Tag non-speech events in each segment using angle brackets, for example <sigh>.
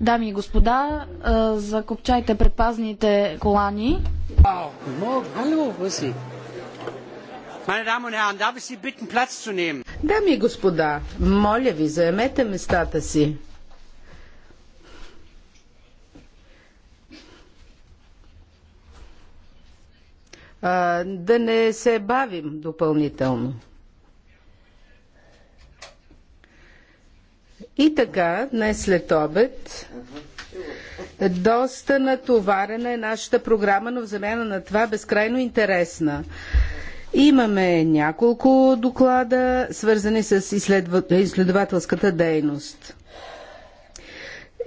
Дами и господа, закопчайте предпазните колани. Дами и господа, моля ви, заемете местата си. да не се бавим допълнително. И така, днес след обед, доста натоварена е нашата програма, но в замяна на това безкрайно интересна. Имаме няколко доклада, свързани с изследва... изследователската дейност.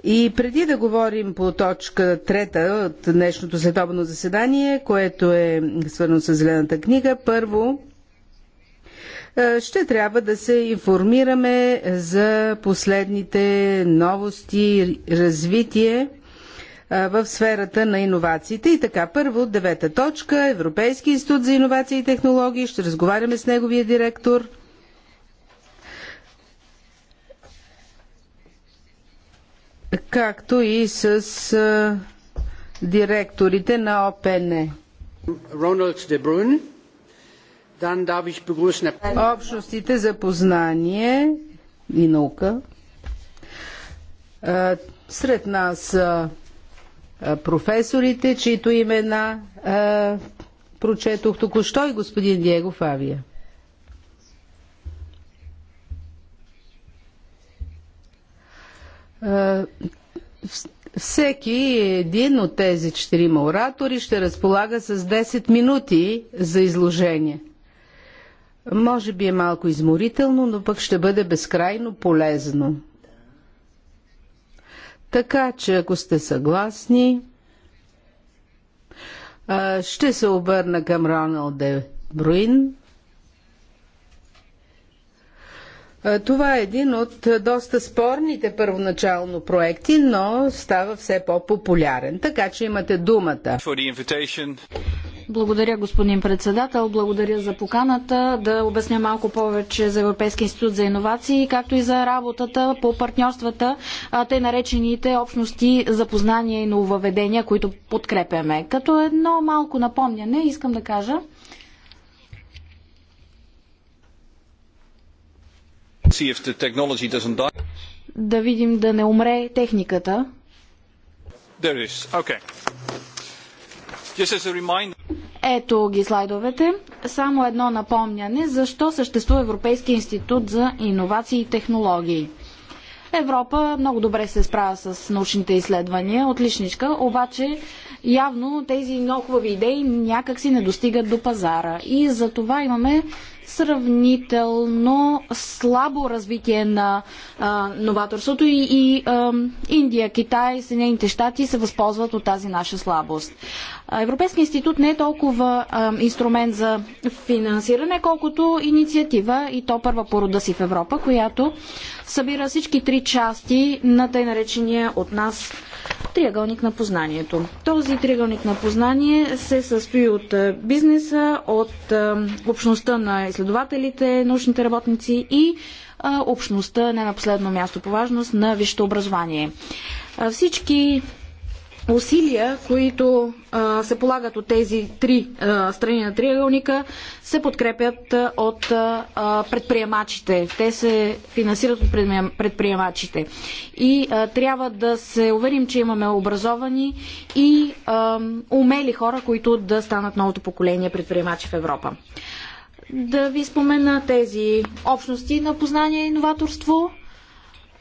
И преди да говорим по точка трета от днешното следобно заседание, което е свързано с Зелената книга, първо е, ще трябва да се информираме за последните новости, развитие е, в сферата на иновациите. И така, първо, девета точка, Европейски институт за иновации и технологии. Ще разговаряме с неговия директор. Както и с е, директорите на ОПН. Роналд Дебрун, Общностите за познание и наука. Сред нас професорите, чието имена прочетох току-що и господин Диего Фавия. Всеки един от тези четирима оратори ще разполага с 10 минути за изложение. Може би е малко изморително, но пък ще бъде безкрайно полезно. Така че, ако сте съгласни, ще се обърна към Роналд Де Бруин. Това е един от доста спорните първоначално проекти, но става все по-популярен. Така че имате думата. Благодаря, господин председател. Благодаря за поканата да обясня малко повече за Европейски институт за иновации, както и за работата по партньорствата, те наречените общности за познание и нововведения, които подкрепяме. Като едно малко напомняне, искам да кажа, да видим да не умре техниката. There is. Okay. Ето ги слайдовете. Само едно напомняне защо съществува Европейския институт за иновации и технологии. Европа много добре се справя с научните изследвания, отличничка, обаче явно тези много хубави идеи някак си не достигат до пазара. И за това имаме сравнително слабо развитие на а, новаторството и, и а, Индия, Китай, Съединените щати се възползват от тази наша слабост. Европейския институт не е толкова а, инструмент за финансиране, колкото инициатива и то първа по рода си в Европа, която събира всички три части на тъй наречения от нас триъгълник на познанието. Този триъгълник на познание се състои от бизнеса, от общността на изследователите, научните работници и общността, не на последно място по важност, на висшето образование. Всички усилия, които а, се полагат от тези три а, страни на триъгълника, се подкрепят а, от предприемачите. Те се финансират от предприемачите. И трябва да се уверим, че имаме образовани и умели хора, които да станат новото поколение предприемачи в Европа. Да ви спомена тези общности на познание и иноваторство,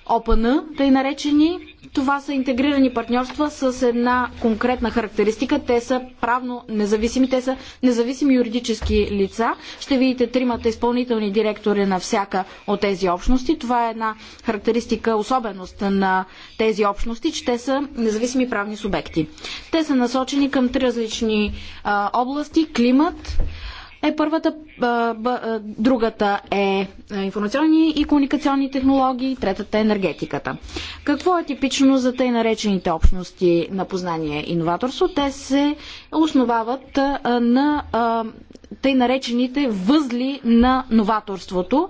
ОПН, тъй наречени, това са интегрирани партньорства с една конкретна характеристика. Те са правно независими, те са независими юридически лица. Ще видите тримата изпълнителни директори на всяка от тези общности. Това е една характеристика, особеност на тези общности, че те са независими правни субекти. Те са насочени към три различни а, области климат, е първата, другата е, е информационни и комуникационни технологии, третата е енергетиката. Какво е типично за тъй наречените общности на познание и новаторство? Те се основават на тъй наречените възли на новаторството.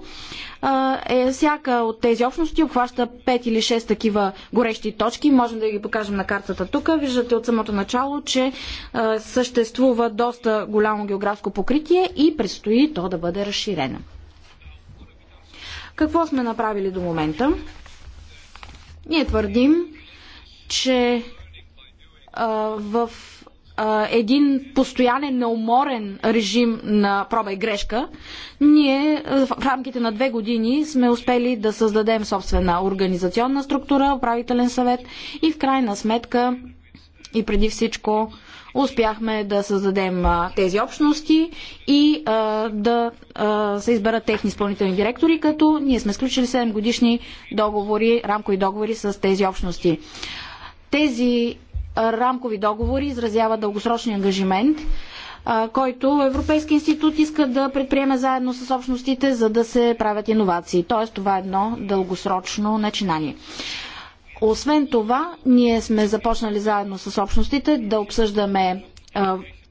Е, всяка от тези общности обхваща 5 или 6 такива горещи точки. Можем да ги покажем на картата тук. Виждате от самото начало, че съществува доста голямо географско покритие и предстои то да бъде разширено. Какво сме направили до момента? Ние твърдим, че в един постоянен, неуморен режим на проба и грешка, ние в рамките на две години сме успели да създадем собствена организационна структура, управителен съвет и в крайна сметка и преди всичко успяхме да създадем а, тези общности и а, да а, се изберат техни изпълнителни директори, като ние сме сключили 7 годишни договори, рамкови договори с тези общности. Тези рамкови договори изразява дългосрочни ангажимент, който Европейски институт иска да предприеме заедно с общностите, за да се правят иновации. Тоест това е едно дългосрочно начинание. Освен това, ние сме започнали заедно с общностите да обсъждаме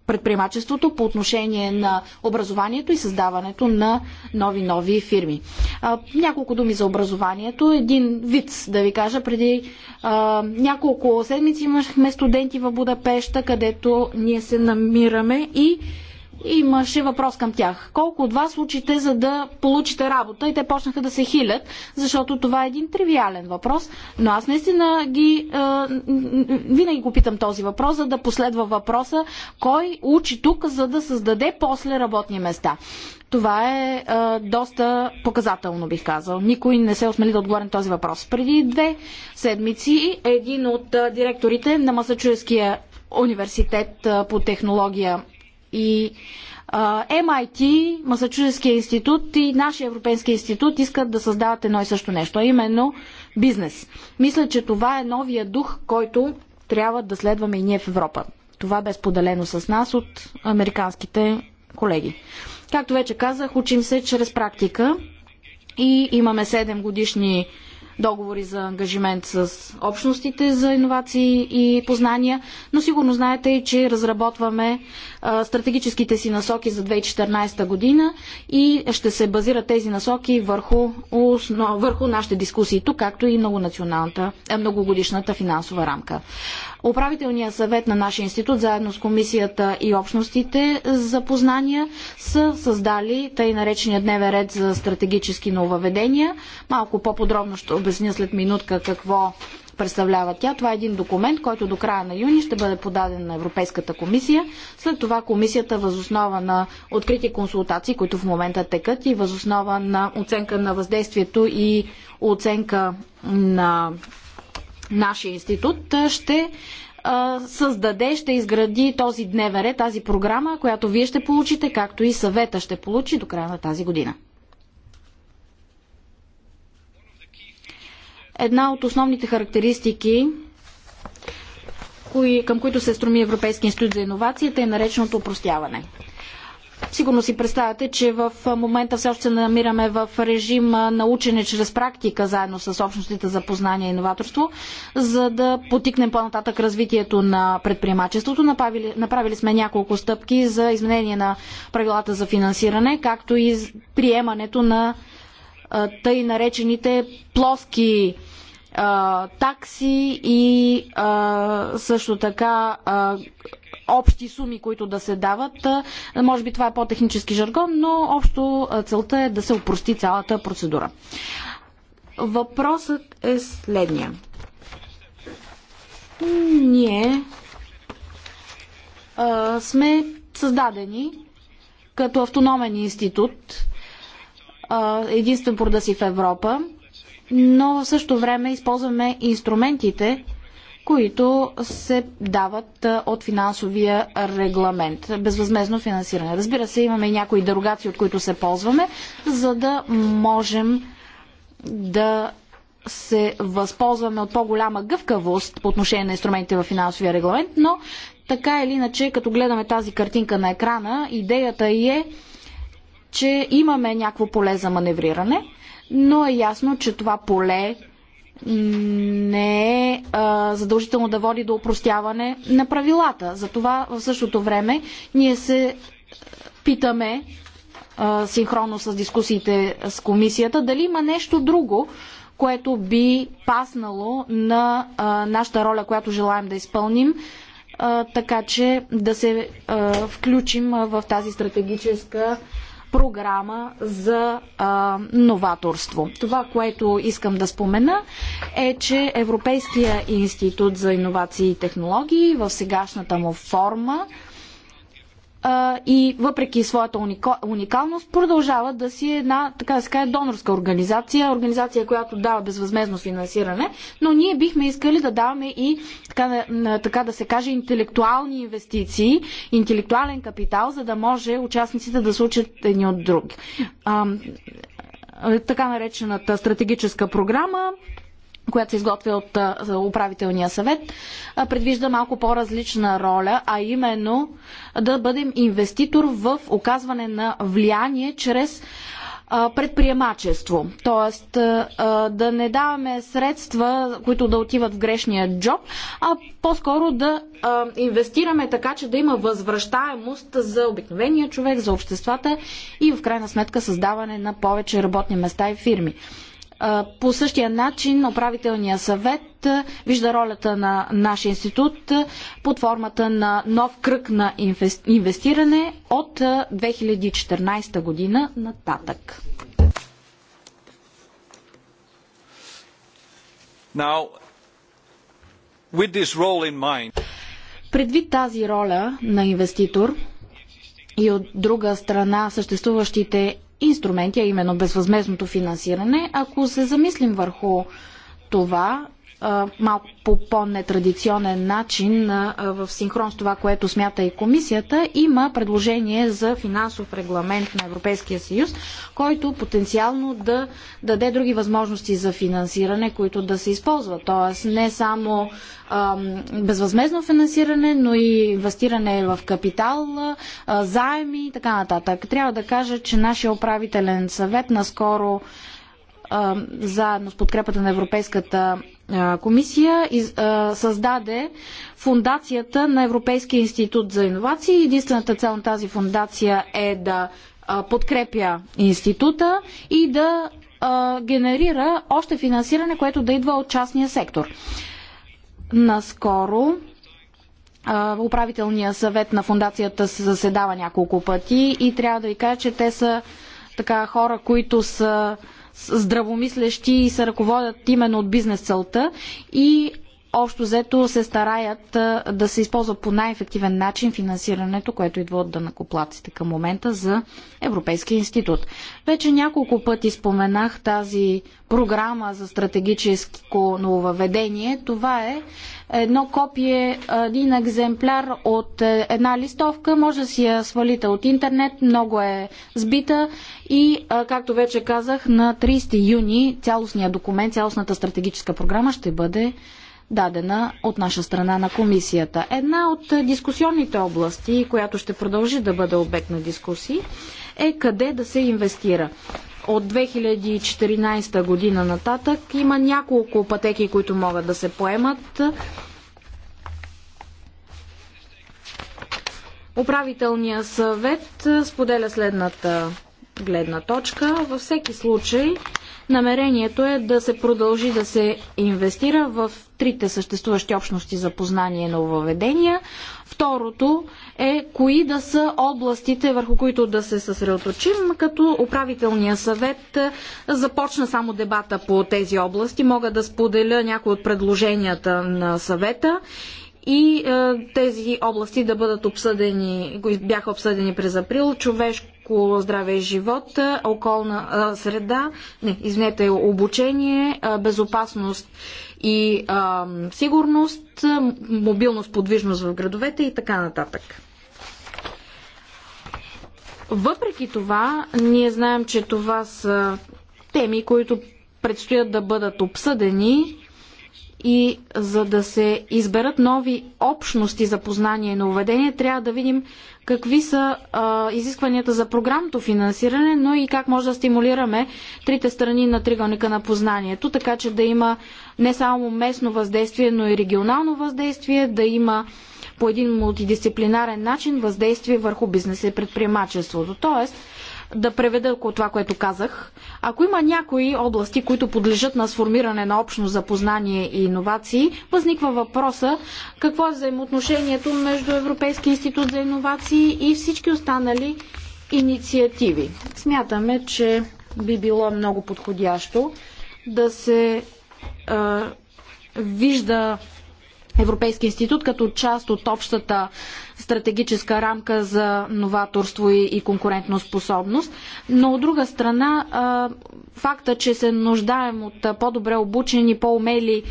предприемачеството по отношение на образованието и създаването на нови нови фирми. А, няколко думи за образованието. Един вид, да ви кажа, преди а, няколко седмици имахме студенти в Будапешта, където ние се намираме и имаше въпрос към тях. Колко от вас учите за да получите работа? И те почнаха да се хилят, защото това е един тривиален въпрос. Но аз наистина ги, е, винаги го питам този въпрос, за да последва въпроса кой учи тук, за да създаде после работни места. Това е е доста показателно, бих казал. Никой не се е осмели да отговори на този въпрос. Преди две седмици един от директорите на Масачуевския университет по технология и MIT, Масачузетския институт и нашия Европейски институт искат да създават едно и също нещо, а именно бизнес. Мисля, че това е новия дух, който трябва да следваме и ние в Европа. Това бе споделено с нас от американските колеги. Както вече казах, учим се чрез практика и имаме 7 годишни договори за ангажимент с общностите за иновации и познания, но сигурно знаете и, че разработваме стратегическите си насоки за 2014 година и ще се базират тези насоки върху, върху нашите дискусии тук, както и многонационалната, многогодишната финансова рамка. Управителният съвет на нашия институт, заедно с комисията и общностите за познания, са създали тъй наречения дневен ред за стратегически нововведения. Малко по-подробно ще обясня след минутка какво представлява тя. Това е един документ, който до края на юни ще бъде подаден на Европейската комисия. След това комисията възоснова на открити консултации, които в момента текат и възоснова на оценка на въздействието и оценка на нашия институт ще създаде, ще изгради този дневен ред, тази програма, която вие ще получите, както и съвета ще получи до края на тази година. Една от основните характеристики, кои, към които се строми Европейски институт за иновацията е нареченото упростяване. Сигурно си представяте, че в момента все още намираме в режим на учене чрез практика, заедно с общностите за познание и новаторство, за да потикнем по-нататък развитието на предприемачеството. Направили, направили сме няколко стъпки за изменение на правилата за финансиране, както и приемането на тъй наречените плоски такси и а, също така а, общи суми, които да се дават. Може би това е по-технически жаргон, но общо целта е да се опрости цялата процедура. Въпросът е следния. Ние а, сме създадени като автономен институт, а, единствен си в Европа, но в същото време използваме инструментите, които се дават от финансовия регламент. Безвъзмезно финансиране. Разбира се, имаме и някои дерогации, от които се ползваме, за да можем да се възползваме от по-голяма гъвкавост по отношение на инструментите в финансовия регламент, но така или иначе, като гледаме тази картинка на екрана, идеята е, че имаме някакво поле за маневриране, но е ясно, че това поле не е а, задължително да води до опростяване на правилата. Затова в същото време ние се питаме а, синхронно с дискусиите с комисията дали има нещо друго, което би паснало на а, нашата роля, която желаем да изпълним, а, така че да се а, включим в тази стратегическа програма за а, новаторство. Това, което искам да спомена е, че Европейския институт за иновации и технологии в сегашната му форма а, и въпреки своята уникалност продължава да си една, така да се каже, донорска организация, организация, която дава безвъзмезно финансиране, но ние бихме искали да даваме и, така, така да се каже, интелектуални инвестиции, интелектуален капитал, за да може участниците да се учат едни от други. А, така наречената стратегическа програма която се изготвя от управителния съвет, предвижда малко по-различна роля, а именно да бъдем инвеститор в оказване на влияние чрез предприемачество. Тоест да не даваме средства, които да отиват в грешния джоб, а по-скоро да инвестираме така, че да има възвръщаемост за обикновения човек, за обществата и в крайна сметка създаване на повече работни места и фирми. По същия начин управителният съвет вижда ролята на нашия институт под формата на нов кръг на инвестиране от 2014 година нататък. Now, with this role in mind, Предвид тази роля на инвеститор и от друга страна съществуващите инструменти, а именно безвъзмезното финансиране. Ако се замислим върху това, малко по по-нетрадиционен начин в синхрон с това, което смята и комисията, има предложение за финансов регламент на Европейския съюз, който потенциално да даде други възможности за финансиране, които да се използват. Тоест не само безвъзмезно финансиране, но и инвестиране в капитал, заеми и така нататък. Трябва да кажа, че нашия управителен съвет наскоро заедно с подкрепата на Европейската комисия създаде фундацията на Европейския институт за иновации. Единствената цел на тази фундация е да подкрепя института и да генерира още финансиране, което да идва от частния сектор. Наскоро управителният съвет на фундацията се заседава няколко пъти и трябва да ви кажа, че те са така хора, които са здравомислещи и се ръководят именно от бизнес целта и общо взето се стараят да се използва по най-ефективен начин финансирането, което идва от данакоплаците към момента за Европейския институт. Вече няколко пъти споменах тази програма за стратегическо нововведение. Това е едно копие, един екземпляр от е, една листовка. Може да си я свалите от интернет, много е сбита и, както вече казах, на 30 юни цялостният документ, цялостната стратегическа програма ще бъде дадена от наша страна на комисията. Една от дискусионните области, която ще продължи да бъде обект на дискусии, е къде да се инвестира. От 2014 година нататък има няколко пътеки, които могат да се поемат. Управителният съвет споделя следната гледна точка. Във всеки случай Намерението е да се продължи да се инвестира в трите съществуващи общности за познание на нововведения. Второто е кои да са областите, върху които да се съсредоточим, като управителния съвет е, започна само дебата по тези области. Мога да споделя някои от предложенията на съвета и е, тези области да бъдат обсъдени, бяха обсъдени през април, човешко здраве и живот, е, околна е, среда, не, извинете, обучение, е, безопасност и е, сигурност, е, мобилност, подвижност в градовете и така нататък. Въпреки това, ние знаем, че това са теми, които предстоят да бъдат обсъдени и за да се изберат нови общности за познание и уведение, трябва да видим какви са а, изискванията за програмното финансиране, но и как може да стимулираме трите страни на тригълника на познанието, така че да има не само местно въздействие, но и регионално въздействие, да има по един мултидисциплинарен начин въздействие върху бизнеса и предприемачеството. Тоест, да преведа около това, което казах. Ако има някои области, които подлежат на сформиране на общност за познание и иновации, възниква въпроса какво е взаимоотношението между Европейския институт за иновации и всички останали инициативи. Смятаме, че би било много подходящо да се е, вижда Европейски институт като част от общата стратегическа рамка за новаторство и, и конкурентоспособност. Но от друга страна, факта, че се нуждаем от по-добре обучени, по-умели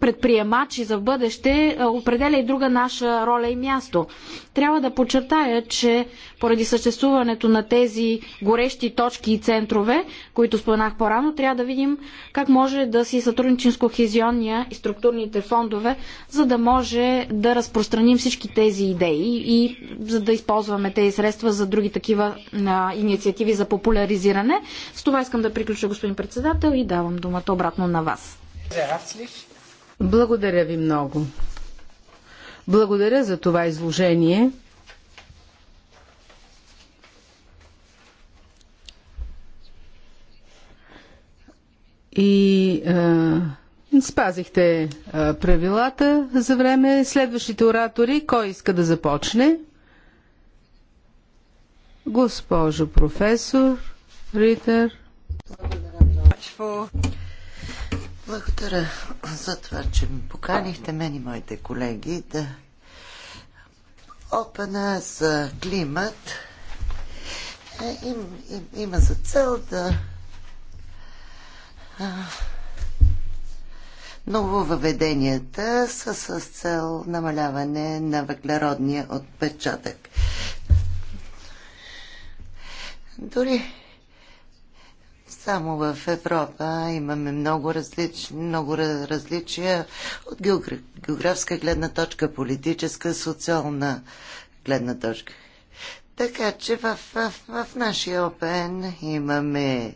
предприемачи за бъдеще, определя и друга наша роля и място. Трябва да подчертая, че поради съществуването на тези горещи точки и центрове, които споменах по-рано, трябва да видим как може да си сътрудничим с кохезионния и структурните фондове, за да може да разпространим всички всички тези идеи и за да използваме тези средства за други такива а, инициативи за популяризиране. С това искам да приключа, господин председател, и давам думата обратно на вас. Благодаря ви много. Благодаря за това изложение. И а Спазихте правилата за време. Следващите оратори, кой иска да започне? Госпожо професор Ритър. Благодаря за това, че ми поканихте мен и моите колеги да опена за климат е, им, им, има за цел да нововъведенията са с цел намаляване на въглеродния отпечатък. Дори само в Европа имаме много, различ, много различия от географска гледна точка, политическа, социална гледна точка. Така че в, в, в нашия ОПН имаме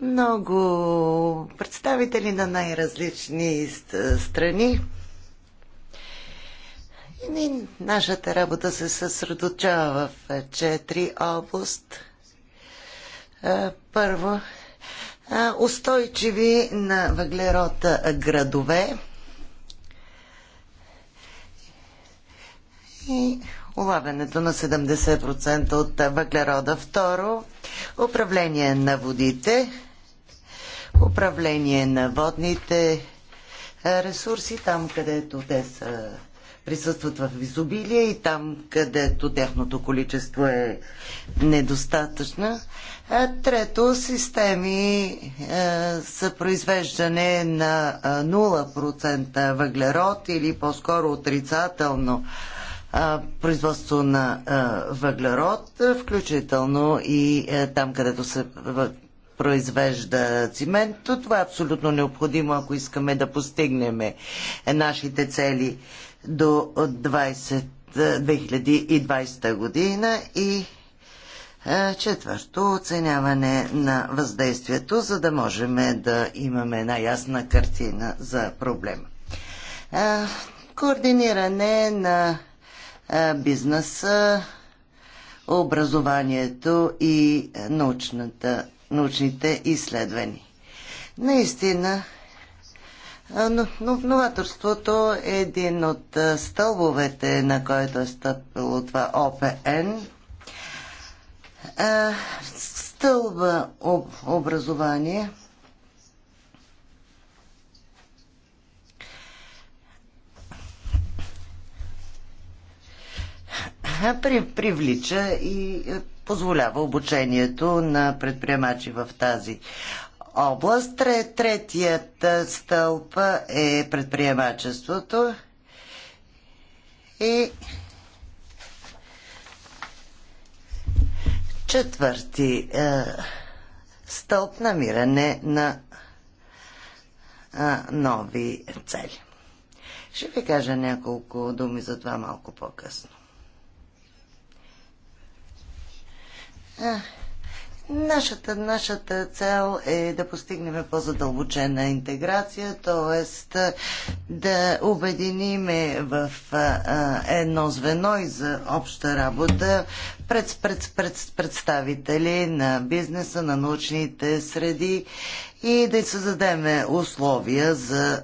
много представители на най-различни страни. И нашата работа се съсредоточава в е, четири област. Е, първо, е, устойчиви на въглерода градове и улавянето на 70% от въглерода. Второ, управление на водите управление на водните ресурси, там където те са, присъстват в изобилие и там където тяхното количество е недостатъчно. Трето, системи за произвеждане на 0% въглерод или по-скоро отрицателно производство на въглерод, включително и там, където се произвежда цимент. То това е абсолютно необходимо, ако искаме да постигнем нашите цели до 20, 2020 година и е, Четвърто, оценяване на въздействието, за да можем да имаме една ясна картина за проблема. Е, координиране на е, бизнеса, образованието и научната научните изследвания. Наистина, новаторството е един от стълбовете, на който е стъпило това ОПН. Стълба образование – привлича и е, позволява обучението на предприемачи в тази област. Третият е, стълб е предприемачеството и четвърти е, стълб намиране на нови цели. Ще ви кажа няколко думи за това малко по-късно. Нашата, нашата цел е да постигнем по-задълбочена интеграция, т.е. да обединиме в едно звено и за обща работа пред, пред, пред, представители на бизнеса, на научните среди и да създадем условия за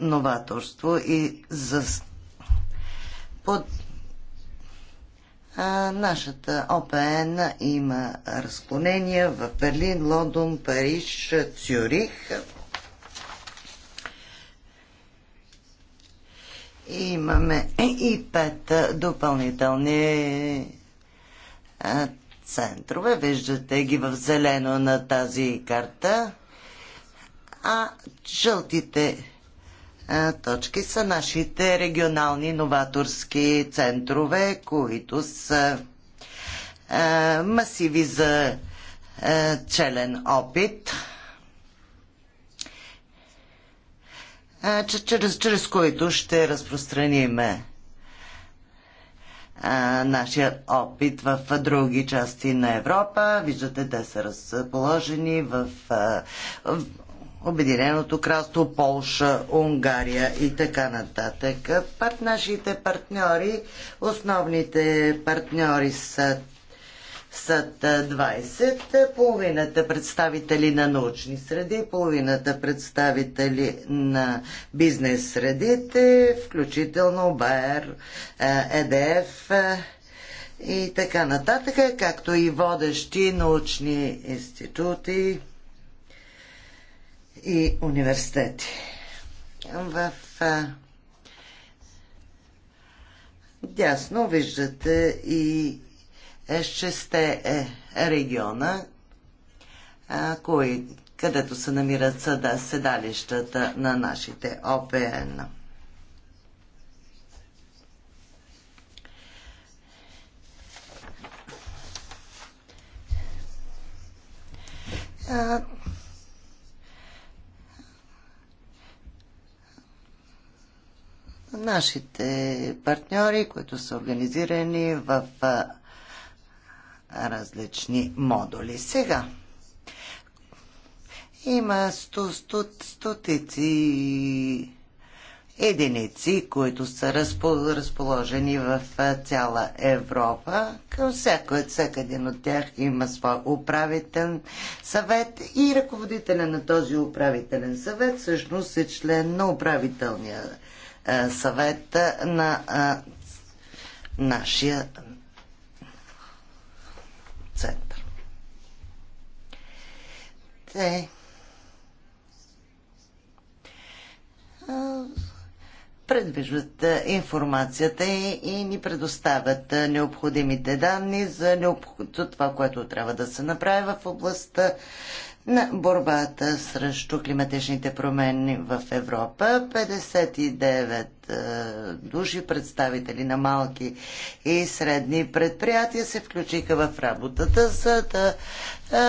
новаторство и за под а, нашата ОПН има разклонения в Берлин, Лондон, Париж, Цюрих. Имаме и пет допълнителни центрове. Виждате ги в зелено на тази карта. А жълтите точки са нашите регионални новаторски центрове, които са масиви за челен опит, чрез, чрез които ще разпространиме нашия опит в други части на Европа. Виждате, те са разположени в, в Обединеното кралство, Полша, Унгария и така нататък. Път нашите партньори, основните партньори са Съд 20, половината представители на научни среди, половината представители на бизнес средите, включително БАЕР, ЕДФ и така нататък, както и водещи научни институти, и университети. В а, дясно виждате и шесте е региона, а, кои, където се намират съда, седалищата на нашите ОПН. А, нашите партньори, които са организирани в различни модули. Сега има сто, сто, стотици единици, които са разположени в цяла Европа. Към всяко, всеки един от тях има свой управителен съвет и ръководителя на този управителен съвет всъщност е член на управителния съвет е, съвет на е, нашия център. Те е, предвиждат информацията и, и ни предоставят необходимите данни за, необх... за това, което трябва да се направи в областта на борбата срещу климатичните промени в Европа. 59 е, души, представители на малки и средни предприятия, се включиха в работата, за да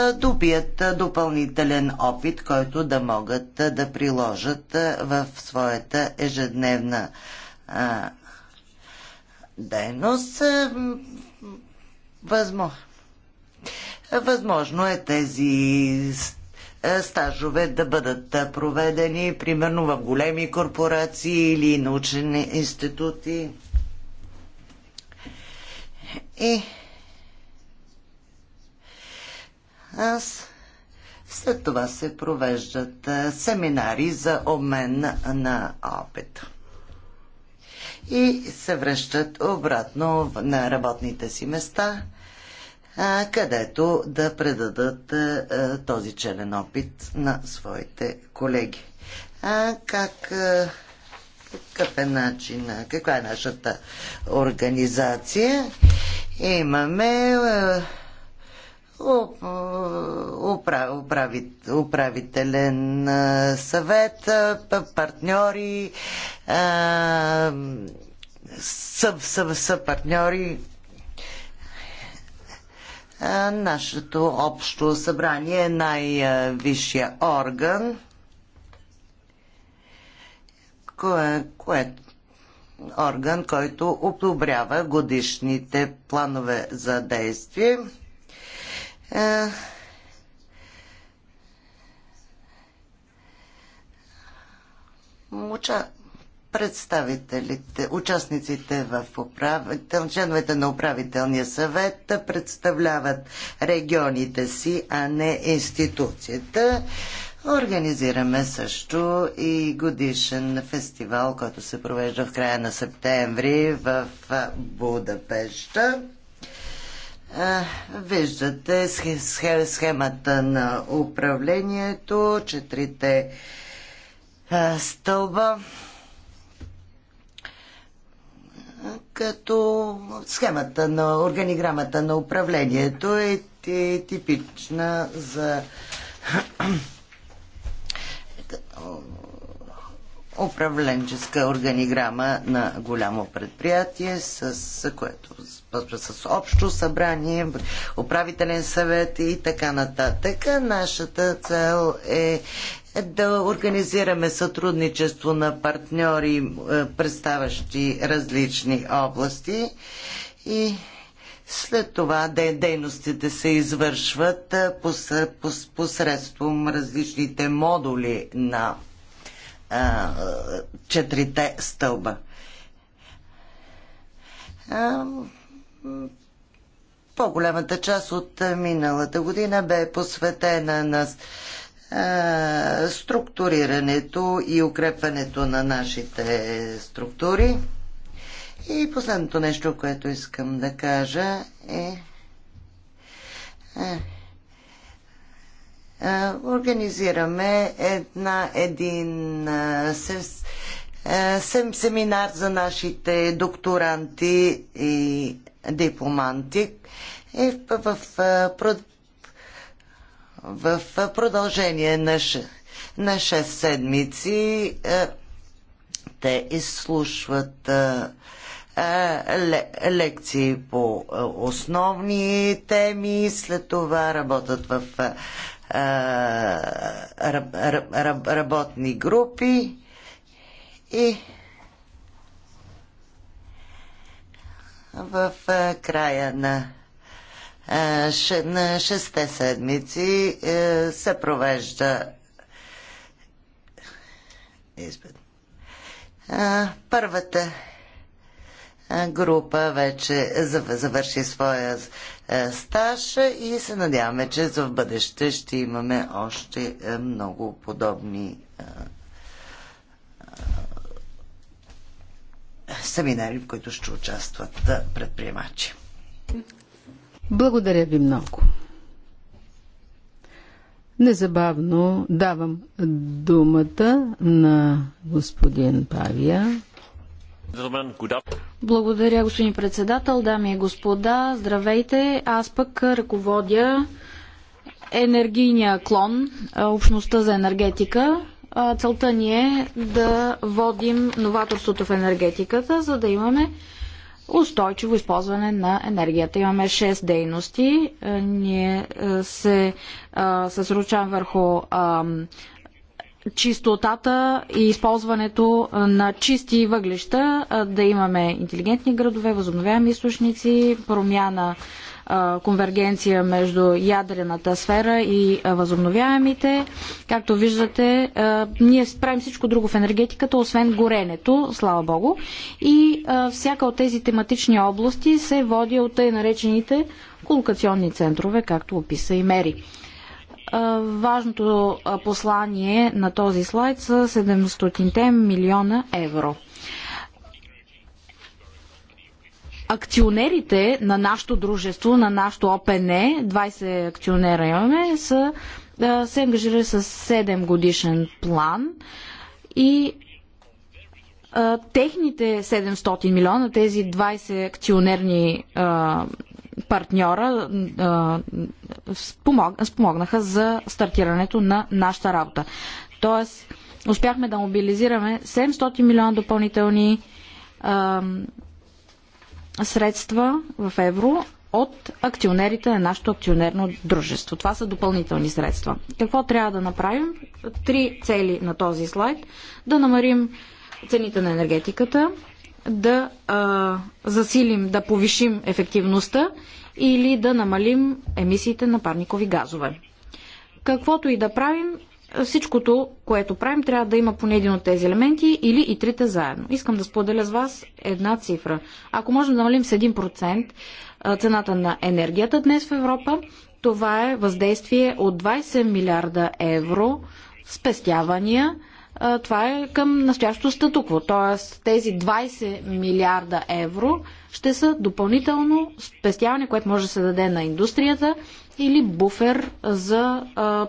е, добият допълнителен опит, който да могат е, да приложат в своята ежедневна дейност. Възможно. Възможно е тези е, стажове да бъдат е, проведени, примерно в големи корпорации или научни институти. И аз след това се провеждат е, семинари за обмен на опит. И се връщат обратно на работните си места където да предадат този челен опит на своите колеги. А как какъв е начин, каква е нашата организация. Имаме управителен съвет, партньори, съпартньори, партньори. Нашето общо събрание е най-висшия орган, кое, кое, орган, който одобрява годишните планове за действие. муча, представителите, участниците в управител, членовете на управителния съвет представляват регионите си, а не институцията. Организираме също и годишен фестивал, който се провежда в края на септември в Будапешта. Виждате схемата на управлението, четирите стълба като схемата на органиграмата на управлението е, типична за <clears throat> е, управленческа органиграма на голямо предприятие, с, което, с общо събрание, управителен съвет и така нататък. Нашата цел е да организираме сътрудничество на партньори, е, представащи различни области и след това дейностите се извършват е, посредством различните модули на а, четирите стълба. А, по-голямата част от миналата година бе посветена на а, структурирането и укрепването на нашите структури. И последното нещо, което искам да кажа е. е е, организираме една, един е, е, сем, семинар за нашите докторанти и дипломанти. И в, в, в, в продължение на, на 6 седмици те изслушват лекции по основни теми, след това работят в работни групи и в края на на шесте седмици се провежда Първата група вече завърши своя е, стаж и се надяваме, че за в бъдеще ще имаме още е, много подобни е, семинари, в които ще участват предприемачи. Благодаря ви много. Незабавно давам думата на господин Павия. Благодаря, господин председател, дами и господа, здравейте. Аз пък ръководя енергийния клон, общността за енергетика. Целта ни е да водим новаторството в енергетиката, за да имаме устойчиво използване на енергията. Имаме 6 дейности. Ние се съсручавам върху чистотата и използването на чисти въглища, да имаме интелигентни градове, възобновяеми източници, промяна, конвергенция между ядрената сфера и възобновяемите. Както виждате, ние правим всичко друго в енергетиката, освен горенето, слава богу. И всяка от тези тематични области се води от тъй наречените колокационни центрове, както описа и Мери важното послание на този слайд са 700 милиона евро. Акционерите на нашето дружество, на нашото ОПН, 20 акционера имаме, са се ангажирали с 7 годишен план и а, техните 700 милиона, тези 20 акционерни а, партньора спомогнаха за стартирането на нашата работа. Тоест, успяхме да мобилизираме 700 милиона допълнителни средства в евро от акционерите на нашето акционерно дружество. Това са допълнителни средства. Какво трябва да направим? Три цели на този слайд. Да намарим цените на енергетиката, да а, засилим, да повишим ефективността или да намалим емисиите на парникови газове. Каквото и да правим, всичкото, което правим, трябва да има поне един от тези елементи или и трите заедно. Искам да споделя с вас една цифра. Ако можем да намалим с 1% цената на енергията днес в Европа, това е въздействие от 20 милиарда евро спестявания – това е към настоящото статукво. Т.е. тези 20 милиарда евро ще са допълнително спестяване, което може да се даде на индустрията или буфер за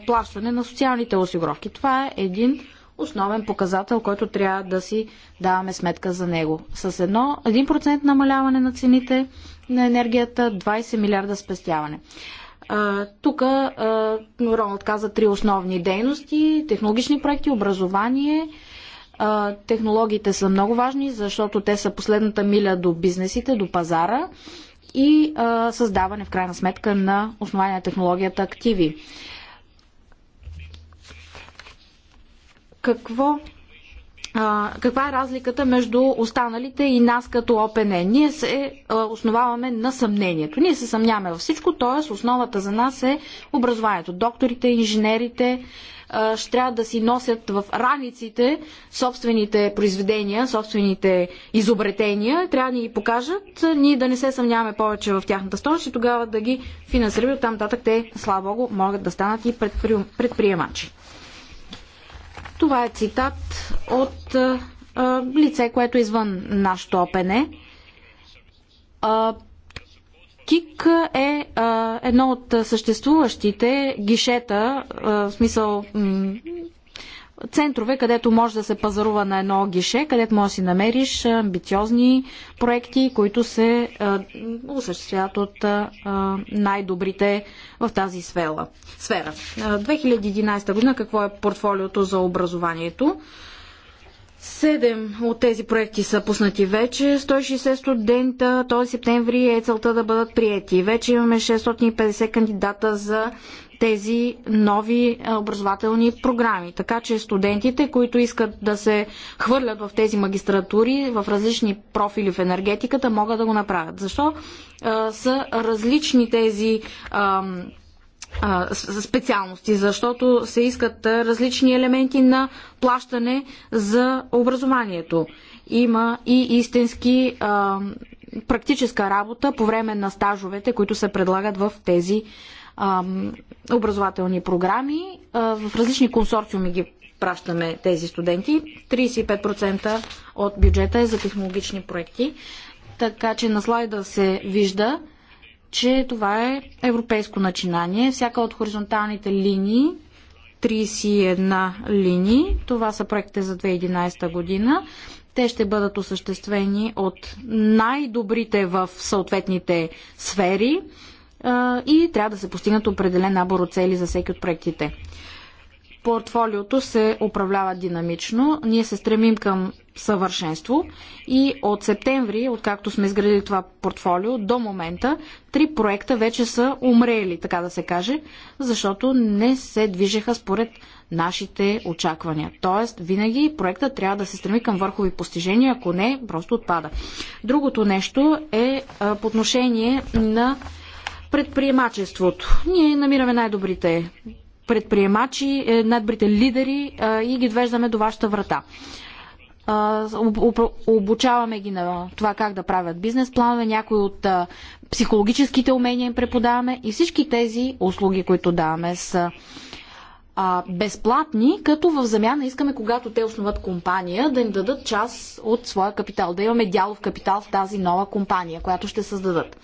плащане на социалните осигуровки. Това е един основен показател, който трябва да си даваме сметка за него. С едно, 1% намаляване на цените на енергията, 20 милиарда спестяване. Тук Роналд каза три основни дейности технологични проекти, образование. технологиите са много важни, защото те са последната миля до бизнесите, до пазара и създаване в крайна сметка на основания на технологията активи. Какво каква е разликата между останалите и нас като ОПН. Ние се а, основаваме на съмнението. Ние се съмняваме във всичко, т.е. основата за нас е образованието. Докторите, инженерите а, ще трябва да си носят в раниците собствените произведения, собствените изобретения. Трябва да ни ги покажат, ние да не се съмняваме повече в тяхната стойност и тогава да ги финансираме. Оттам нататък те, слава Богу, могат да станат и предприемачи. Това е цитат от а, лице, което е извън нашото опене. А, КИК е а, едно от съществуващите гишета, а, в смисъл центрове, където може да се пазарува на едно гише, където може да си намериш амбициозни проекти, които се осъществяват от най-добрите в тази сфера. 2011 година какво е портфолиото за образованието? Седем от тези проекти са пуснати вече. 160 студента този септември е целта да бъдат приети. Вече имаме 650 кандидата за тези нови образователни програми. Така че студентите, които искат да се хвърлят в тези магистратури, в различни профили в енергетиката, могат да го направят. Защо а, са различни тези а, специалности, защото се искат различни елементи на плащане за образованието. Има и истински а, практическа работа по време на стажовете, които се предлагат в тези образователни програми. в различни консорциуми ги пращаме тези студенти. 35% от бюджета е за технологични проекти. Така че на слайда се вижда, че това е европейско начинание. Всяка от хоризонталните линии 31 линии. Това са проектите за 2011 година. Те ще бъдат осъществени от най-добрите в съответните сфери и трябва да се постигнат определен набор от цели за всеки от проектите. Портфолиото се управлява динамично. Ние се стремим към съвършенство и от септември, откакто сме изградили това портфолио, до момента три проекта вече са умрели, така да се каже, защото не се движеха според нашите очаквания. Тоест, винаги проектът трябва да се стреми към върхови постижения, ако не, просто отпада. Другото нещо е по отношение на предприемачеството. Ние намираме най-добрите предприемачи, е, най-добрите лидери и ги двеждаме до вашата врата. Обучаваме ги на това как да правят бизнес планове, някои от психологическите умения им преподаваме и всички тези услуги, които даваме са а, безплатни, като в замяна искаме, когато те основат компания, да им дадат част от своя капитал, да имаме дялов капитал в тази нова компания, която ще създадат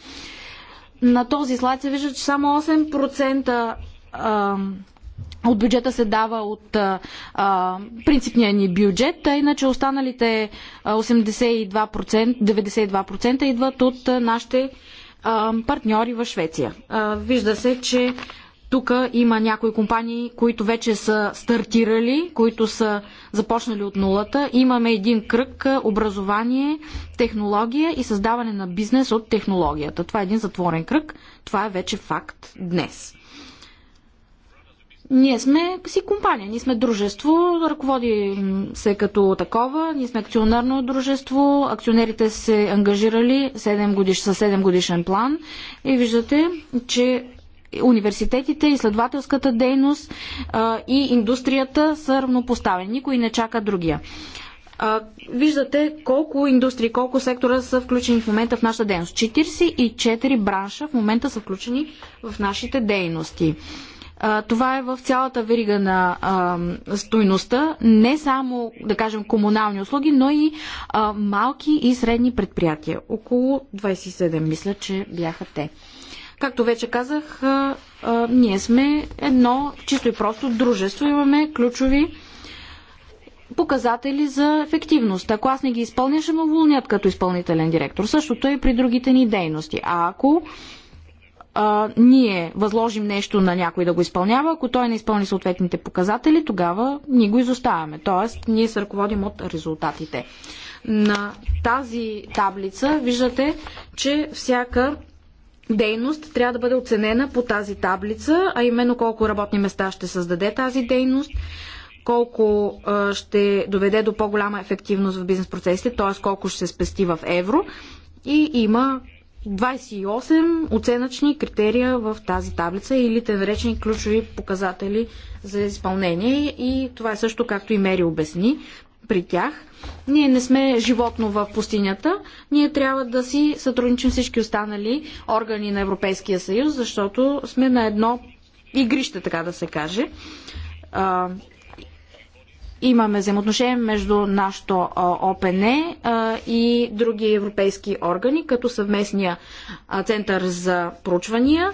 на този слайд се вижда, че само 8% от бюджета се дава от а, принципния ни бюджет, а иначе останалите 82%, 92% идват от нашите партньори в Швеция. вижда се, че тук има някои компании, които вече са стартирали, които са започнали от нулата. Имаме един кръг образование, технология и създаване на бизнес от технологията. Това е един затворен кръг. Това е вече факт днес. Ние сме си компания, ние сме дружество, ръководи се като такова, ние сме акционерно дружество, акционерите се ангажирали 7 годиш, със 7 годишен план и виждате, че университетите, изследователската дейност и индустрията са равнопоставени. Никой не чака другия виждате колко индустрии, колко сектора са включени в момента в нашата дейност. 44 бранша в момента са включени в нашите дейности. Това е в цялата верига на а, стойността, не само, да кажем, комунални услуги, но и а, малки и средни предприятия. Около 27, мисля, че бяха те. Както вече казах, ние сме едно чисто и просто дружество. Имаме ключови показатели за ефективност. Ако аз не ги изпълня, ще ме уволнят като изпълнителен директор. Същото е и при другите ни дейности. А ако а, ние възложим нещо на някой да го изпълнява, ако той не изпълни съответните показатели, тогава ние го изоставяме. Тоест, ние се ръководим от резултатите. На тази таблица виждате, че всяка дейност трябва да бъде оценена по тази таблица, а именно колко работни места ще създаде тази дейност, колко ще доведе до по-голяма ефективност в бизнес процесите, т.е. колко ще се спести в евро. И има 28 оценъчни критерия в тази таблица или те наречени ключови показатели за изпълнение и това е също както и Мери обясни при тях. Ние не сме животно в пустинята. Ние трябва да си сътрудничим всички останали органи на Европейския съюз, защото сме на едно игрище, така да се каже. А, имаме взаимоотношение между нашото ОПН и други европейски органи, като съвместния център за проучвания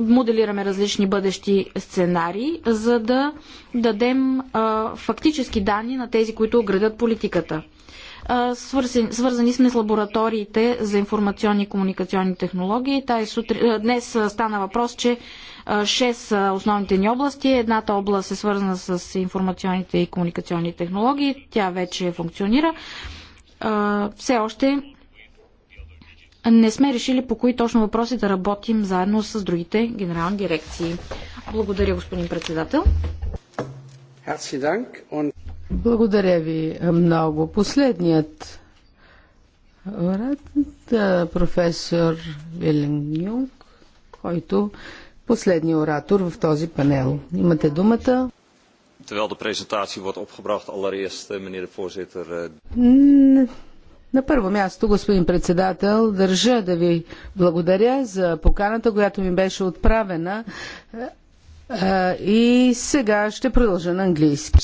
моделираме различни бъдещи сценарии, за да дадем а, фактически данни на тези, които оградят политиката. А, свързани, свързани сме с лабораториите за информационни и комуникационни технологии. Тай сутри, днес стана въпрос, че шест основните ни области. Едната област е свързана с информационните и комуникационни технологии. Тя вече функционира. А, все още не сме решили по кои точно въпроси да работим заедно с другите генерални дирекции. Благодаря, господин председател. Благодаря ви много. Последният врат оратор, професор Вилен Юнг, който последният оратор в този панел. Имате думата. Terwijl de presentatie wordt opgebracht, allereerst, eh, meneer de voorzitter. Eh, на първо място, господин председател, държа да ви благодаря за поканата, която ми беше отправена. Е, е, и сега ще продължа на английски.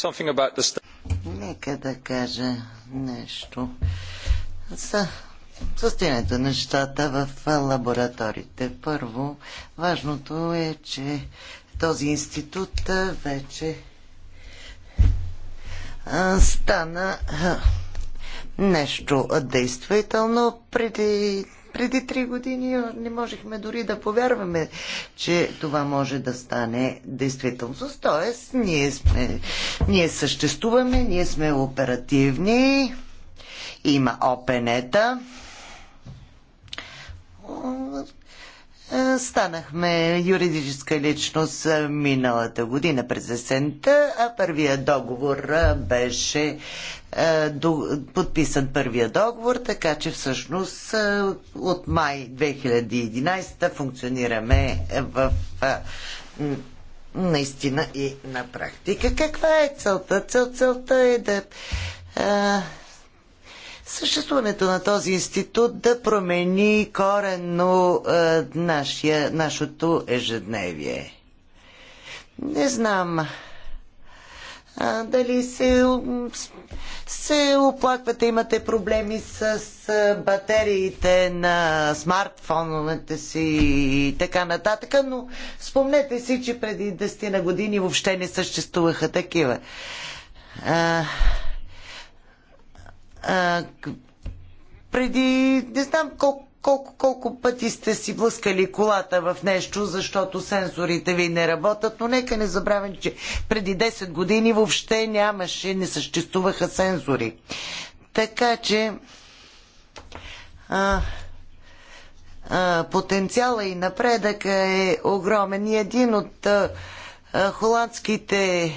Нека да кажа нещо за състоянието на нещата в лабораториите. Първо, важното е, че този институт е, вече стана нещо действително. Преди, преди три години не можехме дори да повярваме, че това може да стане действителност. Тоест, ние, сме, ние съществуваме, ние сме оперативни, има опенета е, станахме юридическа личност е, миналата година през есента, а първия договор е, беше подписан първия договор, така че всъщност от май 2011 функционираме в наистина и на практика. Каква е целта? Цел, целта е да съществуването на този институт да промени коренно е, нашия, нашето ежедневие. Не знам а, дали се, се оплаквате, имате проблеми с, с батериите на смартфоновете си и така нататък, но спомнете си, че преди 10 на години въобще не съществуваха такива. А, а, преди не знам колко, колко, колко пъти сте си блъскали колата в нещо, защото сенсорите ви не работят, но нека не забравим, че преди 10 години въобще нямаше, не съществуваха сензори. Така че а, а, потенциала и напредъка е огромен. И един от а, холандските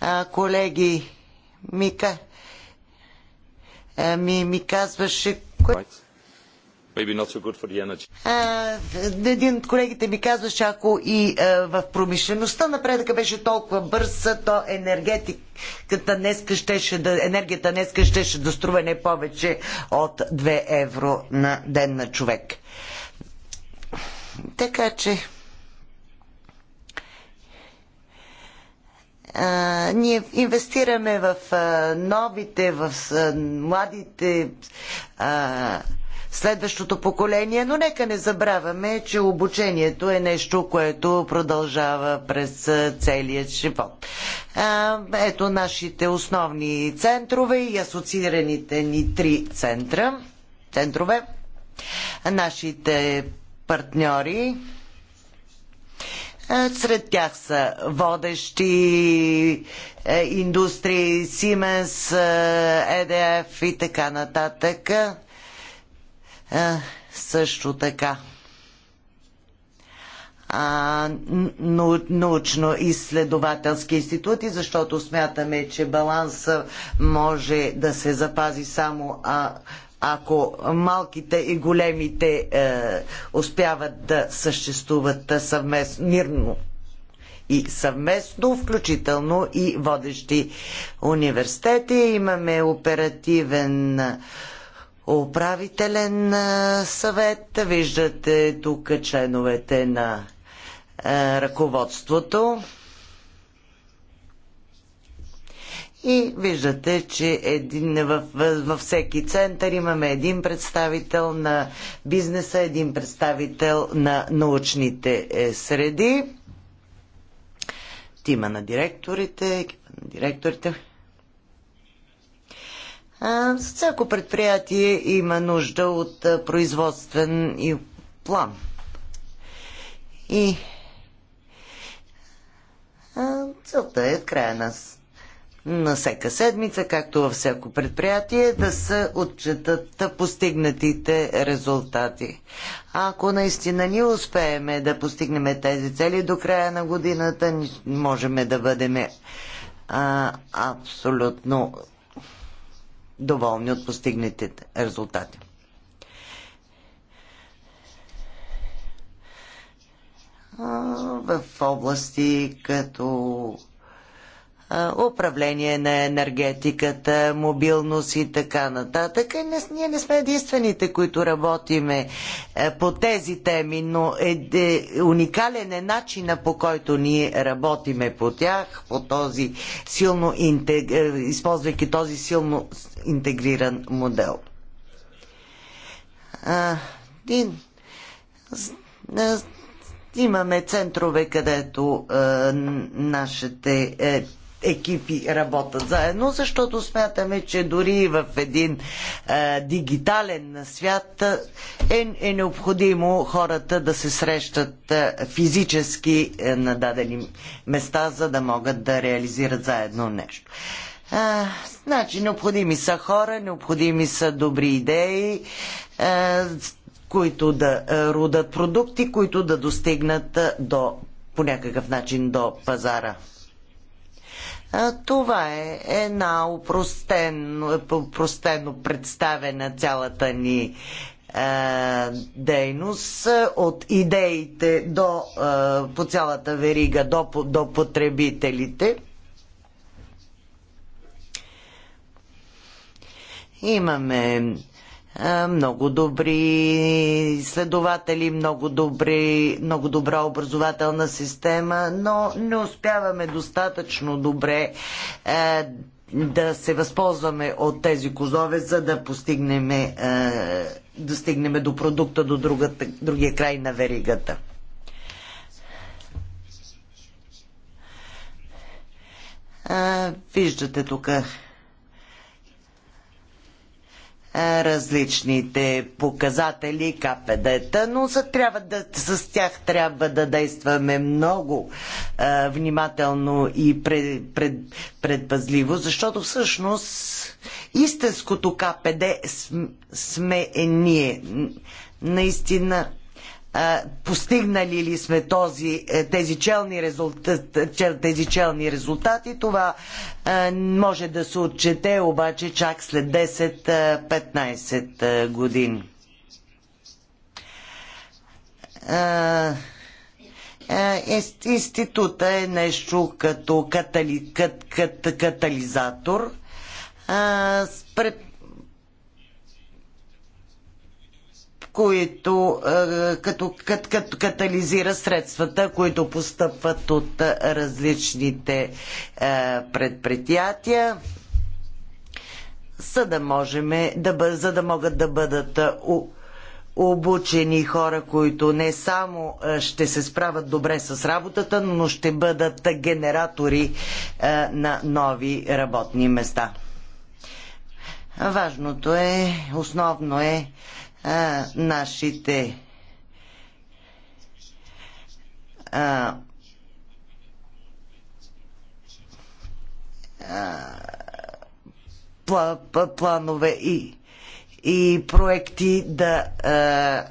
а, колеги Мика е, ми, ми казваше... So а, един от колегите ми казваше, ако и а, е, в промишлеността напредъка беше толкова бърз, то енергетиката днеска щеше да, енергията днеска щеше да струва не повече от 2 евро на ден на човек. Така че А, ние инвестираме в а, новите, в а, младите, а, следващото поколение, но нека не забравяме, че обучението е нещо, което продължава през целия живот. А, ето нашите основни центрове и асоциираните ни три центра, центрове, нашите партньори, е, сред тях са водещи е, индустрии, Сименс, ЕДФ и така нататък. Е, също така научно-изследователски институти, защото смятаме, че баланса може да се запази само а, ако малките и големите е, успяват да съществуват съвместно, мирно и съвместно, включително и водещи университети. Имаме оперативен управителен е, съвет. Виждате тук членовете на е, ръководството. И виждате, че един, в, във всеки център имаме един представител на бизнеса, един представител на научните е, среди, тима на директорите, екипа на директорите. А, всяко предприятие има нужда от е, производствен и план. И целта е в края на на всяка седмица, както във всяко предприятие, да се отчетат постигнатите резултати. Ако наистина ни успеем да постигнем тези цели до края на годината, можем да бъдем а, абсолютно доволни от постигнатите резултати. А, в области като управление на енергетиката, мобилност и така нататък. ние не сме единствените, които работиме е, по тези теми, но е, е, уникален е начина по който ние работиме по тях, по този силно интег... Е, използвайки този силно интегриран модел. А, имаме центрове, където е, нашите е, екипи работят заедно, защото смятаме, че дори в един а, е, дигитален свят е, е необходимо хората да се срещат а, е, физически а, е, на дадени места, за да могат да реализират заедно нещо. А, значи, необходими са хора, необходими са добри идеи, а, които да а, родат продукти, които да достигнат а, до, по някакъв начин до пазара. Това е една упростено, упростено представена цялата ни дейност от идеите до, по цялата верига до, до потребителите. Имаме много добри следователи, много, добри, много добра образователна система, но не успяваме достатъчно добре е, да се възползваме от тези козове, за да постигнем, е, стигнем до продукта, до другата, другия край на веригата. Е, виждате тук различните показатели, КПД-та, но за, трябва да, с тях трябва да действаме много а, внимателно и пред, пред, предпазливо, защото всъщност истинското КПД сме е ние. Наистина постигнали ли сме този, е, тези, челни резултати, е, тези челни резултати, това е, може да се отчете обаче чак след 10-15 години. Института е нещо като катали, кат, кат, катализатор. Пред които е, като, като, като катализира средствата, които постъпват от е, различните е, предприятия за да можем да бъ... за да могат да бъдат обучени хора, които не само ще се справят добре с работата, но ще бъдат генератори на нови работни места. Важното е, основно е а, нашите а, а, планове и, и проекти да а,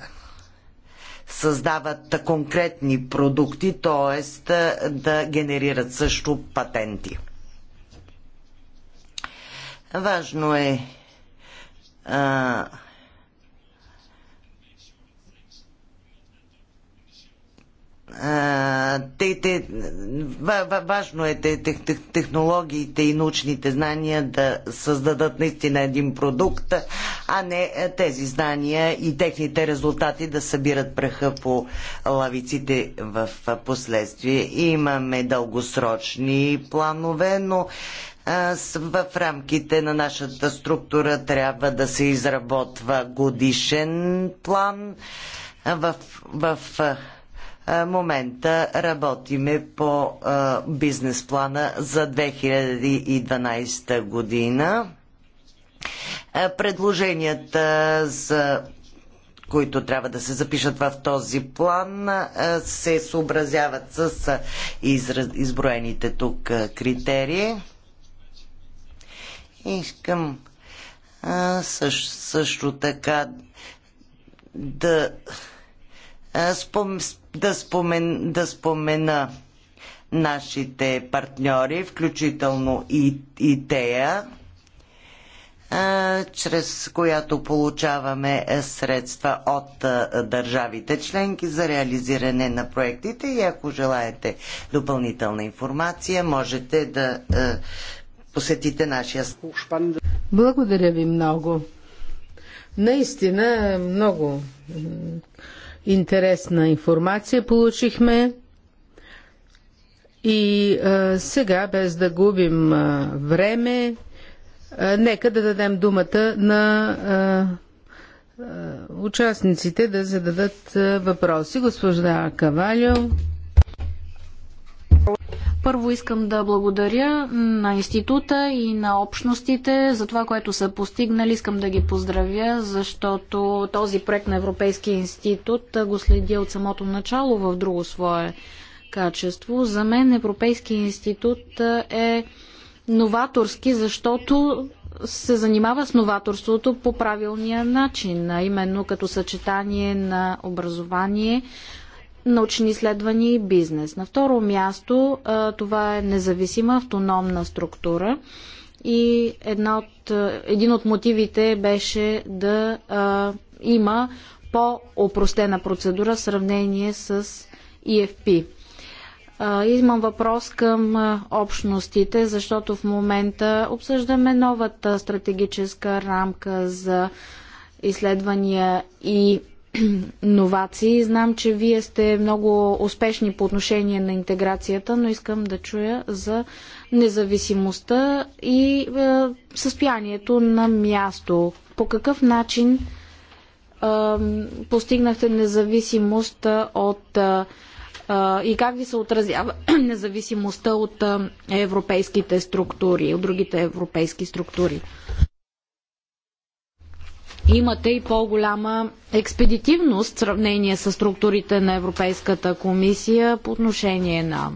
създават конкретни продукти, т.е. да генерират също патенти. Важно е а, те, те, важно е те, те, технологиите и научните знания да създадат наистина един продукт, а не е, тези знания и техните резултати да събират пръха по лавиците в последствие. Имаме дългосрочни планове, но в рамките на нашата структура трябва да се изработва годишен план в, в е, момента работиме по е, бизнес плана за 2012 година. Е, предложенията за които трябва да се запишат в този план, се съобразяват с изброените тук критерии. Искам също, така да спом, да, спомен, да спомена нашите партньори, включително и ИТЕА, чрез която получаваме средства от държавите членки за реализиране на проектите и ако желаете допълнителна информация, можете да посетите нашия Благодаря ви много. Наистина много интересна информация получихме. И а, сега, без да губим а, време, а, нека да дадем думата на а, а, участниците да зададат а, въпроси. Госпожа Кавалио. Първо искам да благодаря на института и на общностите за това, което са постигнали. Искам да ги поздравя, защото този проект на Европейския институт го следя от самото начало в друго свое качество. За мен Европейския институт е новаторски, защото се занимава с новаторството по правилния начин, а именно като съчетание на образование, научни изследвания и бизнес. На второ място това е независима автономна структура и една от, един от мотивите беше да а, има по-опростена процедура в сравнение с EFP. А, имам въпрос към общностите, защото в момента обсъждаме новата стратегическа рамка за изследвания и <clears throat> новации. Знам, че вие сте много успешни по отношение на интеграцията, но искам да чуя за независимостта и е, състоянието на място. По какъв начин е, постигнахте независимост от е, е и как ви се отразява <clears throat> независимостта от е, европейските структури, от другите европейски структури? имате и по-голяма експедитивност в сравнение с структурите на Европейската комисия по отношение на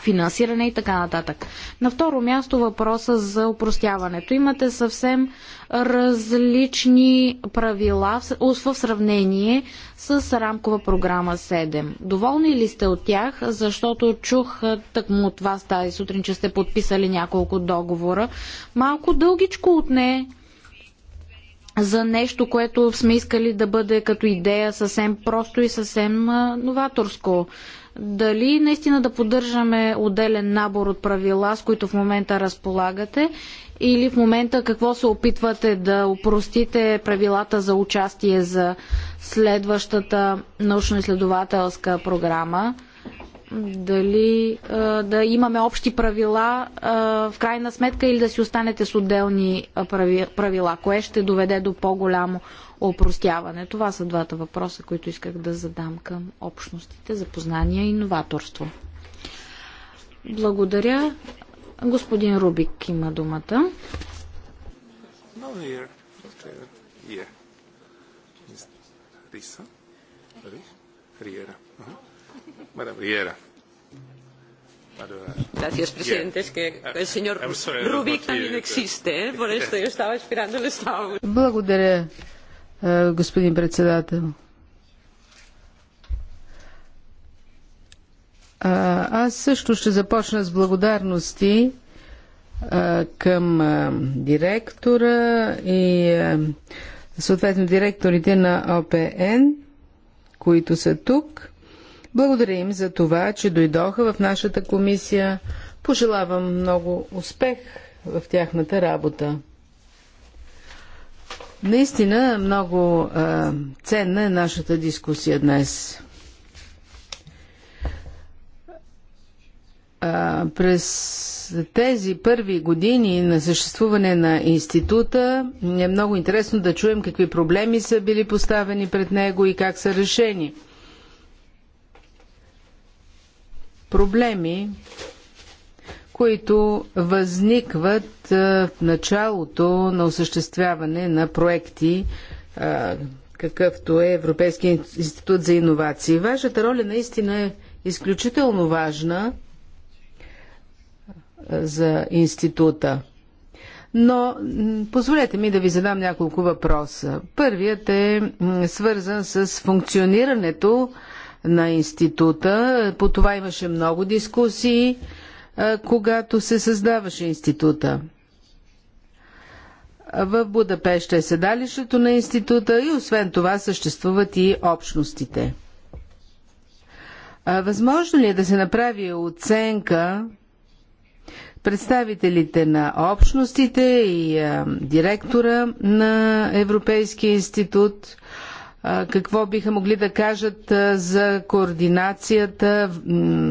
финансиране и така нататък. На второ място въпроса за упростяването. Имате съвсем различни правила в сравнение с рамкова програма 7. Доволни ли сте от тях, защото чух тъкмо от вас тази сутрин, че сте подписали няколко договора. Малко дългичко отне за нещо, което сме искали да бъде като идея съвсем просто и съвсем новаторско. Дали наистина да поддържаме отделен набор от правила, с които в момента разполагате, или в момента какво се опитвате да упростите правилата за участие за следващата научно-изследователска програма? дали а, да имаме общи правила а, в крайна сметка или да си останете с отделни правила. Кое ще доведе до по-голямо опростяване? Това са двата въпроса, които исках да задам към общностите за познание и новаторство. Благодаря. Господин Рубик има думата. Риера señor presidente. Es que ah, el señor Rubik también existe, ¿eh? por esto yo estaba esperando, le estaba. <laughs> Благодаря, господин председател. Аз също ще започна с благодарности към директора и съответно директорите на ОПН, които са тук. Благодаря им за това, че дойдоха в нашата комисия. Пожелавам много успех в тяхната работа. Наистина много а, ценна е нашата дискусия днес. А, през тези първи години на съществуване на института е много интересно да чуем какви проблеми са били поставени пред него и как са решени. проблеми, които възникват в началото на осъществяване на проекти, какъвто е Европейския институт за иновации. Вашата роля наистина е изключително важна за института. Но позволете ми да ви задам няколко въпроса. Първият е свързан с функционирането на института. По това имаше много дискусии, когато се създаваше института. В Будапеща е седалището на института и освен това съществуват и общностите. Възможно ли е да се направи оценка представителите на общностите и директора на Европейския институт какво биха могли да кажат за координацията,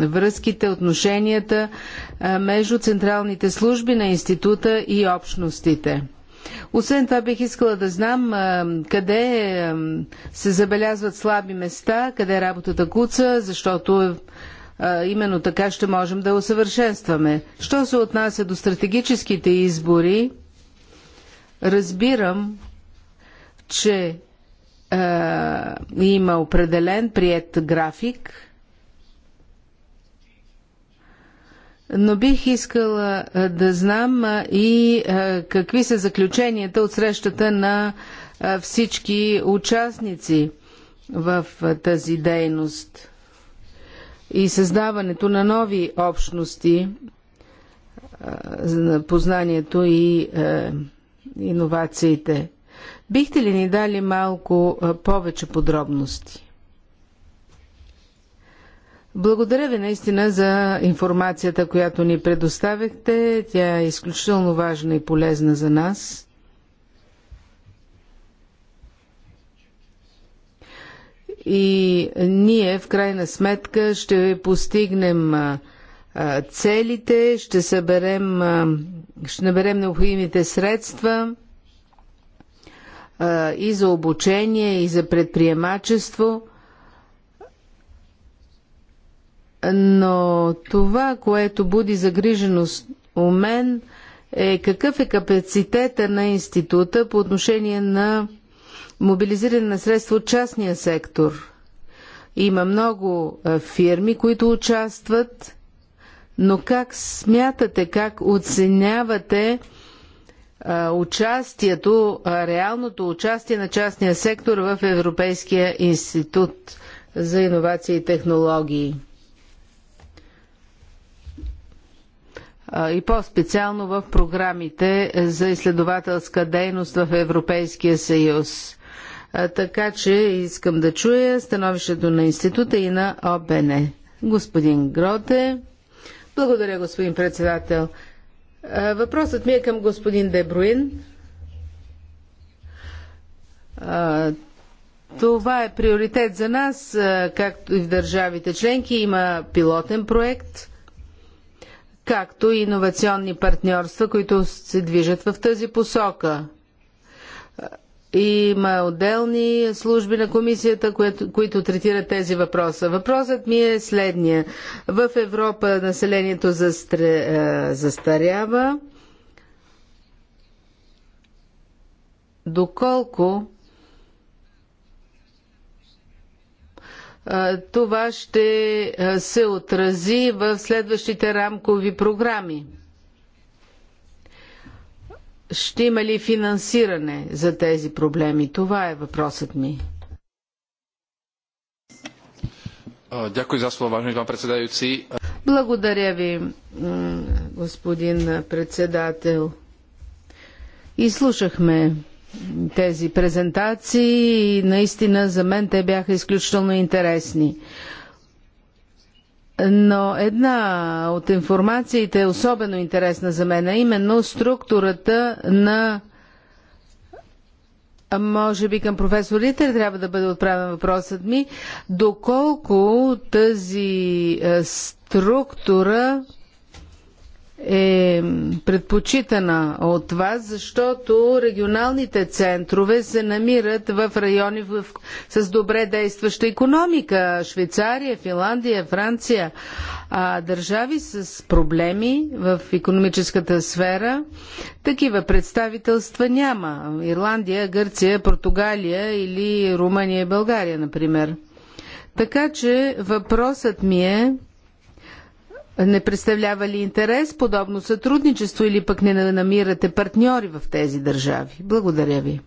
връзките, отношенията между централните служби на института и общностите. Освен това бих искала да знам къде е, се забелязват слаби места, къде е работата куца, защото именно така ще можем да усъвършенстваме. Що се отнася до стратегическите избори, разбирам, че е, има определен прият график, но бих искала е, да знам е, и какви са заключенията от срещата на всички участници в тази дейност и създаването на нови общности на познанието и иновациите. Бихте ли ни дали малко повече подробности? Благодаря ви наистина за информацията, която ни предоставихте. Тя е изключително важна и полезна за нас. И ние в крайна сметка ще постигнем целите, ще съберем, ще наберем необходимите средства и за обучение, и за предприемачество. Но това, което буди загриженост у мен, е какъв е капацитета на института по отношение на мобилизиране на средства от частния сектор. Има много фирми, които участват, но как смятате, как оценявате участието, реалното участие на частния сектор в Европейския институт за иновации и технологии. И по-специално в програмите за изследователска дейност в Европейския съюз. Така че искам да чуя становището на института и на ОБН. Господин Гроте. Благодаря, господин председател. Е, въпросът ми е към господин Дебруин. Е, това е приоритет за нас, е, както и в държавите членки. Има пилотен проект, както и иновационни партньорства, които се движат в тази посока – има отделни служби на комисията, които, които третират тези въпроса. Въпросът ми е следния. В Европа населението застре, е, застарява. Доколко е, това ще е, се отрази в следващите рамкови програми? ще има ли финансиране за тези проблеми? Това е въпросът ми. Дякую за слово, важен пан председаючи. Благодаря ви, господин председател. Изслушахме тези презентации и наистина за мен те бяха изключително интересни. Но една от информациите е особено интересна за мен, а е именно структурата на може би към професор Ритер трябва да бъде отправен въпросът ми. Доколко тази е, структура е предпочитана от вас, защото регионалните центрове се намират в райони в... с добре действаща економика. Швейцария, Финландия, Франция. А държави с проблеми в економическата сфера, такива представителства няма. Ирландия, Гърция, Португалия или Румъния и България, например. Така че въпросът ми е не представлява ли интерес подобно сътрудничество или пък не намирате партньори в тези държави? Благодаря ви.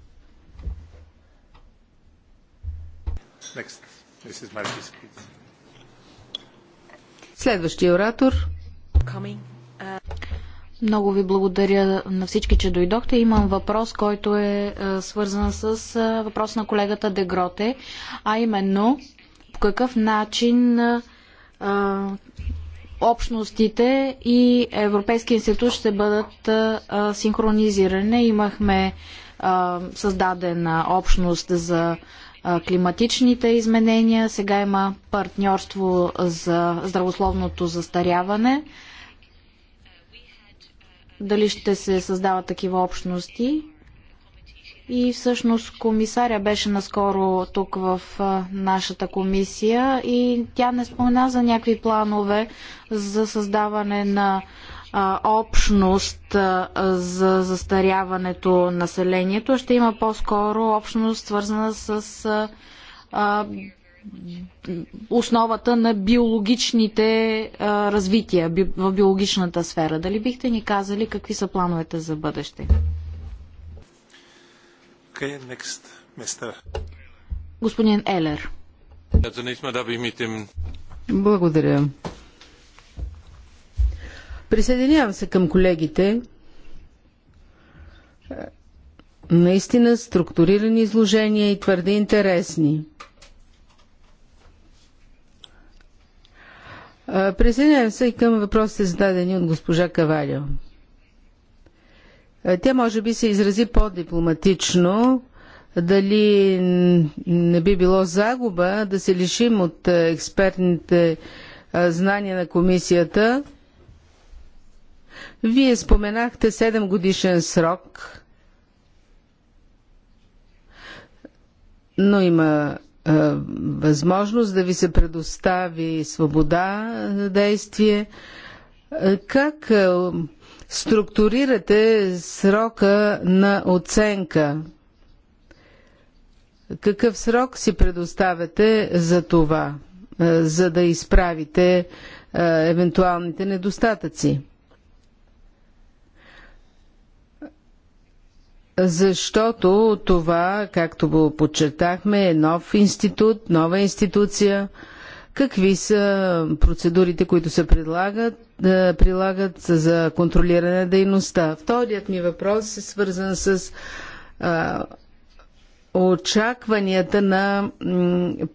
Следващия оратор. Uh, Много ви благодаря на всички, че дойдохте. Имам въпрос, който е, е свързан с е, въпрос на колегата Дегроте, а именно по какъв начин е, общностите и Европейския институт ще бъдат синхронизирани. Имахме създадена общност за климатичните изменения, сега има партньорство за здравословното застаряване. Дали ще се създават такива общности? И всъщност комисаря беше наскоро тук в нашата комисия и тя не спомена за някакви планове за създаване на общност за застаряването населението. Ще има по-скоро общност, свързана с основата на биологичните развития в биологичната сфера. Дали бихте ни казали какви са плановете за бъдеще? Okay, е next, Господин Елер. Благодаря. Присъединявам се към колегите. Наистина структурирани изложения и твърде интересни. Присъединявам се и към въпросите зададени от госпожа Кавалио. Е, тя може би се изрази по-дипломатично. Дали не би било загуба да се лишим от е, експертните е, знания на комисията? Вие споменахте 7 годишен срок, но има е, възможност да ви се предостави свобода на действие. Как структурирате срока на оценка? Какъв срок си предоставяте за това, е, за да изправите е, евентуалните недостатъци? Защото това, както го подчертахме, е нов институт, нова институция. Какви са процедурите, които се предлагат? да прилагат за контролиране на дейността. Вторият ми въпрос е свързан с а, очакванията на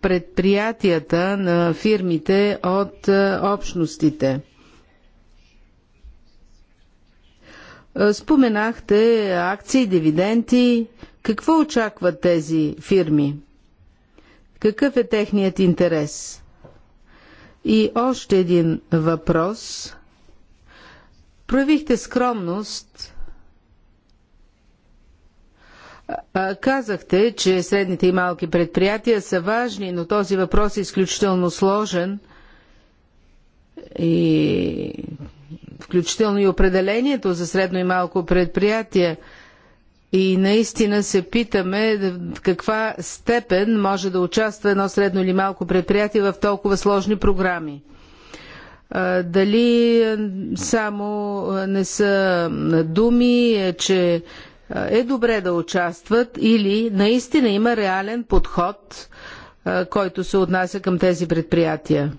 предприятията, на фирмите от а, общностите. Споменахте акции, дивиденти. Какво очакват тези фирми? Какъв е техният интерес? И още един въпрос. Проявихте скромност. Казахте, че средните и малки предприятия са важни, но този въпрос е изключително сложен и включително и определението за средно и малко предприятие – и наистина се питаме в каква степен може да участва едно средно или малко предприятие в толкова сложни програми. Дали само не са думи, е, че е добре да участват или наистина има реален подход, който се отнася към тези предприятия.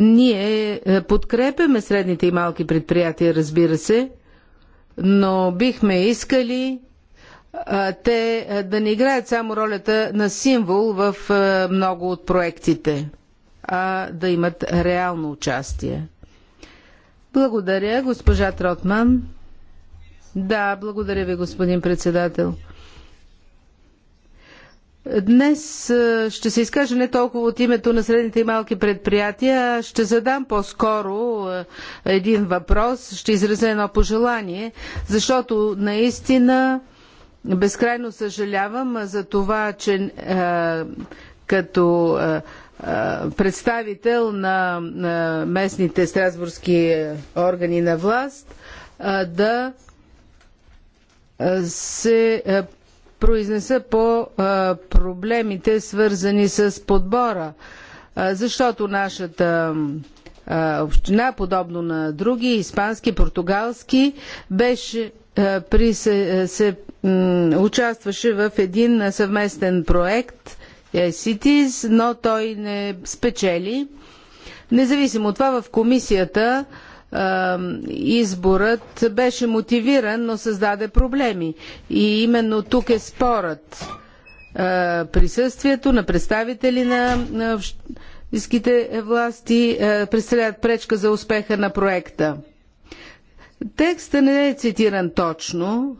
Ние подкрепяме средните и малки предприятия, разбира се, но бихме искали те да не играят само ролята на символ в много от проектите, а да имат реално участие. Благодаря, госпожа Тротман. Да, благодаря ви, господин председател. Днес ще се изкажа не толкова от името на средните и малки предприятия, ще задам по-скоро един въпрос, ще изразя едно пожелание, защото наистина безкрайно съжалявам за това, че като представител на местните страсбургски органи на власт да се произнеса по проблемите, свързани с подбора, защото нашата община, подобно на други, испански, португалски, беше при се, се участваше в един съвместен проект е, Cities, но той не спечели. Независимо от това, в комисията изборът беше мотивиран, но създаде проблеми. И именно тук е спорът. Присъствието на представители на общинските власти представляват пречка за успеха на проекта. Текстът не е цитиран точно,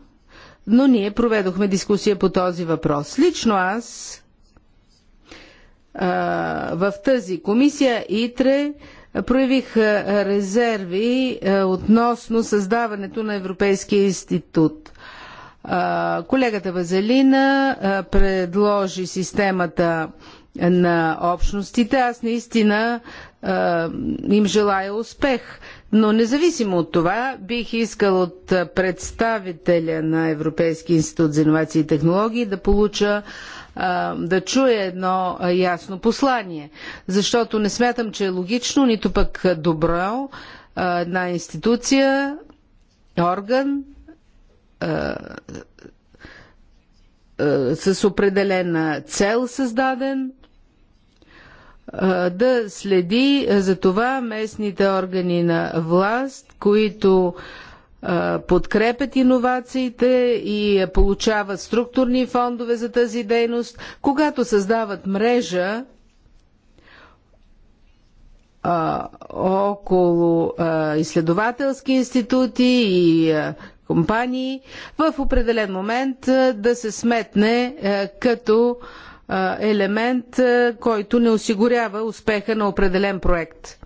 но ние проведохме дискусия по този въпрос. Лично аз в тази комисия ИТРЕ проявих е, резерви е, относно създаването на Европейския институт. Е, колегата Вазелина предложи системата на общностите. Аз наистина им желая успех. Но независимо от това, бих искал от представителя на Европейския институт за инновации и технологии да получа да чуе едно ясно послание. Защото не смятам, че е логично, нито пък добро една институция, орган с определена цел създаден, да следи за това местните органи на власт, които подкрепят иновациите и получават структурни фондове за тази дейност, когато създават мрежа а, около а, изследователски институти и а, компании, в определен момент а, да се сметне а, като а, елемент, а, който не осигурява успеха на определен проект.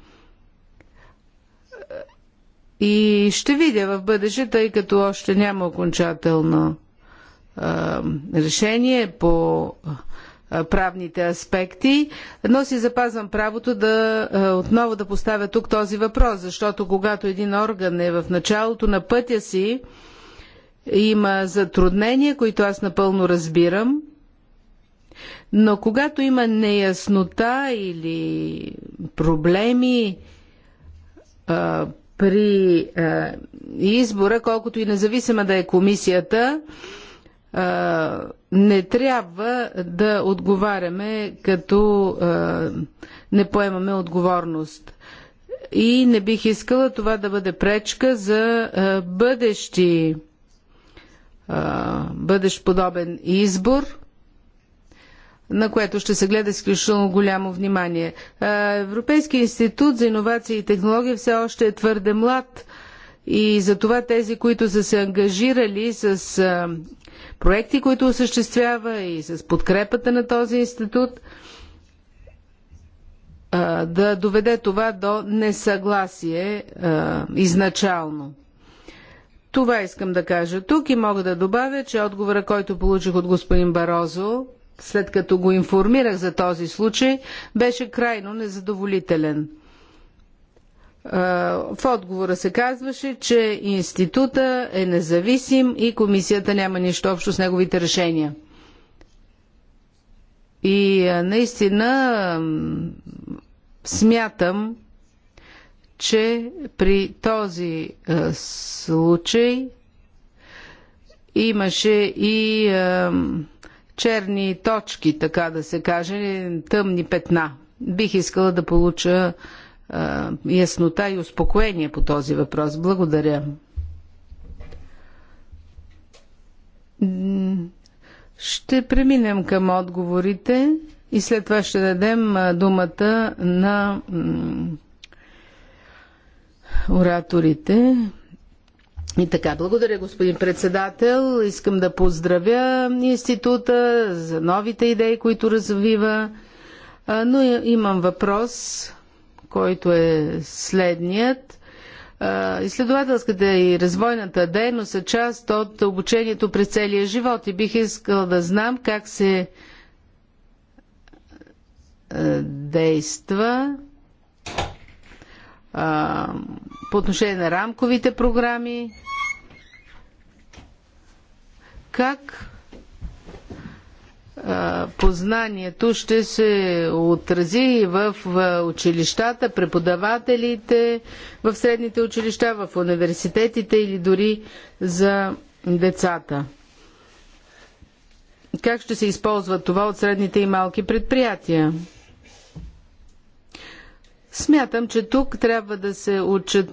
И ще видя в бъдеще, тъй като още няма окончателно а, решение по а, правните аспекти, но си запазвам правото да а, отново да поставя тук този въпрос, защото когато един орган е в началото на пътя си, има затруднения, които аз напълно разбирам, но когато има неяснота или проблеми, при е, избора, колкото и независима да е комисията, е, не трябва да отговаряме като е, не поемаме отговорност. И не бих искала това да бъде пречка за е, бъдещи, е, бъдещ подобен избор на което ще се гледа изключително голямо внимание. Европейския институт за иновации и технологии все още е твърде млад и за това тези, които са се ангажирали с проекти, които осъществява и с подкрепата на този институт, да доведе това до несъгласие изначално. Това искам да кажа тук и мога да добавя, че отговора, който получих от господин Барозо след като го информирах за този случай, беше крайно незадоволителен. В отговора се казваше, че института е независим и комисията няма нищо общо с неговите решения. И наистина смятам, че при този случай имаше и черни точки, така да се каже, тъмни петна. Бих искала да получа а, яснота и успокоение по този въпрос. Благодаря. Ще преминем към отговорите и след това ще дадем думата на ораторите. И така, благодаря господин председател. Искам да поздравя института за новите идеи, които развива. Но имам въпрос, който е следният. Изследователската и развойната дейност са част от обучението през целия живот и бих искал да знам как се действа а, по отношение на рамковите програми. Как а, познанието ще се отрази в, в училищата, преподавателите, в средните училища, в университетите или дори за децата? Как ще се използва това от средните и малки предприятия? Смятам, че тук трябва да се учат,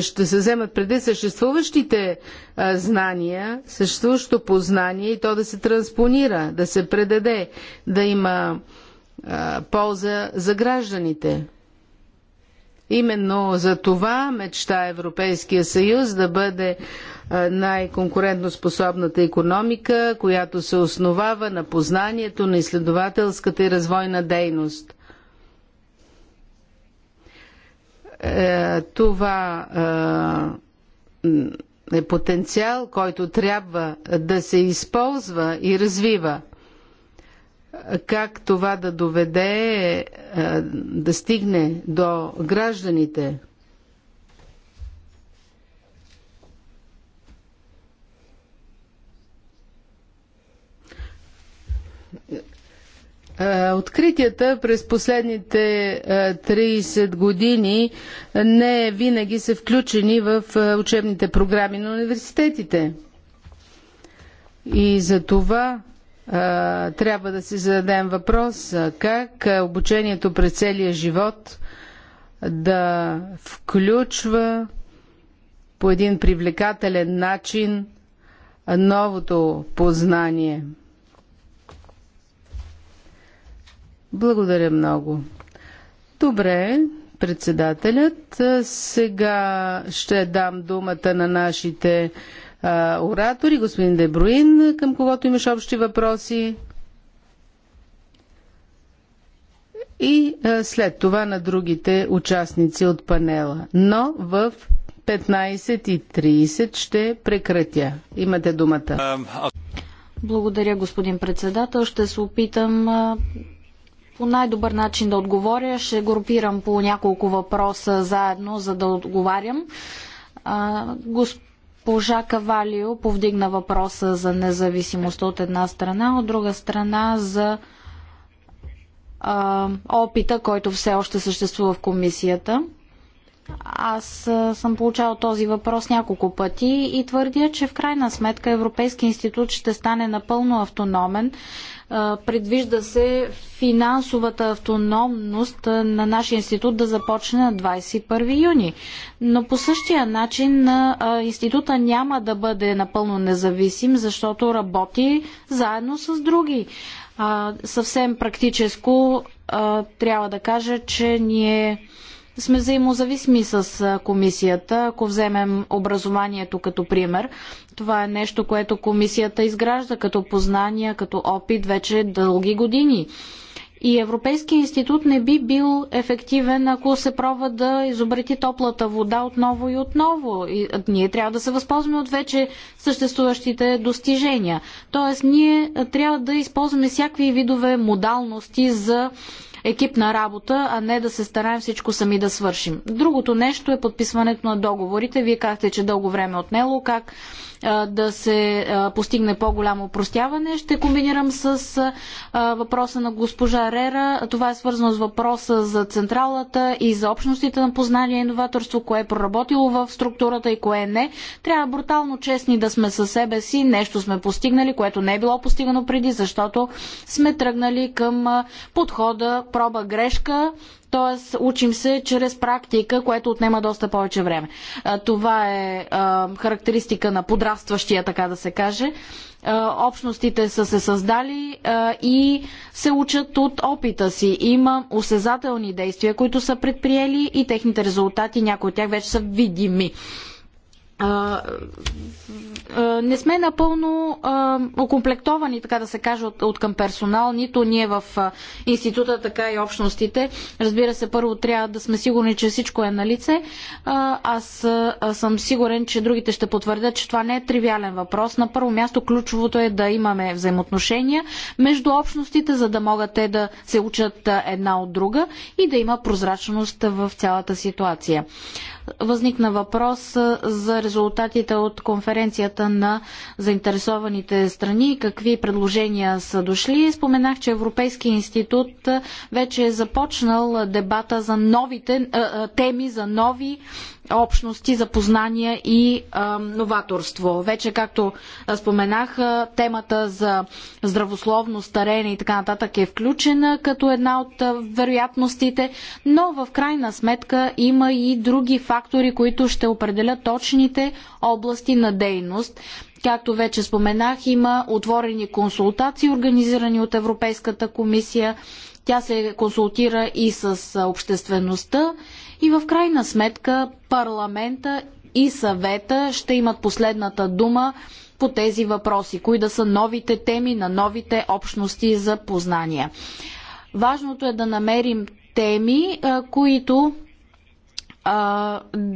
ще се вземат преди съществуващите знания, съществуващото познание и то да се транспонира, да се предаде, да има полза за гражданите. Именно за това мечта Европейския съюз да бъде най-конкурентоспособната економика, която се основава на познанието на изследователската и развойна дейност – Е, това е, е потенциал, който трябва да се използва и развива. Как това да доведе, е, да стигне до гражданите – Е, откритията през последните 30 е, години не винаги са включени в е, учебните програми на университетите. И за това трябва да си зададем въпрос как обучението през целия живот да включва по един привлекателен начин новото познание – Благодаря много. Добре, председателят. Сега ще дам думата на нашите а, оратори. Господин Дебруин, към когото имаш общи въпроси. И а, след това на другите участници от панела. Но в 15.30 ще прекратя. Имате думата. Благодаря, господин председател. Ще се опитам по най-добър начин да отговоря. Ще групирам по няколко въпроса заедно, за да отговарям. Госпожа Кавалио повдигна въпроса за независимостта от една страна, от друга страна за опита, който все още съществува в комисията. Аз съм получавал този въпрос няколко пъти и твърдя, че в крайна сметка Европейски институт ще стане напълно автономен Предвижда се финансовата автономност на нашия институт да започне на 21 юни. Но по същия начин института няма да бъде напълно независим, защото работи заедно с други. Съвсем практическо трябва да кажа, че ние сме взаимозависими с комисията. Ако вземем образованието като пример, това е нещо, което комисията изгражда като познания, като опит вече дълги години. И Европейския институт не би бил ефективен, ако се пробва да изобрети топлата вода отново и отново. И, ние трябва да се възползваме от вече съществуващите достижения. Тоест, ние трябва да използваме всякакви видове модалности за екипна работа, а не да се стараем всичко сами да свършим. Другото нещо е подписването на договорите. Вие казахте, че дълго време е отнело. Как да се постигне по-голямо простяване. Ще комбинирам с въпроса на госпожа Рера. Това е свързано с въпроса за централата и за общностите на познание и новаторство, кое е проработило в структурата и кое не. Трябва брутално честни да сме със себе си. Нещо сме постигнали, което не е било постигано преди, защото сме тръгнали към подхода проба-грешка, Тоест, учим се чрез практика, което отнема доста повече време. Това е характеристика на подрастващия, така да се каже. Общностите са се създали и се учат от опита си. Има осезателни действия, които са предприели и техните резултати, някои от тях вече са видими не сме напълно окомплектовани, така да се каже, от, от към персонал, нито ние в института, така и общностите. Разбира се, първо трябва да сме сигурни, че всичко е на лице. Аз съм сигурен, че другите ще потвърдят, че това не е тривиален въпрос. На първо място ключовото е да имаме взаимоотношения между общностите, за да могат те да се учат една от друга и да има прозрачност в цялата ситуация възникна въпрос за резултатите от конференцията на заинтересованите страни, какви предложения са дошли. Споменах, че Европейския институт вече е започнал дебата за новите теми, за нови общности за познания и а, новаторство. Вече, както споменах, темата за здравословно старение и така нататък е включена като една от вероятностите, но в крайна сметка има и други фактори, които ще определят точните области на дейност. Както вече споменах, има отворени консултации, организирани от Европейската комисия. Тя се консултира и с обществеността и в крайна сметка парламента и съвета ще имат последната дума по тези въпроси, кои да са новите теми на новите общности за познания. Важното е да намерим теми, които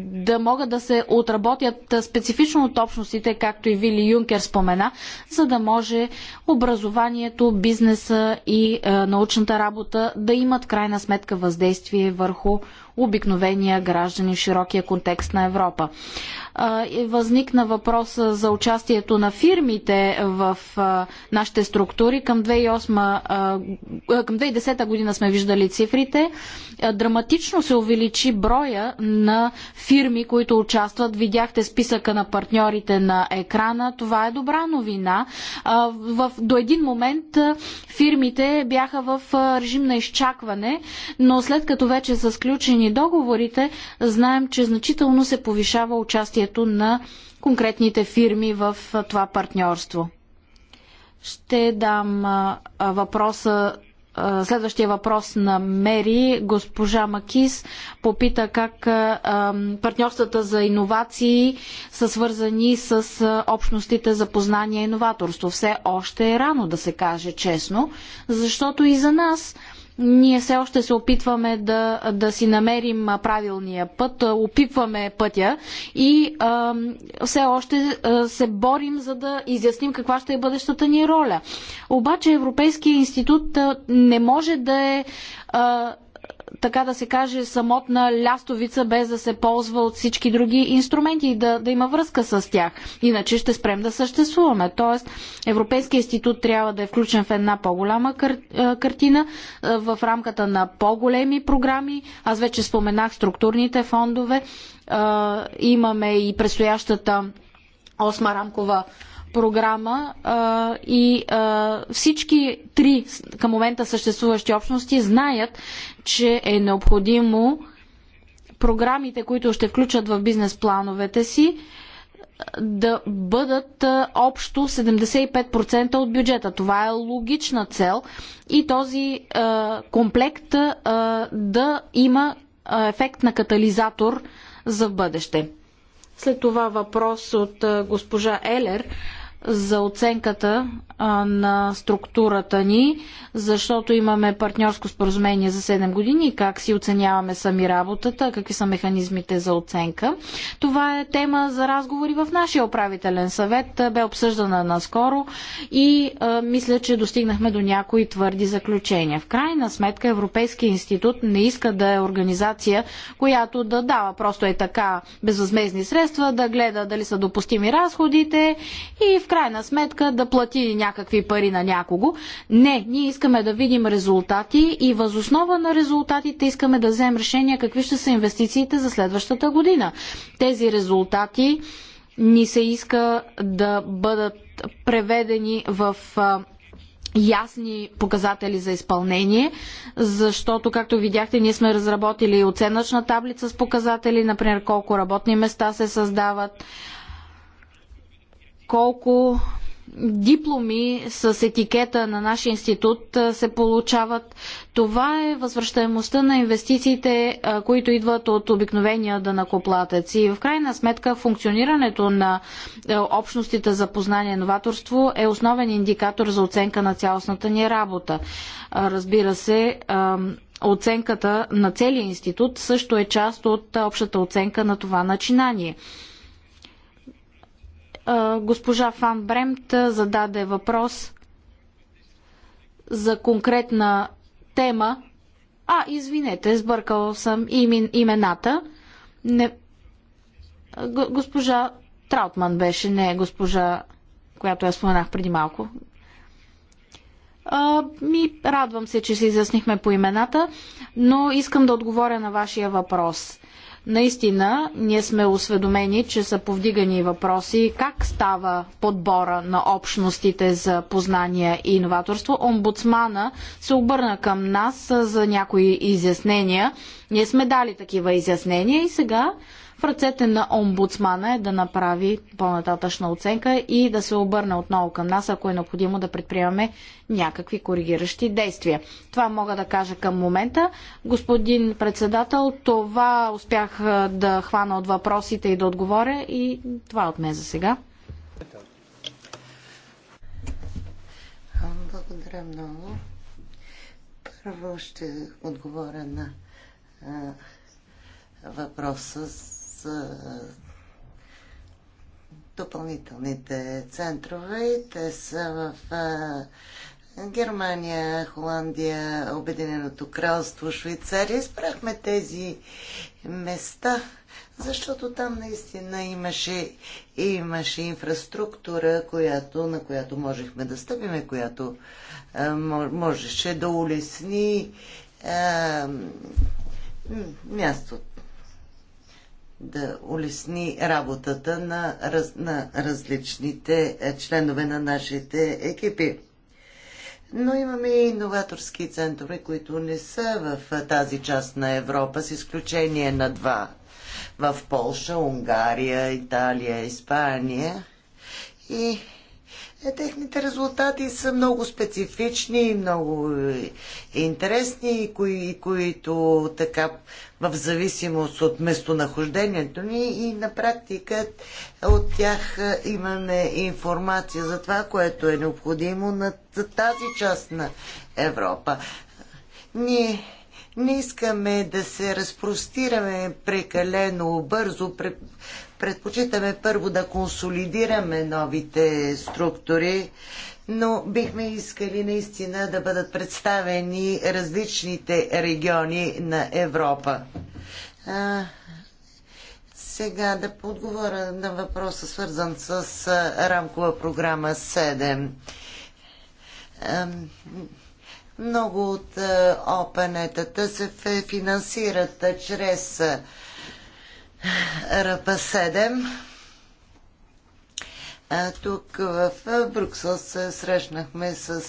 да могат да се отработят специфично от общностите, както и Вили Юнкер спомена, за да може образованието, бизнеса и научната работа да имат крайна сметка въздействие върху обикновения граждани в широкия контекст на Европа възникна въпроса за участието на фирмите в нашите структури. Към 2008, към 2010 година сме виждали цифрите. Драматично се увеличи броя на фирми, които участват. Видяхте списъка на партньорите на екрана. Това е добра новина. В, до един момент фирмите бяха в режим на изчакване, но след като вече са сключени договорите, знаем, че значително се повишава участието участието на конкретните фирми в това партньорство. Ще дам въпроса следващия въпрос на Мери. Госпожа Макис попита как партньорствата за иновации са свързани с общностите за познание и иноваторство. Все още е рано да се каже честно, защото и за нас – ние все още се опитваме да, да си намерим правилния път, опитваме пътя и а, все още а, се борим за да изясним каква ще е бъдещата ни роля. Обаче Европейския институт а, не може да е а, така да се каже, самотна лястовица, без да се ползва от всички други инструменти и да, да има връзка с тях. Иначе ще спрем да съществуваме. Тоест, Европейския институт трябва да е включен в една по-голяма кар... картина, в рамката на по-големи програми. Аз вече споменах структурните фондове. Имаме и предстоящата осма рамкова програма а, и а, всички три към момента съществуващи общности знаят, че е необходимо програмите, които ще включат в бизнес плановете си, да бъдат общо 75% от бюджета. Това е логична цел и този а, комплект а, да има ефект на катализатор за бъдеще. След това въпрос от госпожа Елер за оценката а, на структурата ни, защото имаме партньорско споразумение за 7 години, как си оценяваме сами работата, какви са механизмите за оценка. Това е тема за разговори в нашия управителен съвет, бе обсъждана наскоро и а, мисля, че достигнахме до някои твърди заключения. В крайна сметка Европейския институт не иска да е организация, която да дава просто е така безвъзмезни средства, да гледа дали са допустими разходите и в крайна сметка да плати някакви пари на някого. Не, ние искаме да видим резултати и възоснова на резултатите искаме да вземем решение какви ще са инвестициите за следващата година. Тези резултати ни се иска да бъдат преведени в ясни показатели за изпълнение, защото, както видяхте, ние сме разработили оценъчна таблица с показатели, например колко работни места се създават, колко дипломи с етикета на нашия институт се получават. Това е възвръщаемостта на инвестициите, които идват от обикновения данакоплатец. И в крайна сметка функционирането на общностите за познание и новаторство е основен индикатор за оценка на цялостната ни работа. Разбира се, оценката на целия институт също е част от общата оценка на това начинание. Госпожа Фан Бремт зададе въпрос за конкретна тема. А, извинете, сбъркал съм имен, имената. Не... Госпожа Траутман беше, не е госпожа, която я споменах преди малко. А, ми радвам се, че се изяснихме по имената, но искам да отговоря на вашия въпрос. Наистина, ние сме осведомени, че са повдигани въпроси как става подбора на общностите за познания и иноваторство. Омбудсмана се обърна към нас за някои изяснения. Ние сме дали такива изяснения и сега в ръцете на омбудсмана е да направи по-нататъчна оценка и да се обърне отново към нас, ако е необходимо да предприемаме някакви коригиращи действия. Това мога да кажа към момента. Господин председател, това успях да хвана от въпросите и да отговоря и това е от мен за сега. Благодаря много. Първо ще отговоря на а, въпроса с допълнителните центрове. Те са в Германия, Холандия, Обединеното кралство, Швейцария. Избрахме тези места, защото там наистина имаше, имаше инфраструктура, която, на която можехме да стъпиме, която а, можеше да улесни а, мястото да улесни работата на, раз, на различните е, членове на нашите екипи. Но имаме и новаторски центрове, които не са в е, тази част на Европа, с изключение на два. В Полша, Унгария, Италия, Испания. И е, техните резултати са много специфични, много е, интересни, кои, които така в зависимост от местонахождението ни и на практика от тях е, имаме информация за това, което е необходимо на тази част на Европа. Ние не искаме да се разпростираме прекалено бързо Предпочитаме първо да консолидираме новите структури, но бихме искали наистина да бъдат представени различните региони на Европа. А, сега да подговоря на въпроса, свързан с а, рамкова програма 7. А, много от опенетата се финансират чрез РП-7. Тук в Бруксел се срещнахме с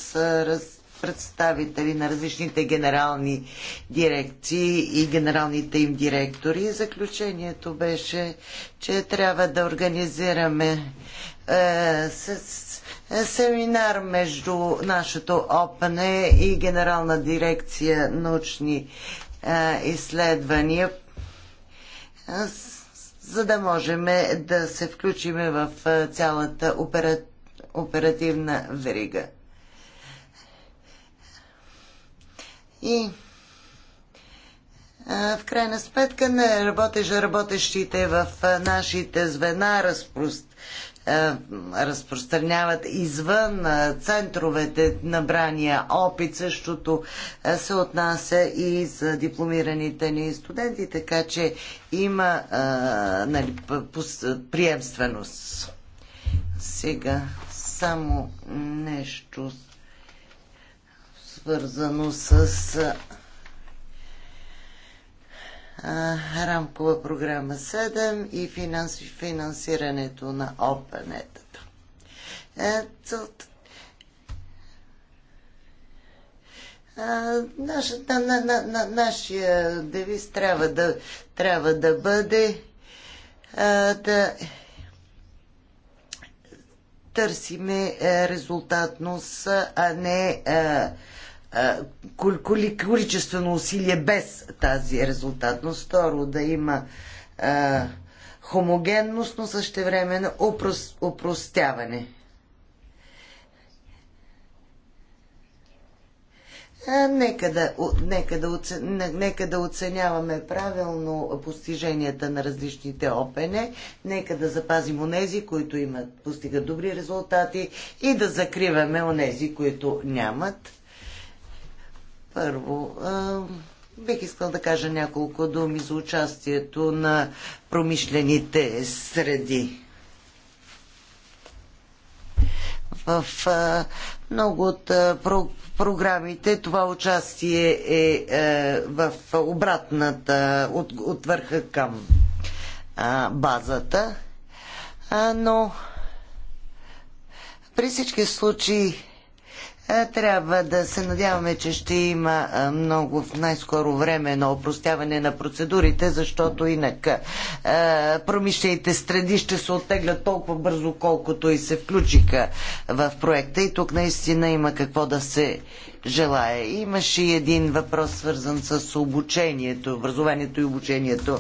представители на различните генерални дирекции и генералните им директори. Заключението беше, че трябва да организираме е, с, семинар между нашето ОПНЕ и Генерална дирекция научни е, изследвания с за да можем да се включим в цялата опера... оперативна верига. И в крайна сметка не работеж, работещите в нашите звена разпространяват е, разпространяват извън е, центровете набрания опит. Същото е, се отнася и за дипломираните ни студенти, така че има нали, приемственост. Сега само нещо свързано с рамкова програма 7 и финансирането на опанетата. Е, на, на, на, нашия девиз трябва да, трябва да бъде а, да търсиме е, резултатност, а не а, е, количествено усилие без тази резултатност. Второ, да има а, хомогенност, но на упрос, опростяване. А, нека да, нека, да оце, нека да оценяваме правилно постиженията на различните ОПН, нека да запазим онези, които имат, постигат добри резултати и да закриваме онези, които нямат първо, а, бих искал да кажа няколко думи за участието на промишлените среди. В а, много от а, про, програмите това участие е а, е, в обратната, от, от върха към а, базата. А, но при всички случаи е, трябва да се надяваме, че ще има е, много в най-скоро време на опростяване на процедурите, защото инак е, промишлените страни ще се оттеглят толкова бързо, колкото и се включиха в проекта. И тук наистина има какво да се желая. Имаше и един въпрос, свързан с обучението, образованието и обучението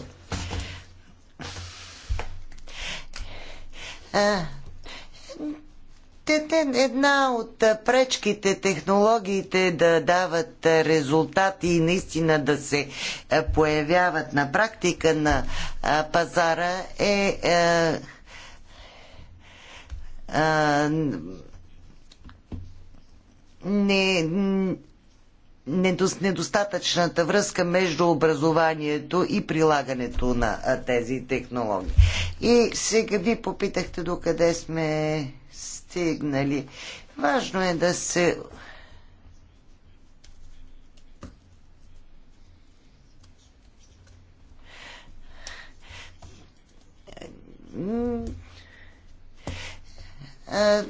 една от пречките технологиите да дават резултати и наистина да се появяват на практика на пазара е, е, е не, недостатъчната връзка между образованието и прилагането на тези технологии. И сега ви попитахте докъде сме стигнали. Важно е да се а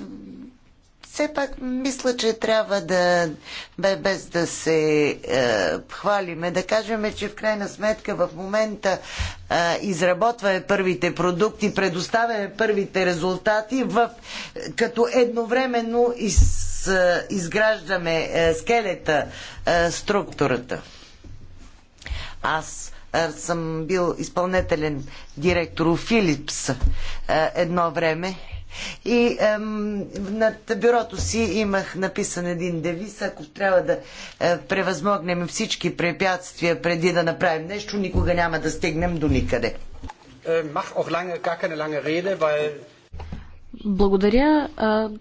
все пак мисля, че трябва да, без да се е, хвалиме, да кажем, че в крайна сметка в момента е, изработваме първите продукти, предоставяме първите резултати, в, като едновременно из, е, изграждаме е, скелета, е, структурата. Аз е, съм бил изпълнителен директор у Филипс е, едно време и ем, над бюрото си имах написан един девиз. Ако трябва да е, превъзмогнем всички препятствия преди да направим нещо, никога няма да стигнем до никъде. Е, мах ох lange, gar keine lange Rede, weil благодаря.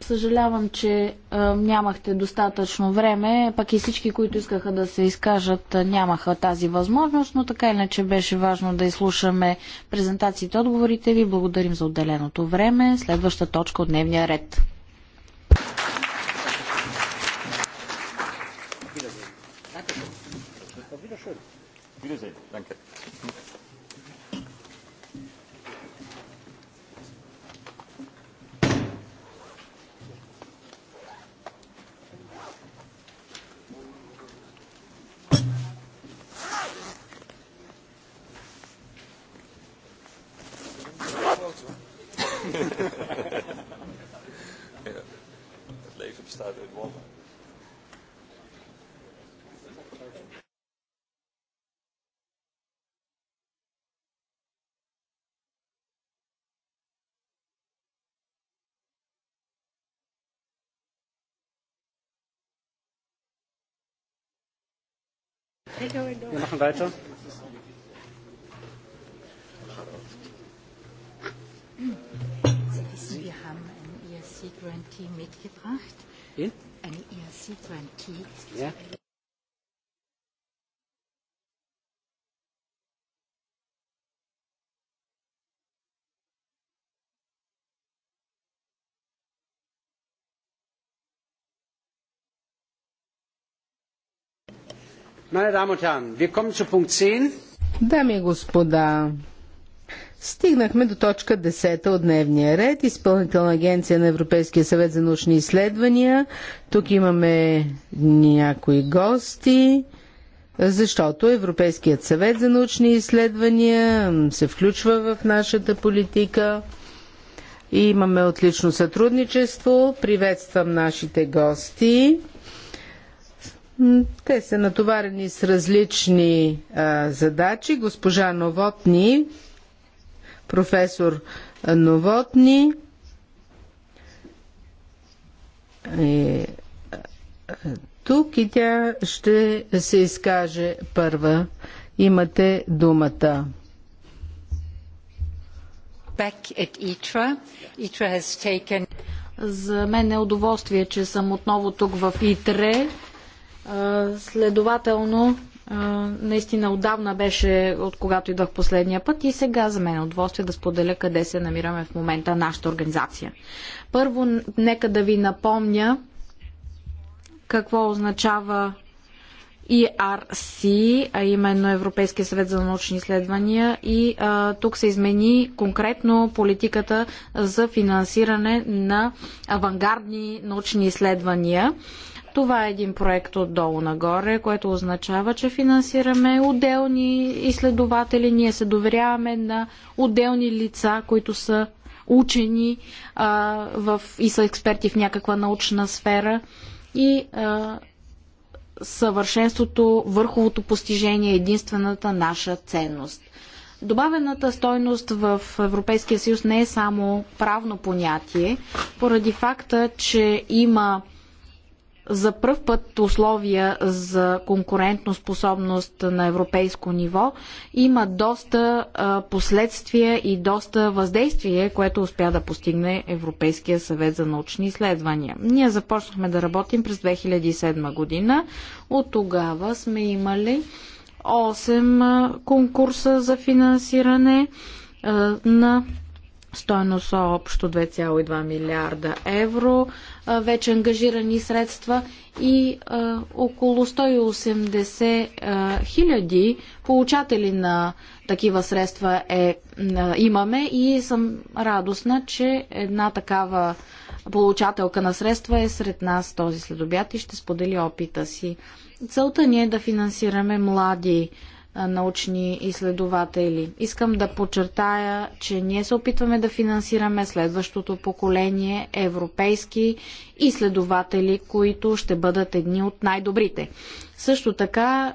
Съжалявам, че нямахте достатъчно време, пък и всички, които искаха да се изкажат, нямаха тази възможност, но така иначе беше важно да изслушаме презентациите, отговорите ви. Благодарим за отделеното време. Следваща точка от дневния ред. Wiedersehen. Danke. Wir machen weiter. Sie wissen, wir haben ein ERC-Grantee mitgebracht. Wen? Eine ERC-Grantee. Ja. Дами и господа, стигнахме до точка 10 от дневния ред. Изпълнителна агенция на Европейския съвет за научни изследвания. Тук имаме някои гости, защото Европейският съвет за научни изследвания се включва в нашата политика. И имаме отлично сътрудничество. Приветствам нашите гости. Те са натоварени с различни а, задачи. Госпожа Новотни, професор Новотни, е тук и тя ще се изкаже първа. Имате думата. ITRA. ITRA taken... За мен е удоволствие, че съм отново тук в ИТРЕ Следователно, наистина отдавна беше от когато идвах последния път и сега за мен е удоволствие да споделя къде се намираме в момента нашата организация. Първо, нека да ви напомня какво означава ERC, а именно Европейския съвет за научни изследвания и а, тук се измени конкретно политиката за финансиране на авангардни научни изследвания. Това е един проект отдолу нагоре, което означава, че финансираме отделни изследователи, ние се доверяваме на отделни лица, които са учени а, в, и са експерти в някаква научна сфера. И а, съвършенството, върховото постижение е единствената наша ценност. Добавената стойност в Европейския съюз не е само правно понятие, поради факта, че има за пръв път условия за конкурентоспособност на европейско ниво, има доста последствия и доста въздействие, което успя да постигне Европейския съвет за научни изследвания. Ние започнахме да работим през 2007 година. От тогава сме имали 8 конкурса за финансиране на стоеност общо 2,2 милиарда евро вече ангажирани средства и а, около 180 хиляди получатели на такива средства е, а, имаме и съм радостна, че една такава получателка на средства е сред нас този следобят и ще сподели опита си. Целта ни е да финансираме млади научни изследователи. Искам да подчертая, че ние се опитваме да финансираме следващото поколение европейски изследователи, които ще бъдат едни от най-добрите. Също така,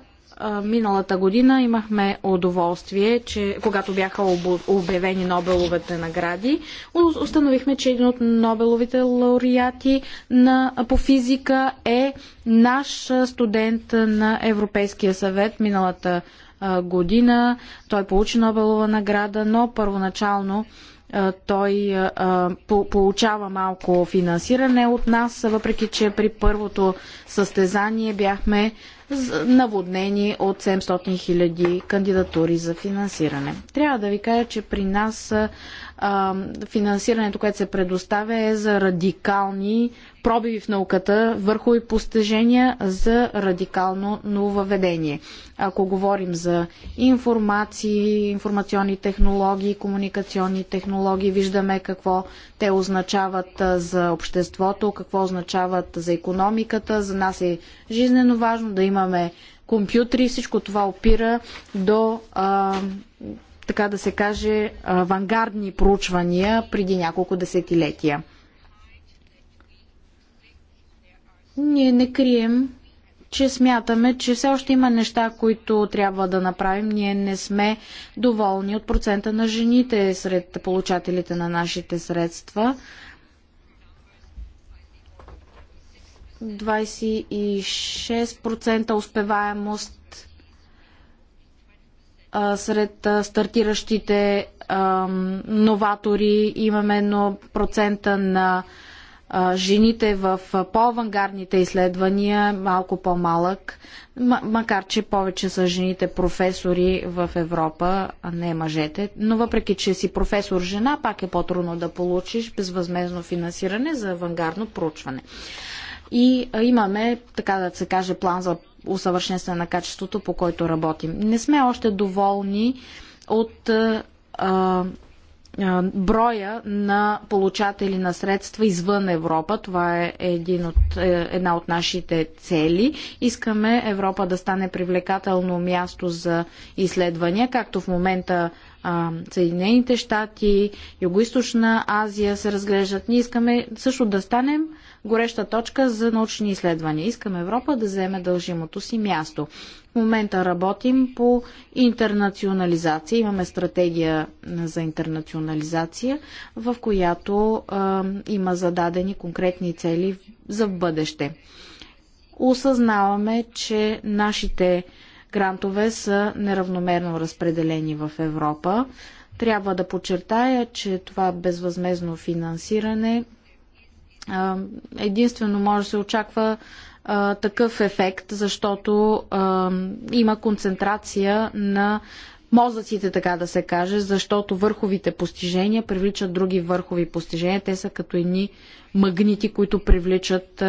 миналата година имахме удоволствие, че когато бяха обявени Нобеловите награди, установихме, че един от Нобеловите лауреати на, по физика е наш студент на Европейския съвет миналата година. Той получи Нобелова награда, но първоначално той получава малко финансиране от нас, въпреки че при първото състезание бяхме наводнени от 700 000 кандидатури за финансиране. Трябва да ви кажа, че при нас а, финансирането, което се предоставя е за радикални пробиви в науката, върху и постижения за радикално нововведение. Ако говорим за информации, информационни технологии, комуникационни технологии, виждаме какво те означават за обществото, какво означават за економиката. За нас е жизнено важно да имаме компютри. Всичко това опира до а, така да се каже, авангардни проучвания преди няколко десетилетия. Ние не крием, че смятаме, че все още има неща, които трябва да направим. Ние не сме доволни от процента на жените сред получателите на нашите средства. 26% успеваемост сред стартиращите новатори имаме едно процента на жените в по-авангардните изследвания малко по-малък, макар че повече са жените професори в Европа, а не мъжете. Но въпреки, че си професор жена, пак е по-трудно да получиш безвъзмезно финансиране за авангардно проучване. И имаме, така да се каже, план за усъвършенстване на качеството, по който работим. Не сме още доволни от а, а, броя на получатели на средства извън Европа. Това е един от, е, една от нашите цели. Искаме Европа да стане привлекателно място за изследвания, както в момента Съединените щати, Юго-Источна Азия се разглеждат. Ние искаме също да станем гореща точка за научни изследвания. Искаме Европа да вземе дължимото си място. В момента работим по интернационализация. Имаме стратегия за интернационализация, в която а, има зададени конкретни цели за бъдеще. Осъзнаваме, че нашите грантове са неравномерно разпределени в Европа. Трябва да подчертая, че това безвъзмезно финансиране единствено може да се очаква такъв ефект, защото има концентрация на мозъците, така да се каже, защото върховите постижения привличат други върхови постижения. Те са като едни магнити, които привличат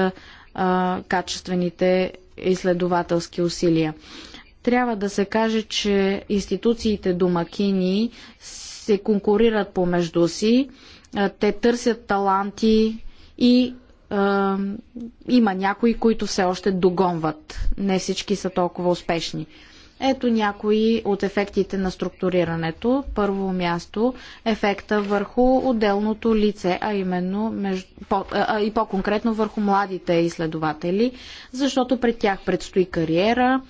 качествените изследователски усилия трябва да се каже, че институциите домакини се конкурират помежду си, те търсят таланти и е, има някои, които все още догонват. Не всички са толкова успешни. Ето някои от ефектите на структурирането. Първо място ефекта върху отделното лице, а именно между, по, а, и по-конкретно върху младите изследователи, защото пред тях предстои кариера,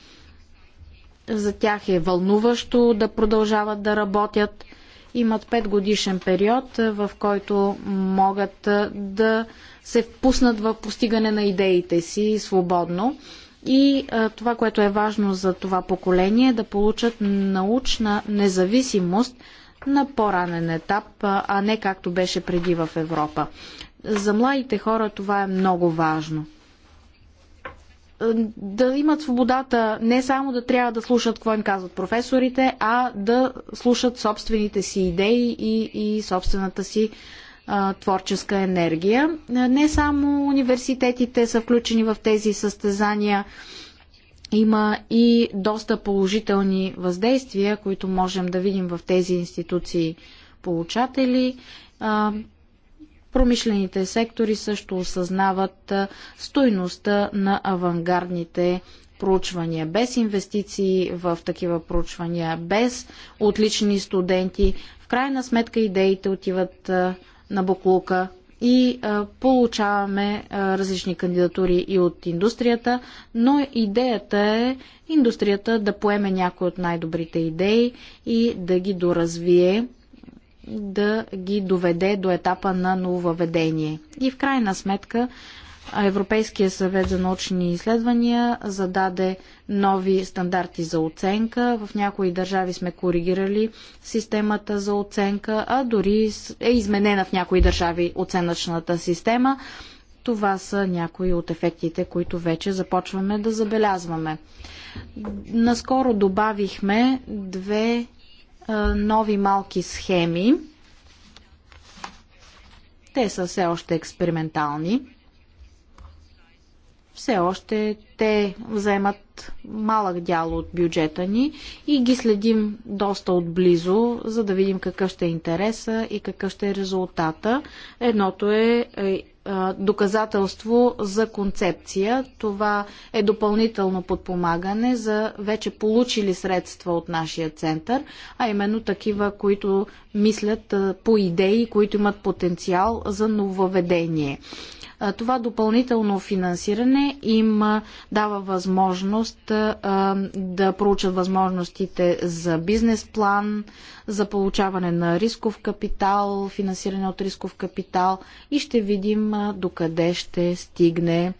за тях е вълнуващо да продължават да работят. Имат 5 годишен период, е, в който могат е, да се впуснат в постигане на идеите си свободно. И а, е, това, което е важно за това поколение, е да получат научна независимост на по-ранен етап, а не както беше преди в Европа. За младите хора това е много важно да имат свободата не само да трябва да слушат какво им казват професорите, а да слушат собствените си идеи и, и собствената си а, творческа енергия. Не само университетите са включени в тези състезания, има и доста положителни въздействия, които можем да видим в тези институции получатели. Промишлените сектори също осъзнават стойността на авангардните проучвания. Без инвестиции в такива проучвания, без отлични студенти, в крайна сметка идеите отиват на Буклука и получаваме различни кандидатури и от индустрията, но идеята е индустрията да поеме някои от най-добрите идеи и да ги доразвие да ги доведе до етапа на нововъведение. И в крайна сметка Европейския съвет за научни изследвания зададе нови стандарти за оценка. В някои държави сме коригирали системата за оценка, а дори е изменена в някои държави оценъчната система. Това са някои от ефектите, които вече започваме да забелязваме. Наскоро добавихме две нови малки схеми. Те са все още експериментални. Все още те вземат малък дял от бюджета ни и ги следим доста отблизо, за да видим какъв ще е интереса и какъв ще е резултата. Едното е, е доказателство за концепция. Това е допълнително подпомагане за вече получили средства от нашия център, а именно такива, които мислят по идеи, които имат потенциал за нововведение. Това допълнително финансиране им дава възможност да проучат възможностите за бизнес план, за получаване на рисков капитал, финансиране от рисков капитал и ще видим докъде ще стигне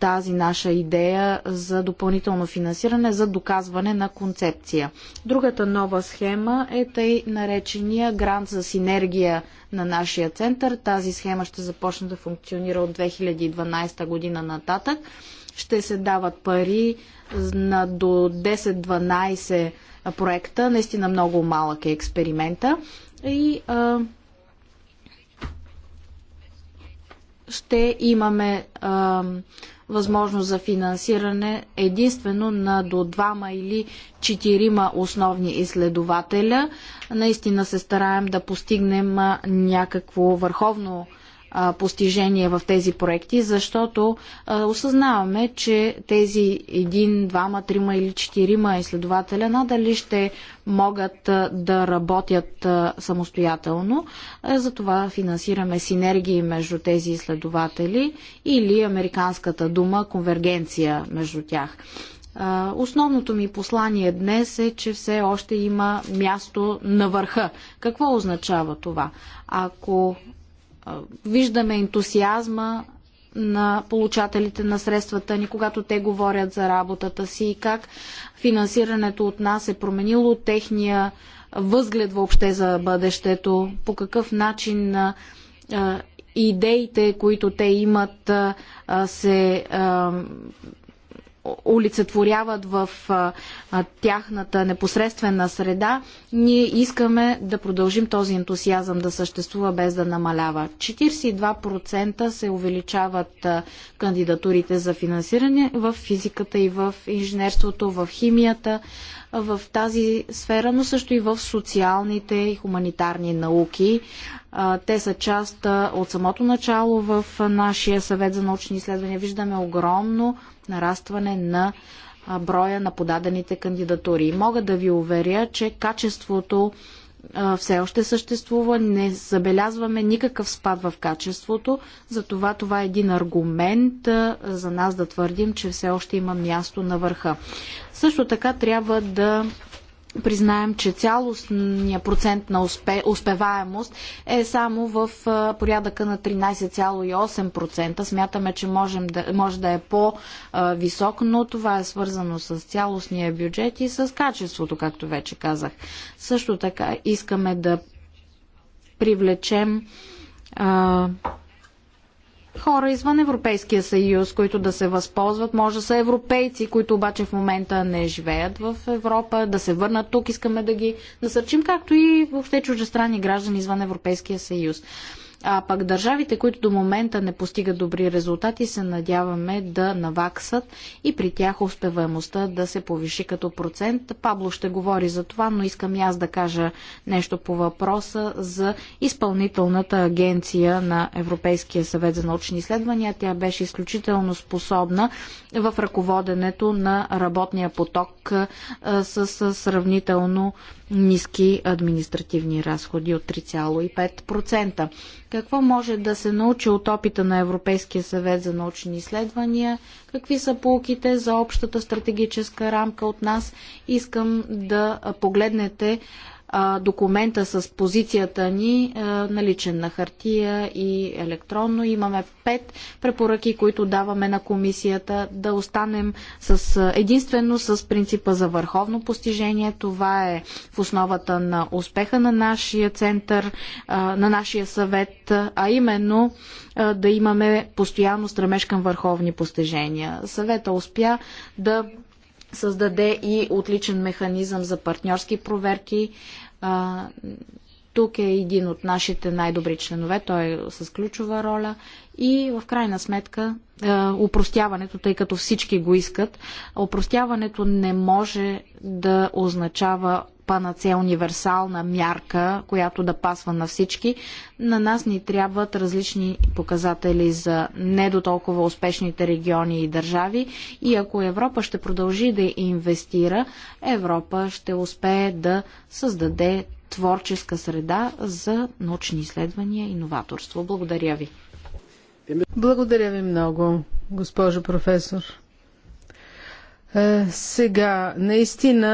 тази наша идея за допълнително финансиране, за доказване на концепция. Другата нова схема е тъй наречения грант за синергия на нашия център. Тази схема ще започне да функционира от 2012 година нататък. Ще се дават пари на до 10-12 проекта. Наистина много малък е експеримента. И а, ще имаме а, възможност за финансиране единствено на до двама или четирима основни изследователя. Наистина се стараем да постигнем някакво върховно постижения в тези проекти, защото осъзнаваме, че тези един, двама, трима или четирима изследователя е надали ще могат да работят самостоятелно. Е, затова финансираме синергии между тези изследователи или американската дума конвергенция между тях. Основното ми послание днес е, че все още има място на върха. Какво означава това? Ако виждаме ентусиазма на получателите на средствата ни, когато те говорят за работата си и как финансирането от нас е променило техния възглед въобще за бъдещето, по какъв начин а, идеите, които те имат, а, се а, олицетворяват в тяхната непосредствена среда, ние искаме да продължим този ентусиазъм да съществува без да намалява. 42% се увеличават кандидатурите за финансиране в физиката и в инженерството, в химията, в тази сфера, но също и в социалните и хуманитарни науки. Те са част от самото начало в нашия съвет за научни изследвания. Виждаме огромно нарастване на броя на подадените кандидатури. Мога да ви уверя, че качеството все още съществува, не забелязваме никакъв спад в качеството, затова това е един аргумент за нас да твърдим, че все още има място на върха. Също така трябва да признаем, че цялостният процент на успе, успеваемост е само в порядъка на 13,8%. Смятаме, че можем да, може да е по-висок, но това е свързано с цялостния бюджет и с качеството, както вече казах. Също така искаме да привлечем а, хора извън Европейския съюз, които да се възползват. Може да са европейци, които обаче в момента не живеят в Европа, да се върнат тук. Искаме да ги насърчим, както и въобще чуждестранни граждани извън Европейския съюз. А пък държавите, които до момента не постигат добри резултати, се надяваме да наваксат и при тях успеваемостта да се повиши като процент. Пабло ще говори за това, но искам и аз да кажа нещо по въпроса за изпълнителната агенция на Европейския съвет за научни изследвания. Тя беше изключително способна в ръководенето на работния поток с сравнително ниски административни разходи от 3,5%. Какво може да се научи от опита на Европейския съвет за научни изследвания? Какви са полуките за общата стратегическа рамка от нас? Искам да погледнете документа с позицията ни на наличен на хартия и електронно. Имаме пет препоръки, които даваме на комисията да останем с, единствено с принципа за върховно постижение. Това е в основата на успеха на нашия център, на нашия съвет, а именно да имаме постоянно стремеж към върховни постижения. Съвета успя да създаде и отличен механизъм за партньорски проверки, а, тук е един от нашите най-добри членове, той е с ключова роля и в крайна сметка упростяването, тъй като всички го искат, упростяването не може да означава панацея универсална мярка, която да пасва на всички. На нас ни трябват различни показатели за не до толкова успешните региони и държави и ако Европа ще продължи да инвестира, Европа ще успее да създаде творческа среда за научни изследвания и новаторство. Благодаря ви. Благодаря ви много, госпожо професор. Е, сега, наистина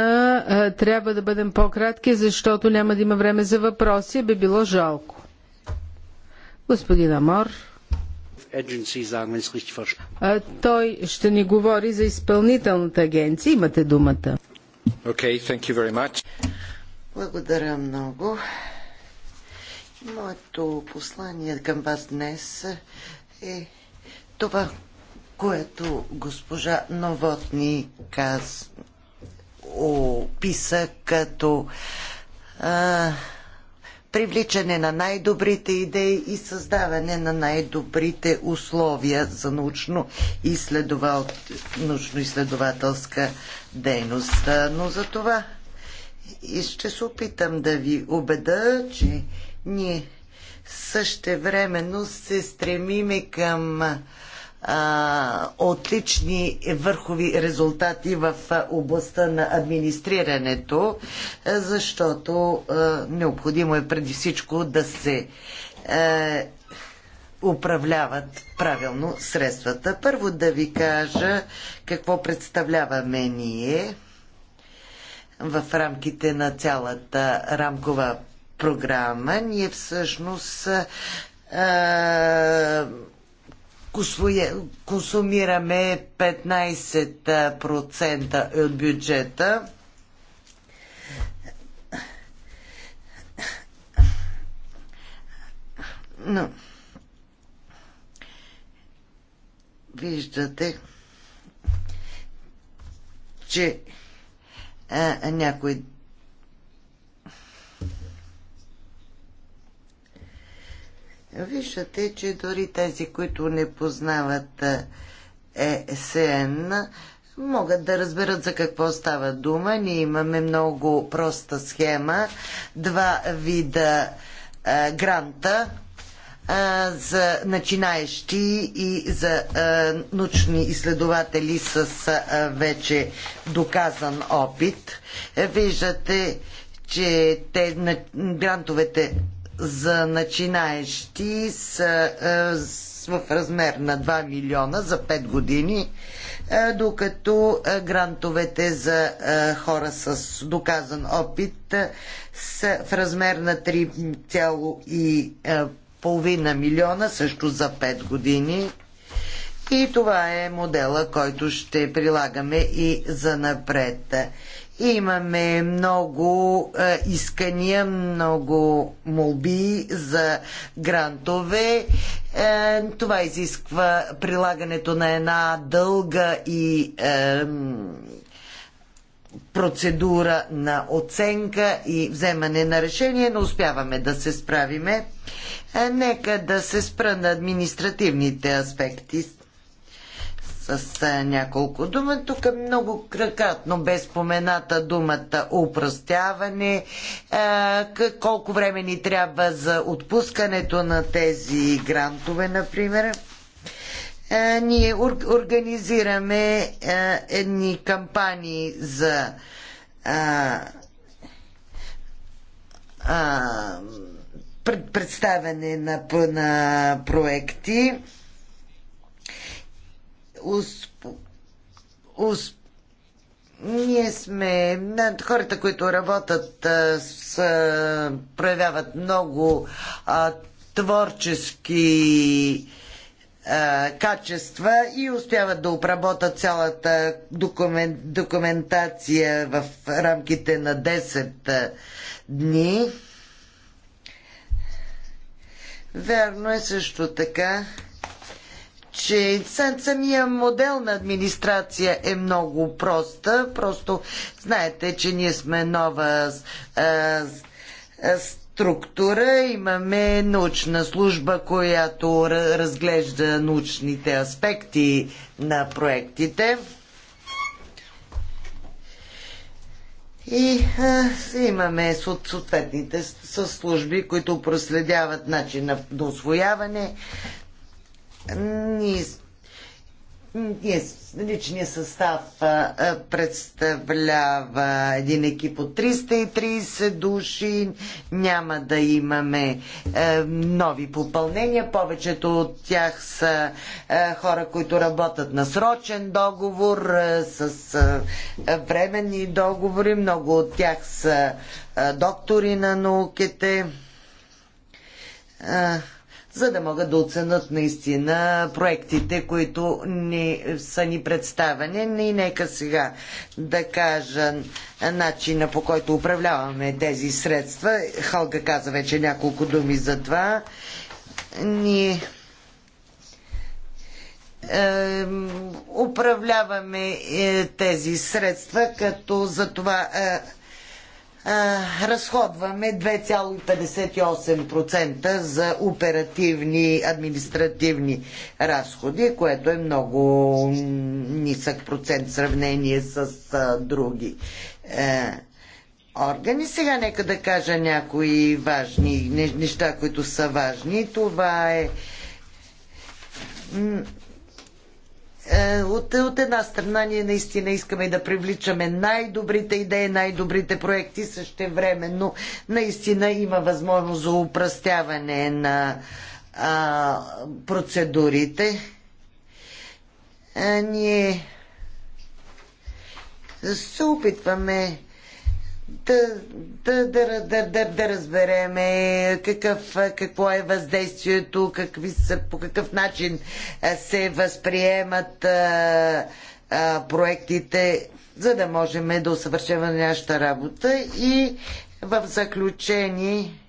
е, трябва да бъдем по-кратки, защото няма да има време за въпроси. Би било жалко. Господин Амор. Е, той ще ни говори за изпълнителната агенция. Имате думата. Okay, thank you very much. Благодаря много. Моето послание към вас днес е това, което госпожа Новотни каз, описа като а, привличане на най-добрите идеи и създаване на най-добрите условия за научно-изследователска научно дейност. Но за това и ще се опитам да ви убеда, че ние също времено се стремиме към а, отлични върхови резултати в областта на администрирането, защото а, необходимо е преди всичко да се а, управляват правилно средствата. Първо да ви кажа какво представляваме ние в рамките на цялата рамкова програма. Ние всъщност а, консумираме 15% от бюджета. Но виждате, че а, някои Виждате, че дори тези, които не познават ЕСН, могат да разберат за какво става дума. Ние имаме много проста схема. Два вида а, гранта а, за начинаещи и за а, научни изследователи с а, вече доказан опит. Виждате, че те, на, грантовете за начинаещи е, са в размер на 2 милиона за 5 години, докато грантовете за хора с доказан опит са в размер на 3,5 милиона също за 5 години. И това е модела, който ще прилагаме и за напред. Имаме много а, е, искания, много молби за грантове. Е, това изисква прилагането на една дълга и е, процедура на оценка и вземане на решение, но успяваме да се справиме. Е, нека да се спра на административните аспекти с няколко думи. Тук е много кракатно, без спомената думата упростяване, колко време ни трябва за отпускането на тези грантове, например ние организираме едни кампании за а, представяне на, на проекти усп... Усп... Ние сме... Хората, които работят, с... проявяват много а, творчески а, качества и успяват да обработат цялата докумен... документация в рамките на 10 дни. Вярно е също така, че самия модел на администрация е много проста. Просто знаете, че ние сме нова а, а, структура, имаме научна служба, която разглежда научните аспекти на проектите. И а, имаме съответните служби, които проследяват начина на освояване, ние, личният състав представлява един екип от 330 души. Няма да имаме е, нови попълнения. Повечето от тях са е, хора, които работят на срочен договор, е, с временни договори. Много от тях са доктори на науките за да могат да оценят наистина проектите, които ни, са ни представени. И нека сега да кажа начина по който управляваме тези средства. Халга каза вече няколко думи за това. Ние е, управляваме е, тези средства, като за това е, разходваме 2,58% за оперативни административни разходи, което е много нисък процент в сравнение с а, други а, е, органи. Сега нека да кажа някои важни неща, които са важни. Това е е, от, от една страна ние наистина искаме да привличаме най-добрите идеи, най-добрите проекти, също време, но наистина има възможност за упростяване на а, процедурите. А, е, ние се опитваме да, да, да, да, да, да разбереме какъв, какво е въздействието, какви са, по какъв начин се възприемат а, а, проектите, за да можем да усъвършенстваме нашата работа и в заключение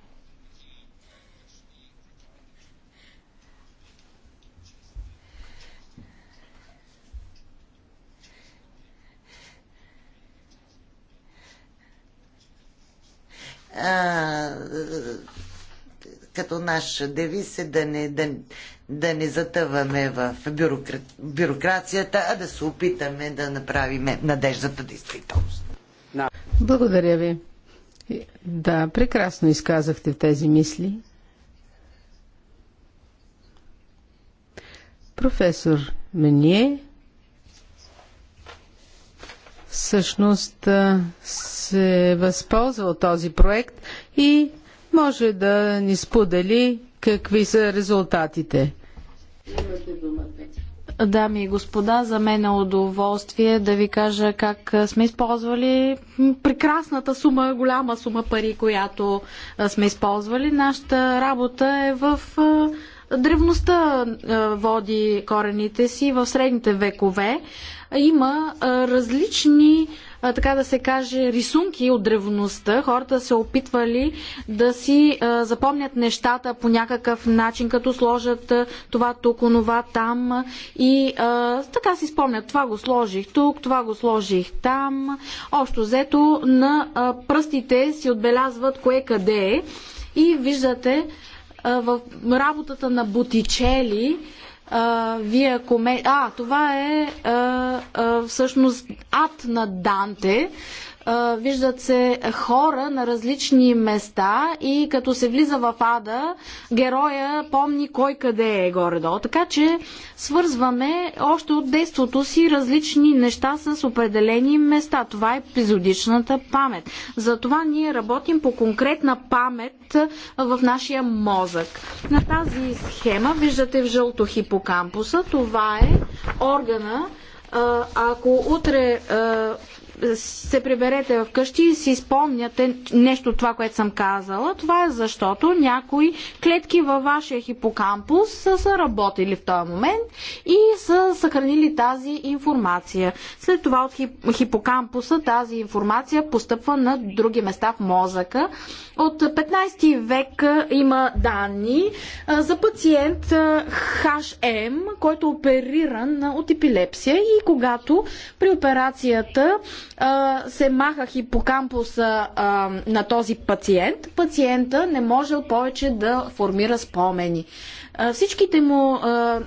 а, като наш девиз е да не, да, да не затъваме в бюрокра... бюрокрацията, а да се опитаме да направим надеждата действителност. Благодаря ви. Да, прекрасно изказахте тези мисли. Професор Мение, всъщност се възползва от този проект и може да ни сподели какви са резултатите. Дами и господа, за мен е удоволствие да ви кажа как сме използвали прекрасната сума, голяма сума пари, която сме използвали. Нашата работа е в Древността е, води корените си в средните векове. Има е, различни, е, така да се каже, рисунки от древността. Хората се опитвали да си запомнят нещата по някакъв начин, като сложат това тук, онова там и така си спомнят. Това го сложих тук, това го сложих там. Общо взето на пръстите си отбелязват кое къде е и виждате в работата на Ботичели, а, вие коме... А, това е а, а, всъщност ад на Данте виждат се хора на различни места и като се влиза в ада, героя помни кой къде е горе-долу. Така че свързваме още от действото си различни неща с определени места. Това е епизодичната памет. Затова ние работим по конкретна памет в нашия мозък. На тази схема виждате в жълто хипокампуса. Това е органа, ако утре се приберете вкъщи и си спомняте нещо от това, което съм казала. Това е защото някои клетки във вашия хипокампус са, са работили в този момент и са съхранили тази информация. След това от хип, хипокампуса тази информация постъпва на други места в мозъка. От 15 век има данни за пациент HM, който е опериран от епилепсия и когато при операцията се махах и по кампуса на този пациент, пациента не можел повече да формира спомени. Всичките му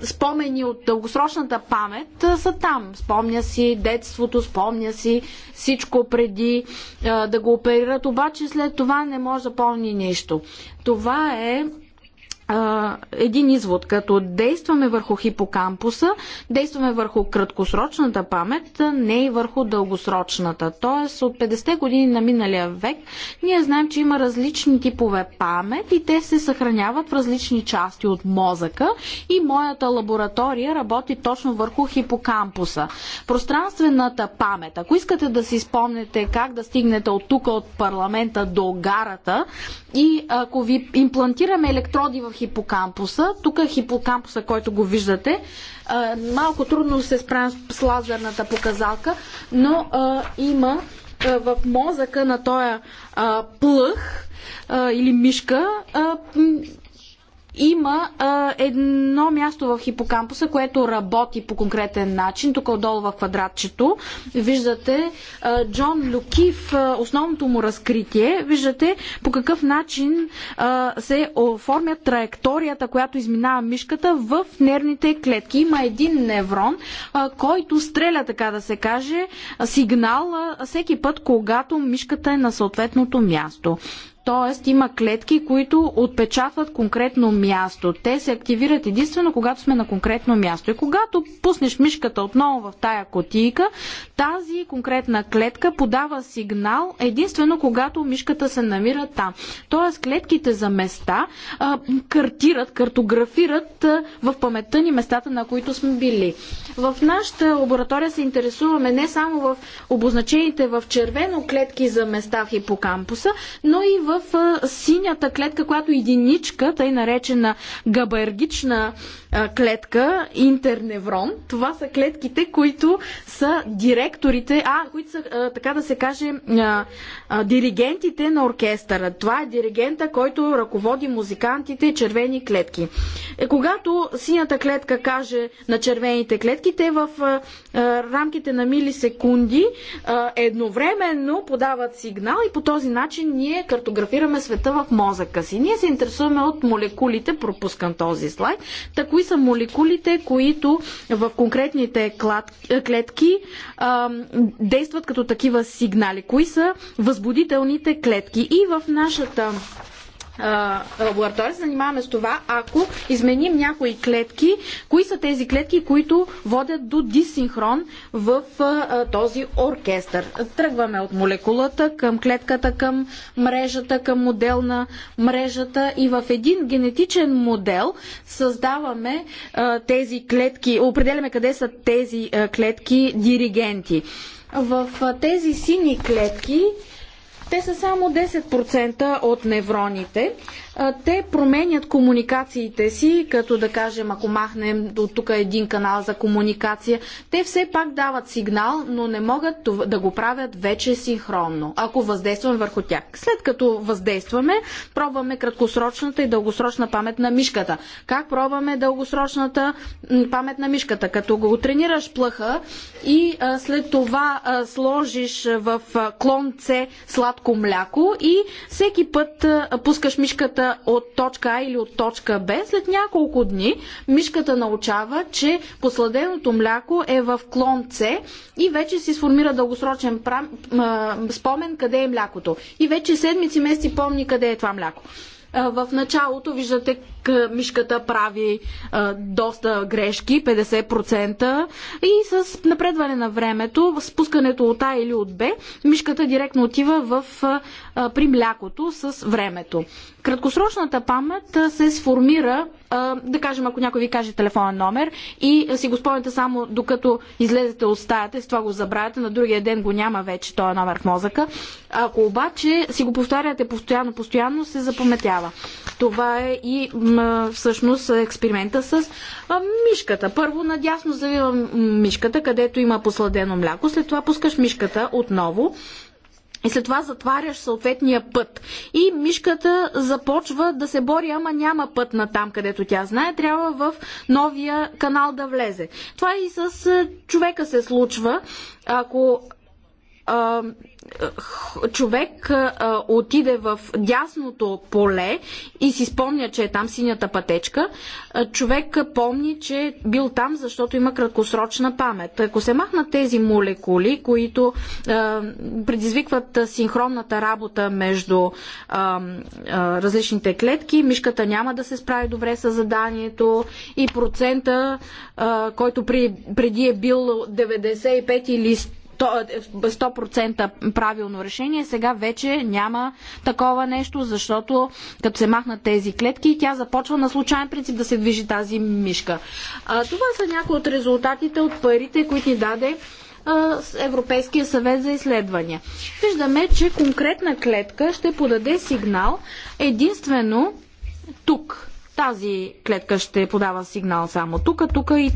спомени от дългосрочната памет са там. Спомня си детството, спомня си всичко преди да го оперират, обаче след това не може да помни нищо. Това е един извод. Като действаме върху хипокампуса, действаме върху краткосрочната памет, не и върху дългосрочната. Тоест от 50-те години на миналия век ние знаем, че има различни типове памет и те се съхраняват в различни части от мозъка и моята лаборатория работи точно върху хипокампуса. Пространствената памет. Ако искате да си спомнете как да стигнете от тук от парламента до гарата и ако ви имплантираме електроди в хипокампуса. Тук е хипокампуса, който го виждате. Малко трудно се справя с лазерната показалка, но има в мозъка на този плъх или мишка има а, едно място в хипокампуса, което работи по конкретен начин. Тук отдолу в квадратчето виждате а, Джон Люкив, а, основното му разкритие. Виждате по какъв начин а, се оформя траекторията, която изминава мишката в нервните клетки. Има един неврон, а, който стреля, така да се каже, сигнал а, всеки път, когато мишката е на съответното място. Тоест има клетки, които отпечатват конкретно място. Те се активират единствено, когато сме на конкретно място. И когато пуснеш мишката отново в тая котийка, тази конкретна клетка подава сигнал единствено, когато мишката се намира там. Тоест клетките за места а, картират, картографират а, в паметта ни местата, на които сме били. В нашата лаборатория се интересуваме не само в обозначените в червено клетки за места в хипокампуса, но и в в синята клетка, която е единичка, тъй наречена габергична клетка, интерневрон. Това са клетките, които са директорите, а, които са, така да се каже, диригентите на оркестъра. Това е диригента, който ръководи музикантите червени клетки. Е, когато синята клетка каже на червените клетки, те в рамките на милисекунди едновременно подават сигнал и по този начин ние картографираме фотографираме света в мозъка си. Ние се интересуваме от молекулите, пропускам този слайд, та кои са молекулите, които в конкретните е, клетки а, действат като такива сигнали, кои са възбудителните клетки. И в нашата лаборатория се занимаваме с това, ако изменим някои клетки, кои са тези клетки, които водят до дисинхрон в а, този оркестър. Тръгваме от молекулата към клетката, към мрежата, към модел на мрежата и в един генетичен модел създаваме а, тези клетки, определяме къде са тези а, клетки диригенти. В тези сини клетки те са само 10% от невроните, те променят комуникациите си, като да кажем, ако махнем до тук един канал за комуникация, те все пак дават сигнал, но не могат да го правят вече синхронно, ако въздействаме върху тях. След като въздействаме, пробваме краткосрочната и дългосрочна памет на мишката. Как пробваме дългосрочната памет на мишката? Като го тренираш плъха и а, след това а, сложиш в клонце сладко мляко и всеки път а, пускаш мишката от точка А или от точка Б, след няколко дни мишката научава, че посладеното мляко е в клон С и вече си сформира дългосрочен прам, а, спомен къде е млякото. И вече седмици, месеци помни къде е това мляко. В началото виждате мишката прави а, доста грешки, 50%, и с напредване на времето, спускането от А или от Б, мишката директно отива в, а, при млякото с времето. Краткосрочната памет се сформира, да кажем, ако някой ви каже телефонен номер и си го спомняте само докато излезете от стаята, с това го забравяте, на другия ден го няма вече този е номер в мозъка. Ако обаче си го повтаряте постоянно, постоянно се запаметява. Това е и всъщност експеримента с мишката. Първо надясно завивам мишката, където има посладено мляко, след това пускаш мишката отново и след това затваряш съответния път. И мишката започва да се бори, ама няма път на там, където тя знае, трябва в новия канал да влезе. Това и с човека се случва. Ако човек отиде в дясното поле и си спомня, че е там синята пътечка, човек помни, че е бил там, защото има краткосрочна памет. Ако се махнат тези молекули, които предизвикват синхронната работа между различните клетки, мишката няма да се справи добре с заданието и процента, който преди е бил 95 или 100, 100% е, правилно решение. Сега вече няма такова нещо, защото като се махнат тези клетки, тя започва на случайен принцип да се движи тази мишка. А, това са някои от резултатите от парите, които ни даде Европейския съвет за изследвания. Виждаме, че конкретна клетка ще подаде сигнал единствено тук. Тази клетка ще подава сигнал само тук, тук и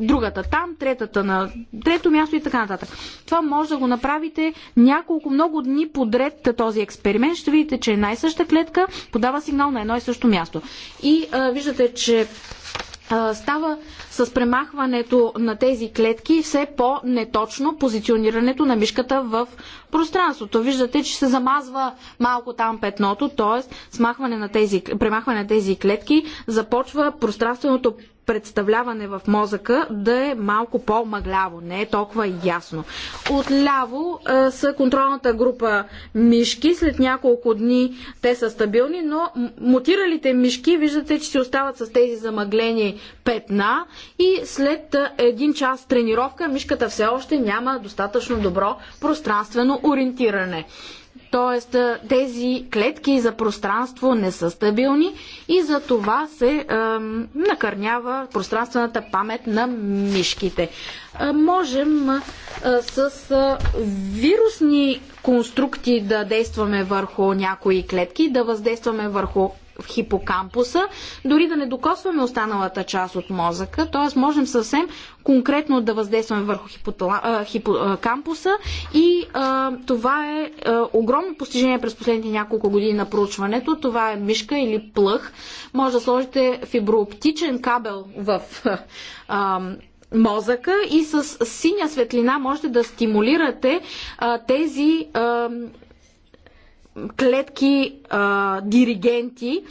другата там, третата на трето място и така нататък. Това може да го направите няколко много дни подред този експеримент. Ще видите, че най-съща клетка подава сигнал на едно и също място. И а, виждате, че става с премахването на тези клетки все по-неточно позиционирането на мишката в пространството. Виждате, че се замазва малко там петното, т.е. премахване на тези клетки започва пространственото представляване в мозъка да е малко по-мъгляво, не е толкова ясно. Отляво а, са контролната група мишки. След няколко дни те са стабилни, но мутиралите мишки виждате, че си остават с тези замъглени петна и след един час тренировка мишката все още няма достатъчно добро пространствено ориентиране. Тоест тези клетки за пространство не са стабилни и за това се е, накърнява пространствената памет на мишките. Е, можем е, с е, вирусни конструкти да действаме върху някои клетки, да въздействаме върху в хипокампуса, дори да не докосваме останалата част от мозъка, т.е. можем съвсем конкретно да въздействаме върху хипокампуса и а, това е а, огромно постижение през последните няколко години на проучването. Това е мишка или плъх. Може да сложите фиброоптичен кабел в а, мозъка и с синя светлина можете да стимулирате а, тези а, клетки а, диригенти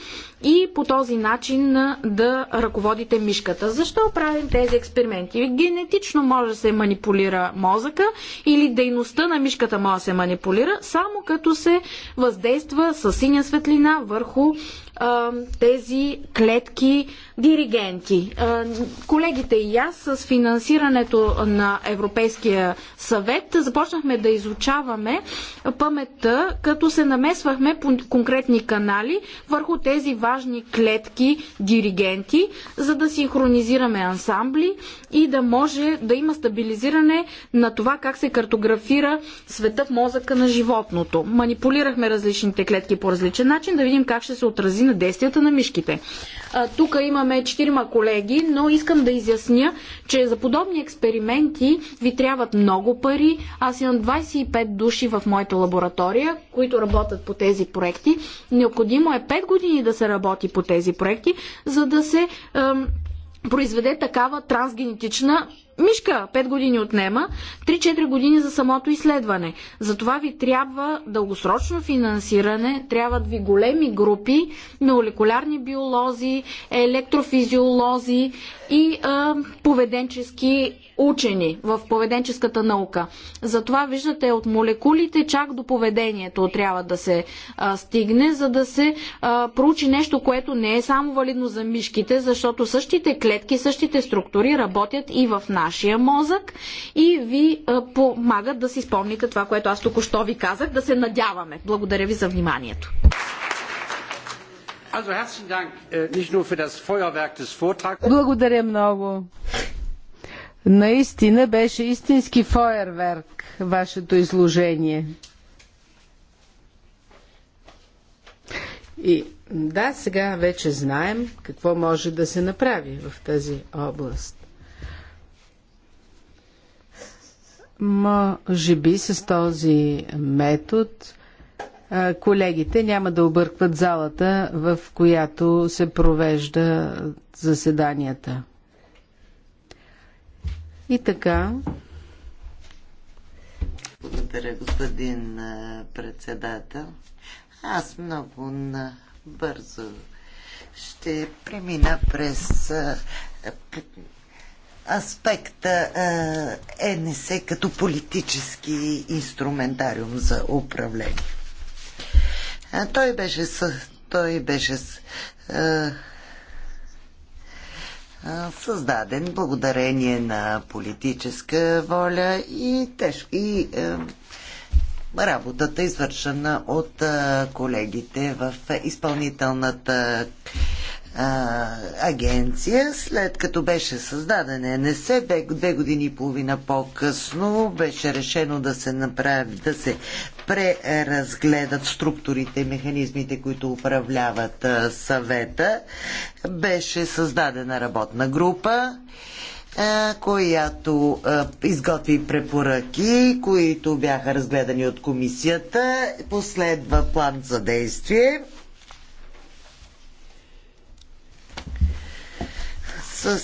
и по този начин да ръководите мишката. Защо правим тези експерименти? Генетично може да се манипулира мозъка или дейността на мишката може да се манипулира, само като се въздейства с синя светлина върху а, тези клетки диригенти. А, колегите и аз с финансирането на Европейския съвет започнахме да изучаваме паметта, като се намесвахме по конкретно конкретни канали върху тези важни клетки диригенти, за да синхронизираме ансамбли и да може да има стабилизиране на това как се картографира света в мозъка на животното. Манипулирахме различните клетки по различен начин, да видим как ще се отрази на действията на мишките. Тук имаме четирима колеги, но искам да изясня, че за подобни експерименти ви трябват много пари. Аз имам 25 души в моята лаборатория, които работят по тези проекти проекти. Необходимо е 5 години да се работи по тези проекти, за да се произведе такава трансгенетична мишка 5 години отнема, 3-4 години за самото изследване. Затова ви трябва дългосрочно финансиране, трябват ви големи групи молекулярни биолози, електрофизиолози и а, поведенчески учени в поведенческата наука. Затова виждате от молекулите чак до поведението трябва да се а, стигне, за да се а, проучи нещо, което не е само валидно за мишките, защото същите клетки, същите структури работят и в нас нашия мозък и ви помагат да си спомните това, което аз току-що ви казах, да се надяваме. Благодаря ви за вниманието. Äh, Благодаря много. Наистина беше истински фойерверк вашето изложение. И да, сега вече знаем какво може да се направи в тази област. Може би с този метод колегите няма да объркват залата, в която се провежда заседанията. И така. Благодаря, господин председател. Аз много бързо ще премина през аспекта ЕНС е, като политически инструментариум за управление. Той беше, той беше е, е, създаден благодарение на политическа воля и, теж, и е, работата, извършена от е, колегите в изпълнителната е а, агенция, след като беше създадена НС, две, две години и половина по-късно беше решено да се направи, да се преразгледат структурите и механизмите, които управляват а, съвета. Беше създадена работна група която изготви препоръки, които бяха разгледани от комисията. Последва план за действие с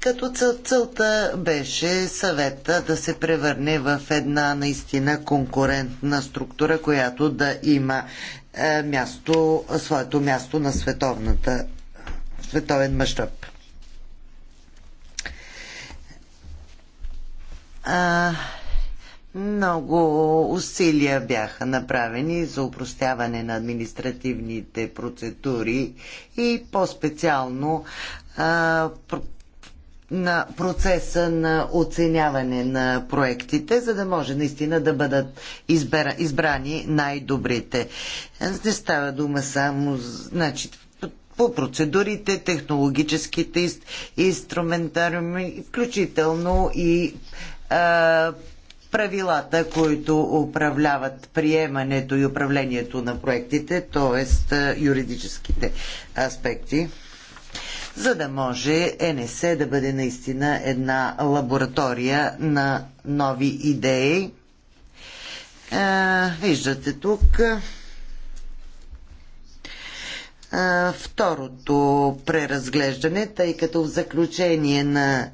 като цел, целта беше съвета да се превърне в една наистина конкурентна структура, която да има е, място, своето място на световната, световен мащаб. А, много усилия бяха направени за упростяване на административните процедури и по-специално на процеса на оценяване на проектите, за да може наистина да бъдат избера, избрани най-добрите. Не става дума само значи, по процедурите, технологическите инструментариуми, включително и а, правилата, които управляват приемането и управлението на проектите, т.е. юридическите аспекти, за да може НС да бъде наистина една лаборатория на нови идеи. виждате тук второто преразглеждане, тъй като в заключение на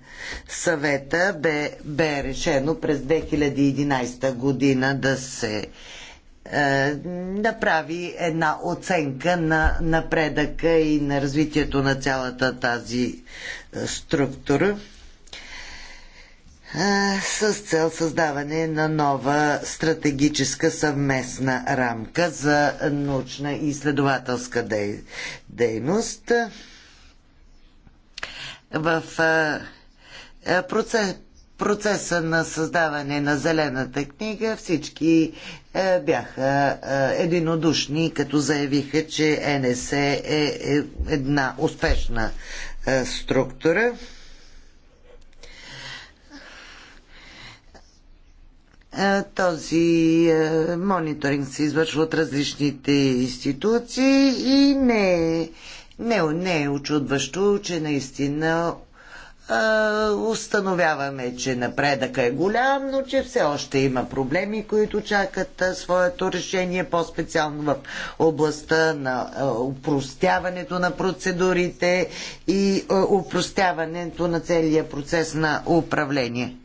съвета бе, бе решено през 2011 година да се направи една оценка на напредъка и на развитието на цялата тази структура с цел създаване на нова стратегическа съвместна рамка за научна и изследователска дей... дейност. В процес, процеса на създаване на зелената книга всички е, бяха е, единодушни, като заявиха, че НС е, е една успешна е, структура. Е, този е, мониторинг се извършва от различните институции и не е, не, не е очудващо, че наистина е, установяваме, че напредъка е голям, но че все още има проблеми, които чакат своето решение, по-специално в областта на упростяването на процедурите и упростяването на целия процес на управление.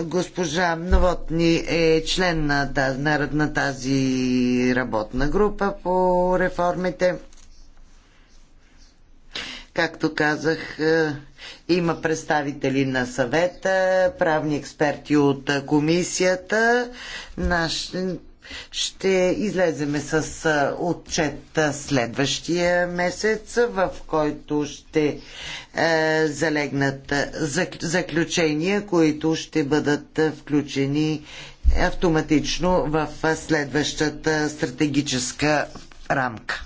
Госпожа Новотни е член на, на, на тази работна група по реформите. Както казах, е, има представители на съвета, правни експерти от комисията. Наш, ще излеземе с отчет следващия месец, в който ще залегнат заключения, които ще бъдат включени автоматично в следващата стратегическа рамка.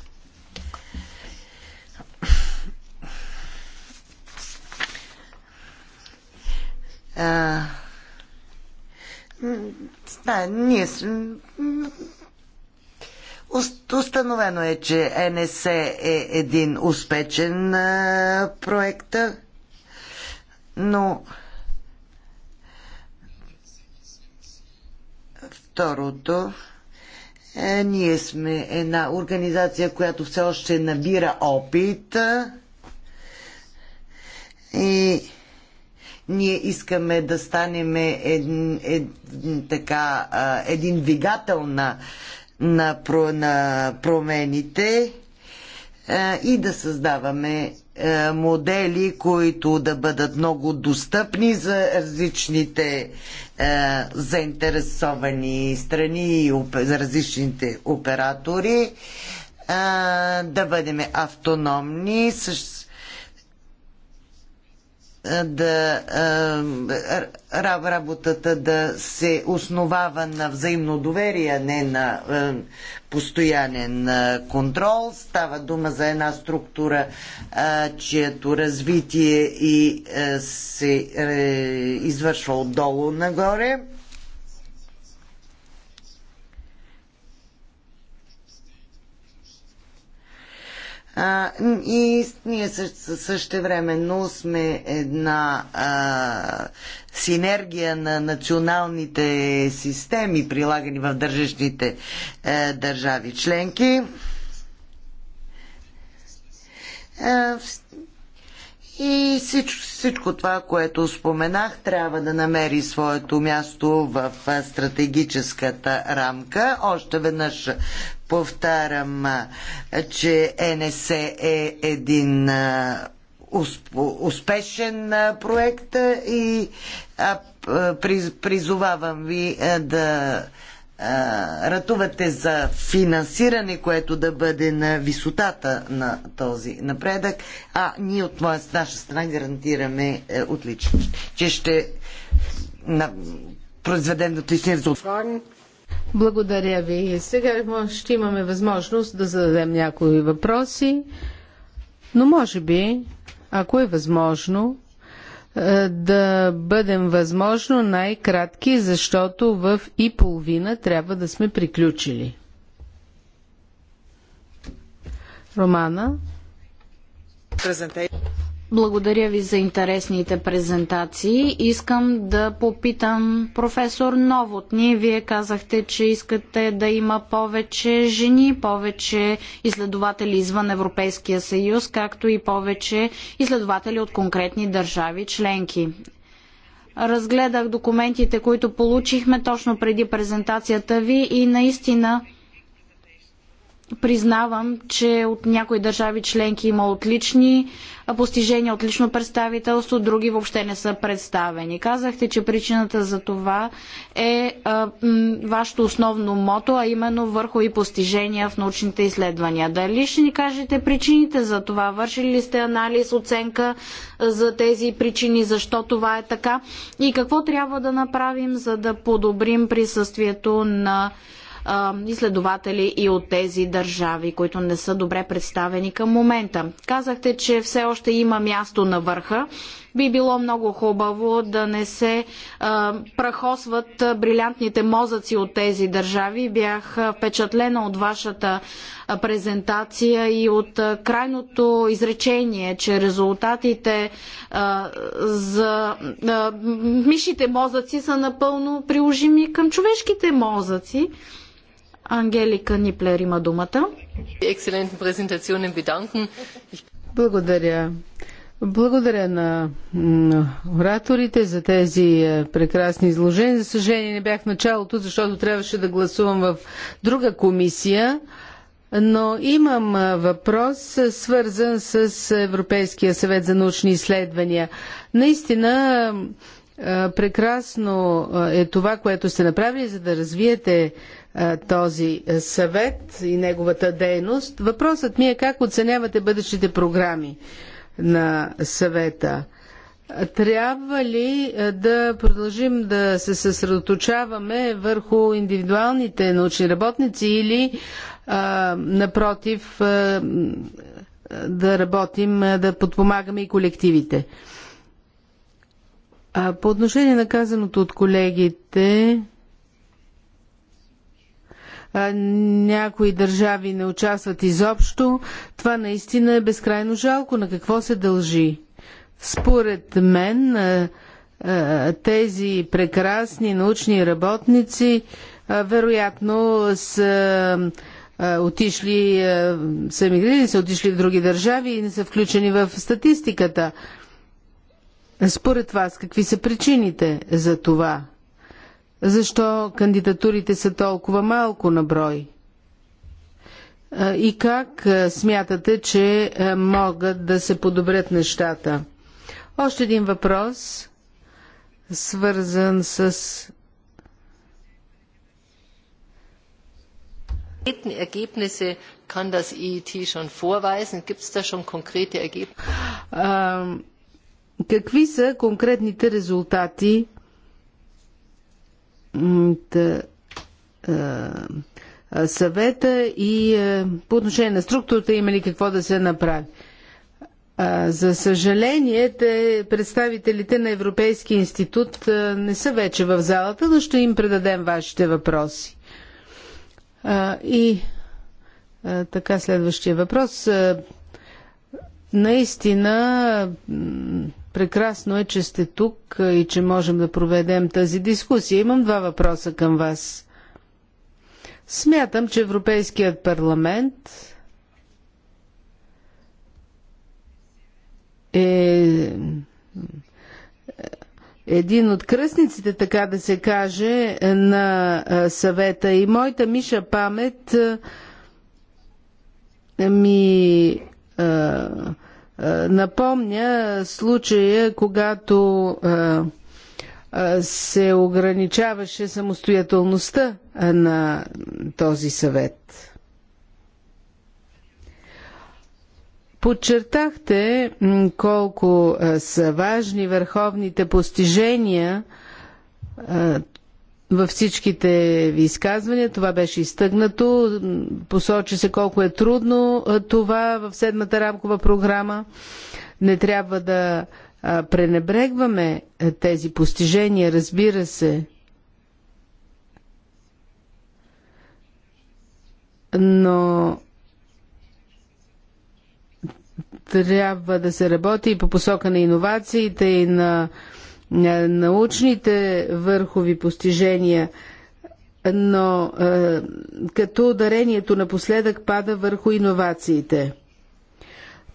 Да, ние Установено е, че НС е един успешен проект, но второто е, ние сме една организация, която все още набира опит и ние искаме да станем един, ед, така, един двигател на, на, про, на промените и да създаваме модели, които да бъдат много достъпни за различните заинтересовани страни и за различните оператори да бъдем автономни, да работата да се основава на взаимно доверие, а не на постоянен контрол. Става дума за една структура, чието развитие и се е, извършва отдолу нагоре. и ние същевременно сме една а, синергия на националните системи, прилагани в държащите е, държави членки. А, е, и всичко, всичко това, което споменах, трябва да намери своето място в стратегическата рамка. Още веднъж повтарям, че НС е един успешен проект и призовавам ви да ратувате за финансиране, което да бъде на висотата на този напредък, а ние от моя, наша страна гарантираме е, отлично, че ще на, произведем отлични резултати. Благодаря ви. Сега ще имаме възможност да зададем някои въпроси, но може би, ако е възможно, е, да бъдем възможно най-кратки, защото в и половина трябва да сме приключили. Романа? Благодаря ви за интересните презентации. Искам да попитам професор Новотни. Вие казахте, че искате да има повече жени, повече изследователи извън Европейския съюз, както и повече изследователи от конкретни държави членки. Разгледах документите, които получихме точно преди презентацията ви и наистина Признавам, че от някои държави членки има отлични постижения, отлично представителство, други въобще не са представени. Казахте, че причината за това е а, м, вашето основно мото, а именно върху и постижения в научните изследвания. Дали ще ни кажете причините за това? Вършили ли сте анализ, оценка за тези причини, защо това е така? И какво трябва да направим, за да подобрим присъствието на а, изследователи и от тези държави, които не са добре представени към момента. Казахте, че все още има място на върха. Би било много хубаво да не се а, прахосват брилянтните мозъци от тези държави. Бях впечатлена от вашата презентация и от крайното изречение, че резултатите а, за а, мишите мозъци са напълно приложими към човешките мозъци. Ангелика Ниплер има думата. Благодаря. Благодаря на ораторите за тези е, прекрасни изложения. За съжаление не бях в началото, защото трябваше да гласувам в друга комисия, но имам е, въпрос е, свързан с Европейския съвет за научни изследвания. Наистина прекрасно е това, което сте направили, за да развиете този съвет и неговата дейност. Въпросът ми е как оценявате бъдещите програми на съвета. Трябва ли да продължим да се съсредоточаваме върху индивидуалните научни работници или а, напротив а, да работим, да подпомагаме и колективите? А, по отношение на казаното от колегите, някои държави не участват изобщо, това наистина е безкрайно жалко. На какво се дължи? Според мен тези прекрасни научни работници вероятно са отишли, са емигрирали, са отишли в други държави и не са включени в статистиката. Според вас, какви са причините за това? защо кандидатурите са толкова малко на брой? И как смятате, че могат да се подобрят нещата? Още един въпрос, свързан с Ergebnisse kann das e schon vorweisen? Gibt es da schon konkrete Ergebnisse? Какви са конкретните резултати Та, съвета и по отношение на структурата има ли какво да се направи. За съжаление, те, представителите на Европейския институт не са вече в залата, но ще им предадем вашите въпроси. И така следващия въпрос. Наистина Прекрасно е, че сте тук и че можем да проведем тази дискусия. Имам два въпроса към вас. Смятам, че Европейският парламент е, е един от кръстниците, така да се каже, на съвета. И моята миша памет ми е, напомня случая, когато е, е, се ограничаваше самостоятелността на този съвет. Подчертахте колко са важни върховните постижения във всичките ви изказвания. Това беше изтъгнато. Посочи се колко е трудно това в седмата рамкова програма. Не трябва да пренебрегваме тези постижения, разбира се. Но трябва да се работи и по посока на иновациите и на научните върхови постижения, но е, като ударението напоследък пада върху иновациите.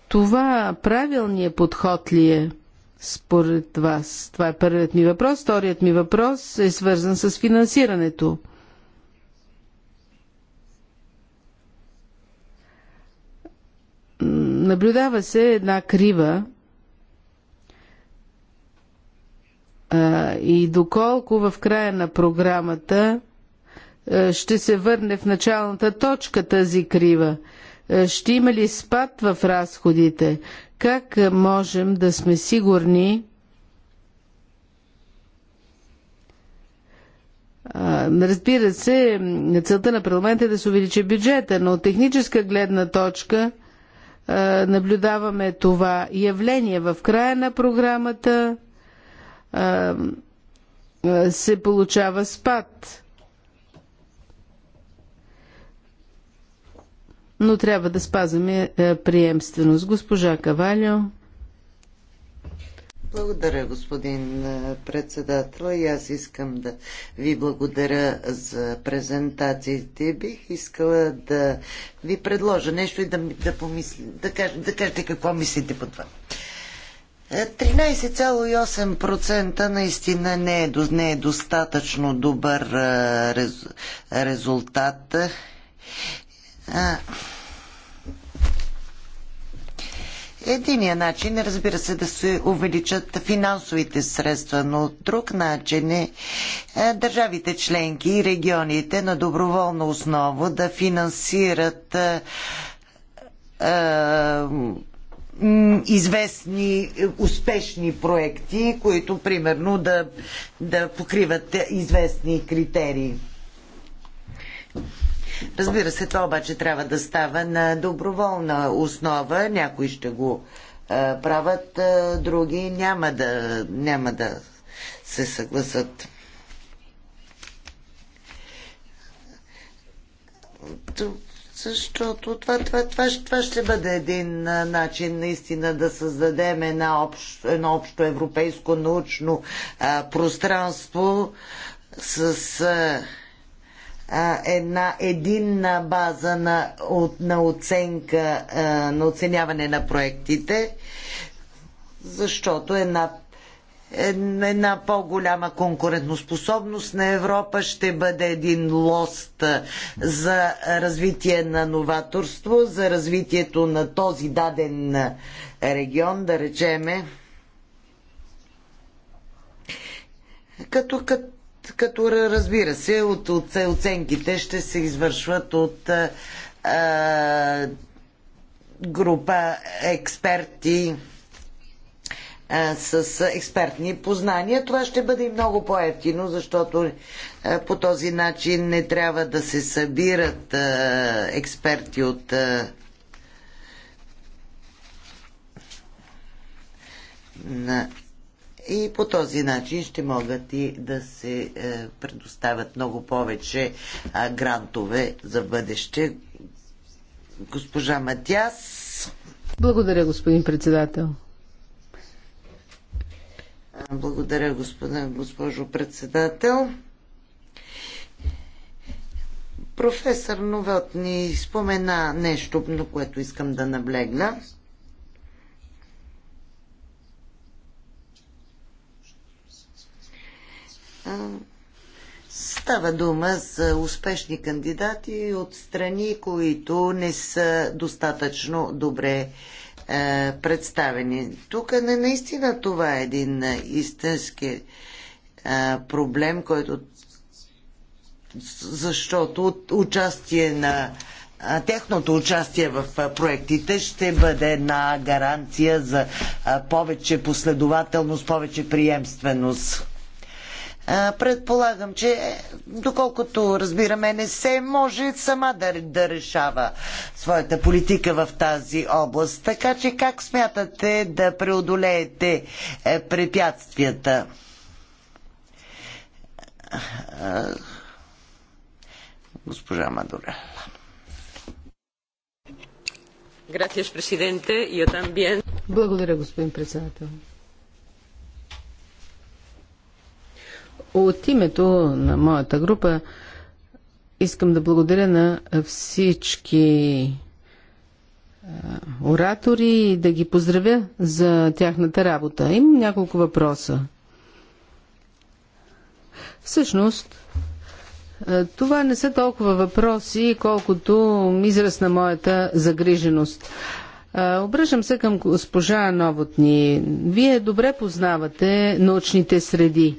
Това правилният подход ли е според вас? Това е първият ми въпрос. Вторият ми въпрос е свързан с финансирането. Наблюдава се една крива, и доколко в края на програмата ще се върне в началната точка тази крива? Ще има ли спад в разходите? Как можем да сме сигурни, Разбира се, целта на парламента е да се увеличи бюджета, но от техническа гледна точка наблюдаваме това явление в края на програмата се получава спад. Но трябва да спазваме приемственост. Госпожа Кавалио. Благодаря, господин председател. И аз искам да ви благодаря за презентациите. Бих искала да ви предложа нещо и да, да, помисли, да, кажете, да кажете какво мислите по това. 13,8% наистина не е, не е достатъчно добър рез, резултат. А, Единият начин е, разбира се, да се увеличат финансовите средства, но друг начин е държавите членки и регионите на доброволна основа да финансират известни е, успешни проекти, които примерно да, да покриват известни критерии. Разбира се, това обаче трябва да става на доброволна основа. Някои ще го е, правят, е, други няма да, няма да се съгласат. Защото това, това, това, това ще бъде един начин наистина да създадем една общ, едно общо европейско научно а, пространство с а, една единна база на, от, на оценка, а, на оценяване на проектите, защото една една по-голяма конкурентоспособност на Европа ще бъде един лост за развитие на новаторство, за развитието на този даден регион, да речеме. Като, като, като разбира се, от, от оценките ще се извършват от а, група експерти с експертни познания. Това ще бъде и много по-ефтино, защото по този начин не трябва да се събират експерти от на и по този начин ще могат и да се предоставят много повече грантове за бъдеще. Госпожа Матяс. Благодаря, господин председател. Благодаря, господин, госпожо председател. Професор Новот ни спомена нещо, на което искам да наблегна. Става дума за успешни кандидати от страни, които не са достатъчно добре е, представени. Тук е, не, наистина това е един е, истински проблем, който защото участие на тяхното участие в проектите ще бъде една гаранция за повече последователност, повече приемственост предполагам, че доколкото разбираме, не се може сама да, да решава своята политика в тази област. Така че как смятате да преодолеете е, препятствията? Госпожа Мадурела. Благодаря, господин председател. От името на моята група искам да благодаря на всички оратори и да ги поздравя за тяхната работа. Имам няколко въпроса. Всъщност, това не са толкова въпроси, колкото израз на моята загриженост. Обръщам се към госпожа Новотни. Вие добре познавате научните среди.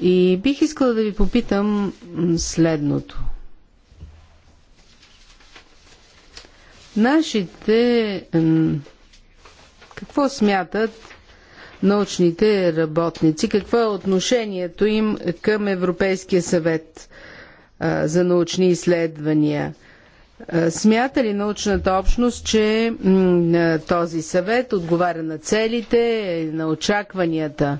И бих искала да ви попитам следното. Нашите. Какво смятат научните работници? Какво е отношението им към Европейския съвет е, за научни изследвания? Е, смята ли научната общност, че този съвет отговаря на целите, на очакванията?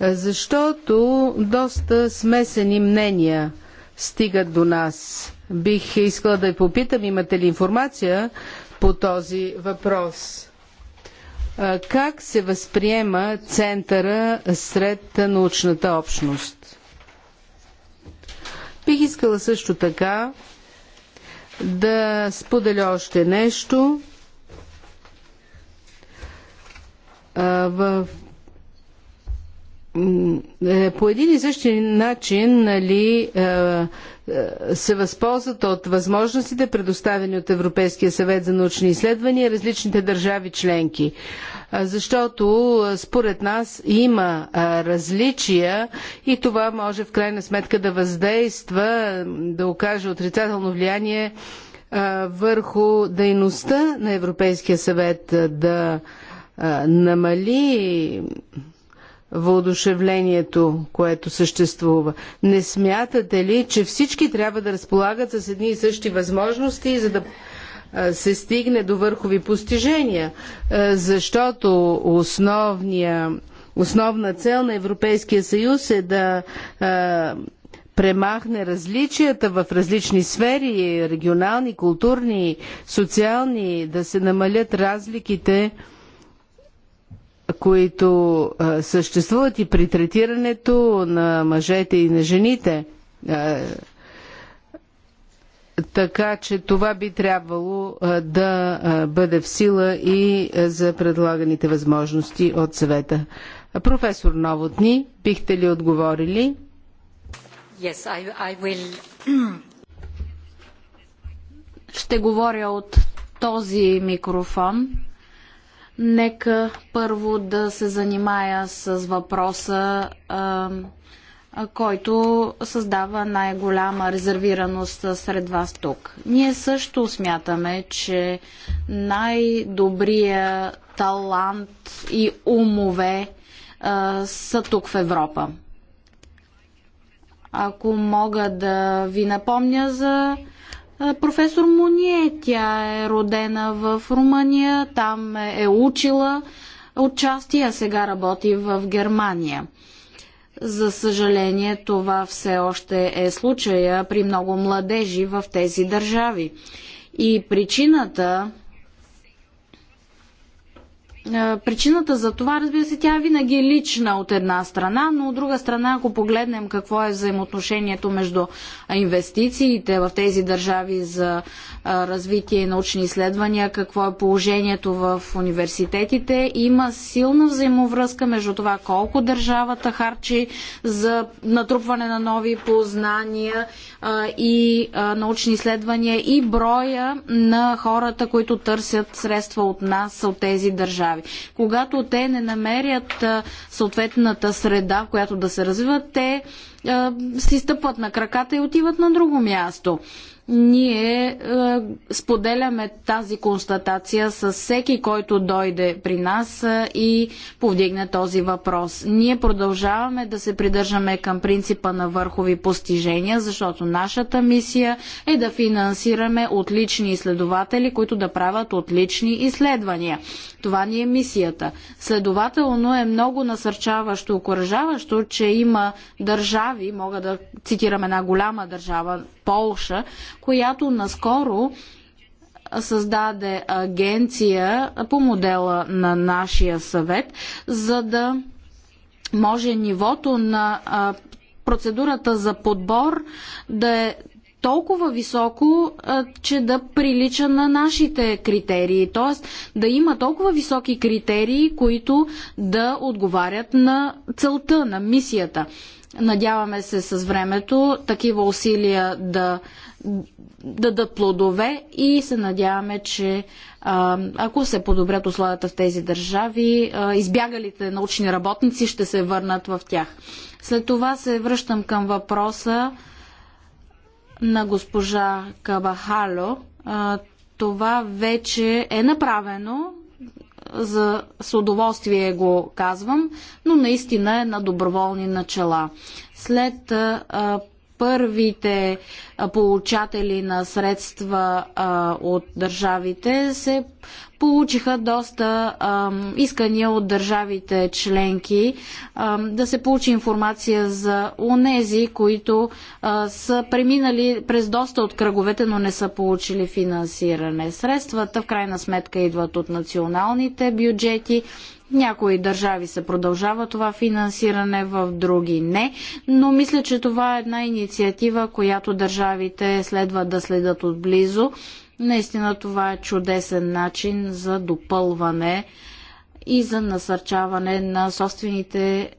Е, защото доста смесени мнения стигат до нас. Бих искала да ви попитам, имате ли информация по този въпрос? Е, как се възприема центъра сред научната общност? Бих искала също така да споделя още нещо. Е, в е, по един и същи начин нали, е, е, се възползват от възможностите, предоставени от Европейския съвет за научни изследвания, различните държави членки. Защото според нас има различия и това може в крайна сметка да въздейства, да окаже отрицателно влияние върху дейността на Европейския съвет да намали въодушевлението, което съществува. Не смятате ли, че всички трябва да разполагат с едни и същи възможности, за да се стигне до върхови постижения? Защото основния, основна цел на Европейския съюз е да премахне различията в различни сфери, регионални, културни, социални, да се намалят разликите които съществуват и при третирането на мъжете и на жените. Така че това би трябвало да бъде в сила и за предлаганите възможности от съвета. Професор Новотни, бихте ли отговорили? Yes, I, I will. Ще говоря от този микрофон. Нека първо да се занимая с въпроса, който създава най-голяма резервираност сред вас тук. Ние също смятаме, че най-добрия талант и умове са тук в Европа. Ако мога да ви напомня за е, професор Моние. Тя е родена в Румъния, там е, е учила отчасти, а сега работи в Германия. За съжаление, това все още е случая при много младежи в тези държави. И причината е, причината за това, разбира се, тя винаги е лична от една страна, но от друга страна, ако погледнем какво е взаимоотношението между инвестициите в тези държави за е, развитие и научни изследвания, какво е положението в университетите, има силна взаимовръзка между това колко държавата харчи за натрупване на нови познания е, и научни изследвания и броя на хората, които търсят средства от нас, от тези държави прави. Когато те не намерят съответната среда, в която да се развиват, те си стъпват на краката и отиват на друго място. Ние е, споделяме тази констатация с всеки, който дойде при нас е, и повдигне този въпрос. Ние продължаваме да се придържаме към принципа на върхови постижения, защото нашата мисия е да финансираме отлични изследователи, които да правят отлични изследвания. Това ни е мисията. Следователно е много насърчаващо, окоръжаващо, че има държави, мога да цитирам една голяма държава, Полша, която наскоро създаде агенция по модела на нашия съвет, за да може нивото на процедурата за подбор да е толкова високо, че да прилича на нашите критерии. Тоест да има толкова високи критерии, които да отговарят на целта, на мисията. Надяваме се с времето такива усилия да дадат плодове и се надяваме, че ако се подобрят условията в тези държави, избягалите научни работници ще се върнат в тях. След това се връщам към въпроса на госпожа Кабахало. Това вече е направено за, с удоволствие го казвам, но наистина е на доброволни начала. След а, първите получатели на средства а, от държавите се получиха доста а, искания от държавите членки а, да се получи информация за онези, които са преминали през доста от кръговете, но не са получили финансиране. Средствата в крайна сметка идват от националните бюджети някои държави се продължава това финансиране, в други не, но мисля, че това е една инициатива, която държавите следва да следят отблизо. Наистина това е чудесен начин за допълване и за насърчаване на собствените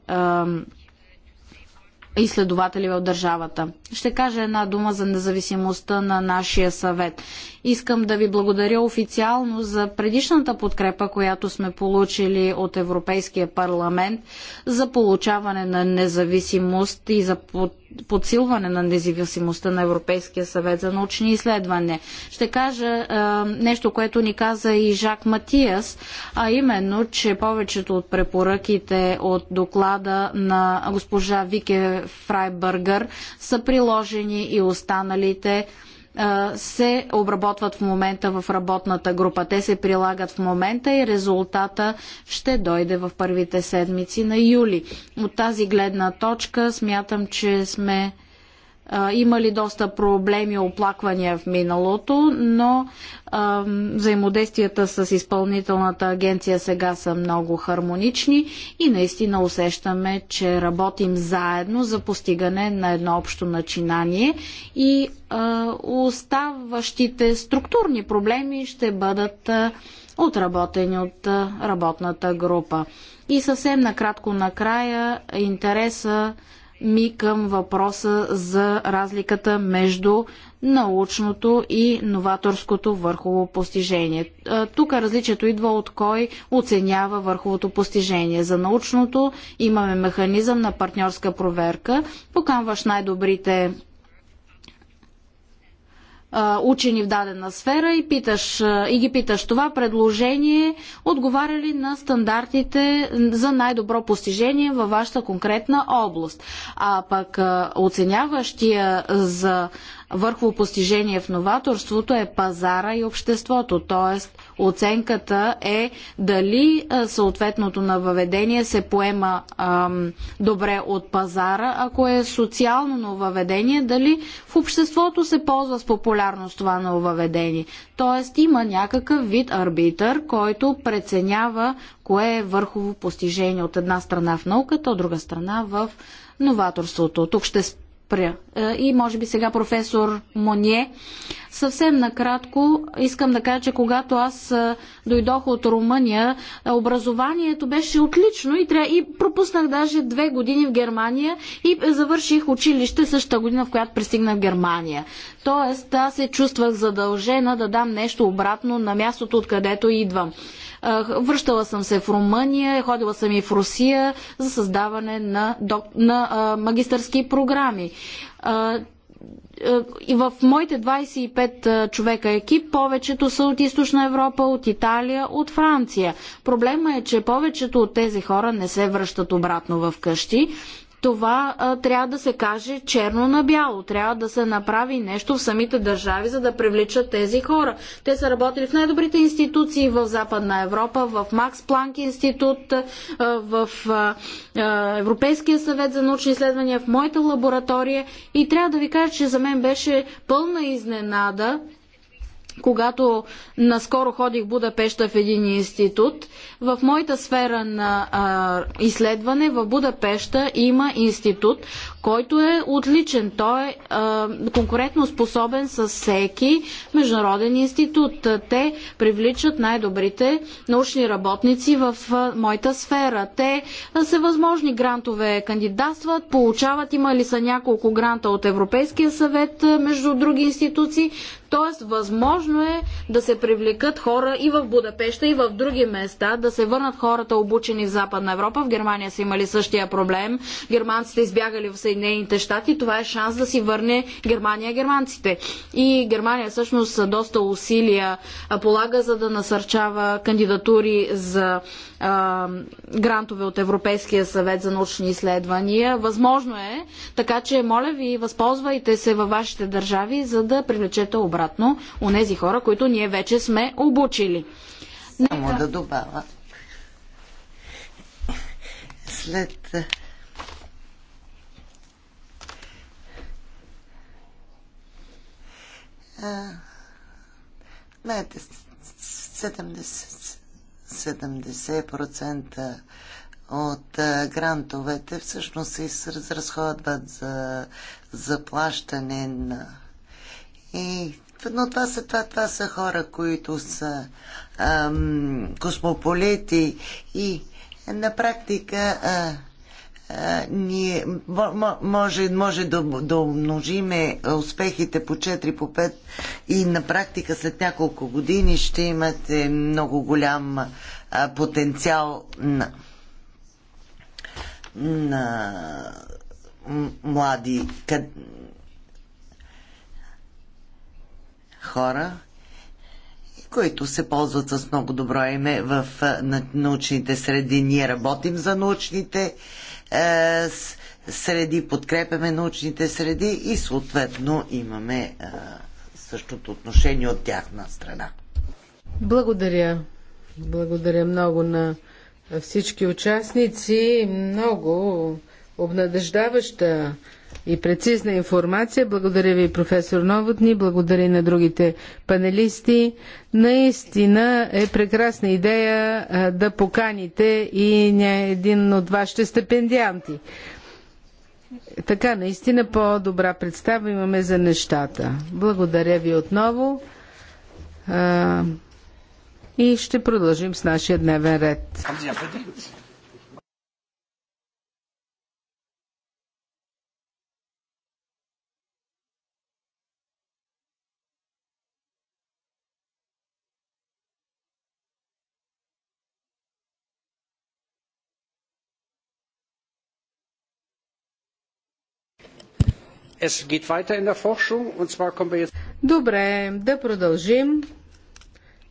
изследователи в държавата. Ще кажа една дума за независимостта на нашия съвет. Искам да ви благодаря официално за предишната подкрепа, която сме получили от Европейския парламент за получаване на независимост и за подкрепа подсилване на независимостта на Европейския съвет за научни изследвания. Ще кажа а, е, нещо, което ни каза и Жак Матиас, а именно, че повечето от препоръките от доклада на госпожа Вике Фрайбъргър са приложени и останалите се обработват в момента в работната група. Те се прилагат в момента и резултата ще дойде в първите седмици на юли. От тази гледна точка смятам, че сме имали доста проблеми, оплаквания в миналото, но а, взаимодействията с изпълнителната агенция сега са много хармонични и наистина усещаме, че работим заедно за постигане на едно общо начинание и а, оставащите структурни проблеми ще бъдат а, отработени от работната група. И съвсем накратко накрая интереса ми към въпроса за разликата между научното и новаторското върхово постижение. Тук различието идва от кой оценява върховото постижение. За научното имаме механизъм на партньорска проверка. Поканваш най-добрите учени в дадена сфера и, питаш, и ги питаш това предложение отговаря ли на стандартите за най-добро постижение във вашата конкретна област. А пък оценяващия за върхово постижение в новаторството е пазара и обществото, т.е оценката е дали съответното нововведение се поема ам, добре от пазара, ако е социално нововведение, дали в обществото се ползва с популярност това нововведение. Тоест има някакъв вид арбитър, който преценява кое е върхово постижение от една страна в науката, от друга страна в новаторството. Тук ще спря. Е, и може би сега професор Моние. Съвсем накратко искам да кажа, че когато аз е, дойдох от Румъния, е, образованието беше отлично и, тря... и пропуснах даже две години в Германия и завърших училище същата година, в която пристигнах в Германия. Тоест аз се чувствах задължена да дам нещо обратно на мястото, откъдето идвам. Връщала съм се в Румъния, ходила съм и в Русия за създаване на, док... на магистърски програми и в моите 25 човека екип повечето са от Източна Европа, от Италия, от Франция. Проблема е, че повечето от тези хора не се връщат обратно в къщи това а, трябва да се каже черно на бяло. Трябва да се направи нещо в самите държави, за да привличат тези хора. Те са работили в най-добрите институции в Западна Европа, в Макс Планк институт, в Европейския съвет за научни изследвания, в моята лаборатория. И трябва да ви кажа, че за мен беше пълна изненада когато наскоро ходих в Будапешта в един институт. В моята сфера на а, изследване в Будапешта има институт, който е отличен. Той е конкурентно способен с всеки международен институт. Те привличат най-добрите научни работници в моята сфера. Те са възможни грантове кандидатстват, получават, има ли са няколко гранта от Европейския съвет, между други институции. Тоест, възможно е да се привлекат хора и в Будапеща, и в други места, да се върнат хората обучени в Западна Европа. В Германия са имали същия проблем. Германците избягали в Съединените щати, това е шанс да си върне Германия германците. И Германия всъщност доста усилия полага, за да насърчава кандидатури за а, грантове от Европейския съвет за научни изследвания. Възможно е, така че моля ви, възползвайте се във вашите държави, за да привлечете обратно онези хора, които ние вече сме обучили. Само Нека... да добавя. След знаете, 70, от грантовете всъщност се разразходват за заплащане на. И, но това са, това, това са хора, които са ам, космополити и на практика а, ние може, може да, да умножиме успехите по 4, по 5 и на практика след няколко години ще имате много голям а, потенциал на, на млади къд... хора, които се ползват с много добро име в научните среди. Ние работим за научните е, среди, подкрепяме научните среди и съответно имаме е, същото отношение от тяхна страна. Благодаря. Благодаря много на всички участници. Много обнадеждаваща и прецизна информация. Благодаря ви, професор Новотни, благодаря и на другите панелисти. Наистина е прекрасна идея да поканите и един от вашите стипендианти. Така, наистина по-добра представа имаме за нещата. Благодаря ви отново. И ще продължим с нашия дневен ред. Добре, да продължим.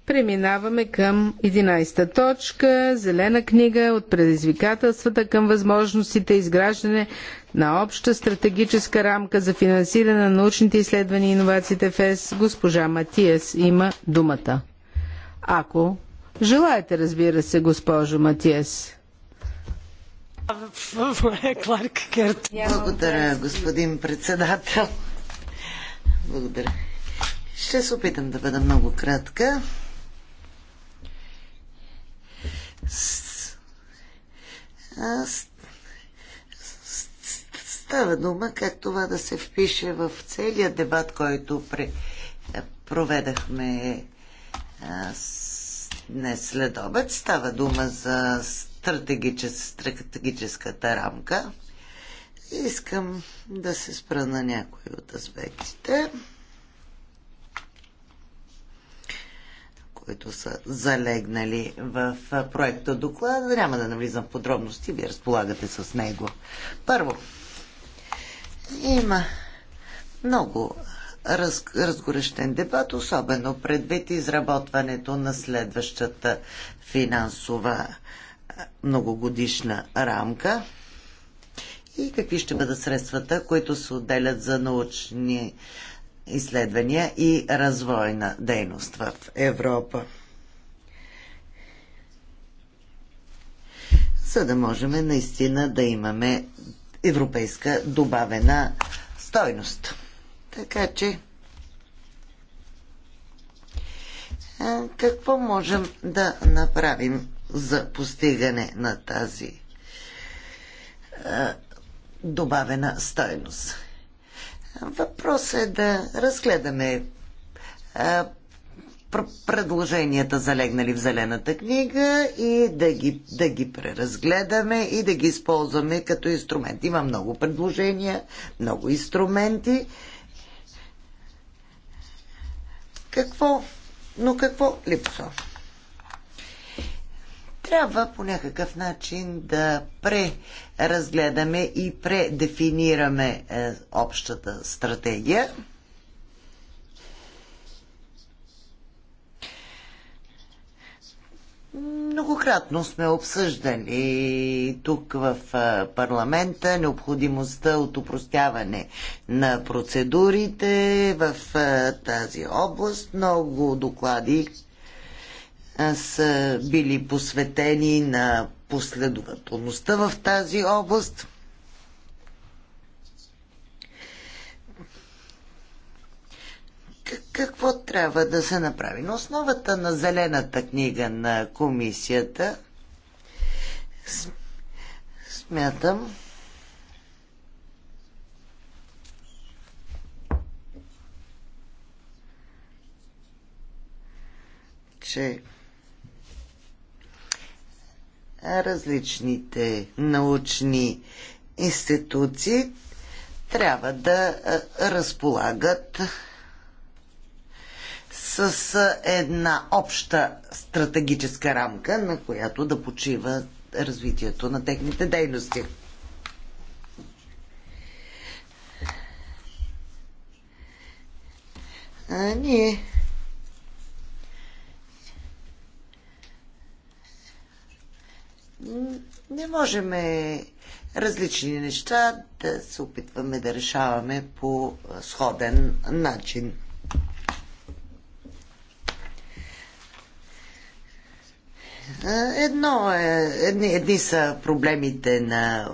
Преминаваме към 11-та точка, зелена книга от предизвикателствата към възможностите изграждане на обща стратегическа рамка за финансиране на научните изследвания и иновациите в ЕС. Госпожа Матиас има думата. Ако желаете, разбира се, госпожо Матиас. <laughs> Благодаря, господин председател. Благодаря. Ще се опитам да бъда много кратка. Става дума как това да се впише в целият дебат, който проведахме днес след обед. Става дума за стратегичес, стратегическата рамка. Искам да се спра на някои от аспектите, които са залегнали в проекта доклада. Няма да навлизам в подробности, вие разполагате с него. Първо, има много раз, разгорещен дебат, особено предвид изработването на следващата финансова многогодишна рамка и какви ще бъдат средствата, които се отделят за научни изследвания и развойна дейност в Европа. За да можем наистина да имаме европейска добавена стойност. Така че какво можем да направим за постигане на тази добавена стойност. Въпросът е да разгледаме предложенията залегнали в зелената книга и да ги, да ги преразгледаме и да ги използваме като инструмент. Има много предложения, много инструменти. Какво? Но какво липсва? трябва по някакъв начин да преразгледаме и предефинираме е, общата стратегия. Многократно сме обсъждали тук в е, парламента необходимостта от упростяване на процедурите в е, тази област. Много доклади са били посветени на последователността в тази област. Какво трябва да се направи? На основата на зелената книга на комисията смятам, че различните научни институции трябва да разполагат с една обща стратегическа рамка, на която да почива развитието на техните дейности. А, ние не можем различни неща да се опитваме да решаваме по сходен начин. Едно е, едни, едни са проблемите на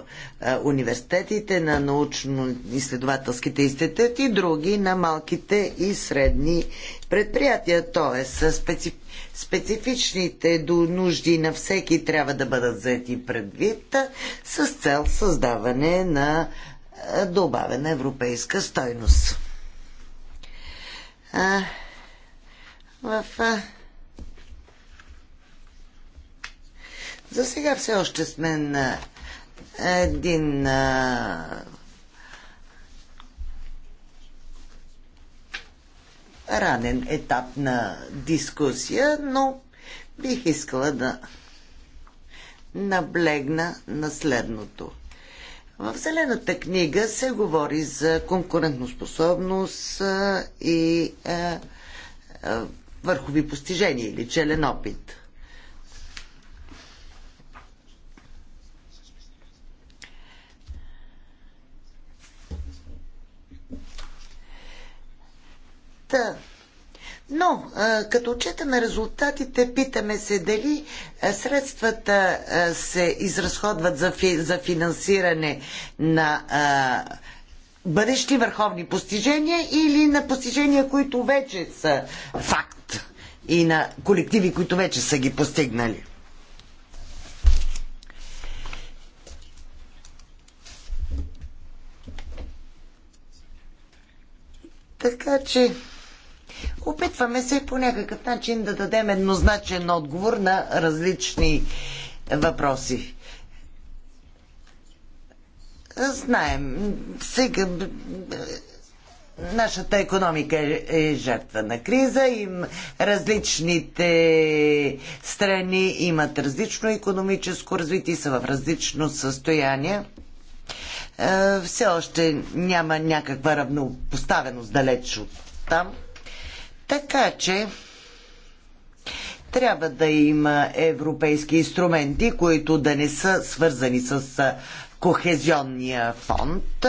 университетите, на научно-изследователските институти, други на малките и средни предприятия, т.е. специфични Специфичните до нужди на всеки трябва да бъдат взети предвид с цел създаване на е, добавена европейска стойност. А, в а, за сега все още сме на един а, ранен етап на дискусия, но бих искала да наблегна на следното. В Зелената книга се говори за конкурентоспособност и е, е, върхови постижения или челен опит. Та. Но, като отчетаме резултатите, питаме се дали средствата се изразходват за, фи, за финансиране на а, бъдещи върховни постижения или на постижения, които вече са факт и на колективи, които вече са ги постигнали. Така че Опитваме се по някакъв начин да дадем еднозначен отговор на различни въпроси. Знаем, сега нашата економика е, е жертва на криза, и различните страни имат различно економическо развитие, са в различно състояние. Е, все още няма някаква равнопоставеност далеч от там. Така че трябва да има европейски инструменти, които да не са свързани с кохезионния фонд.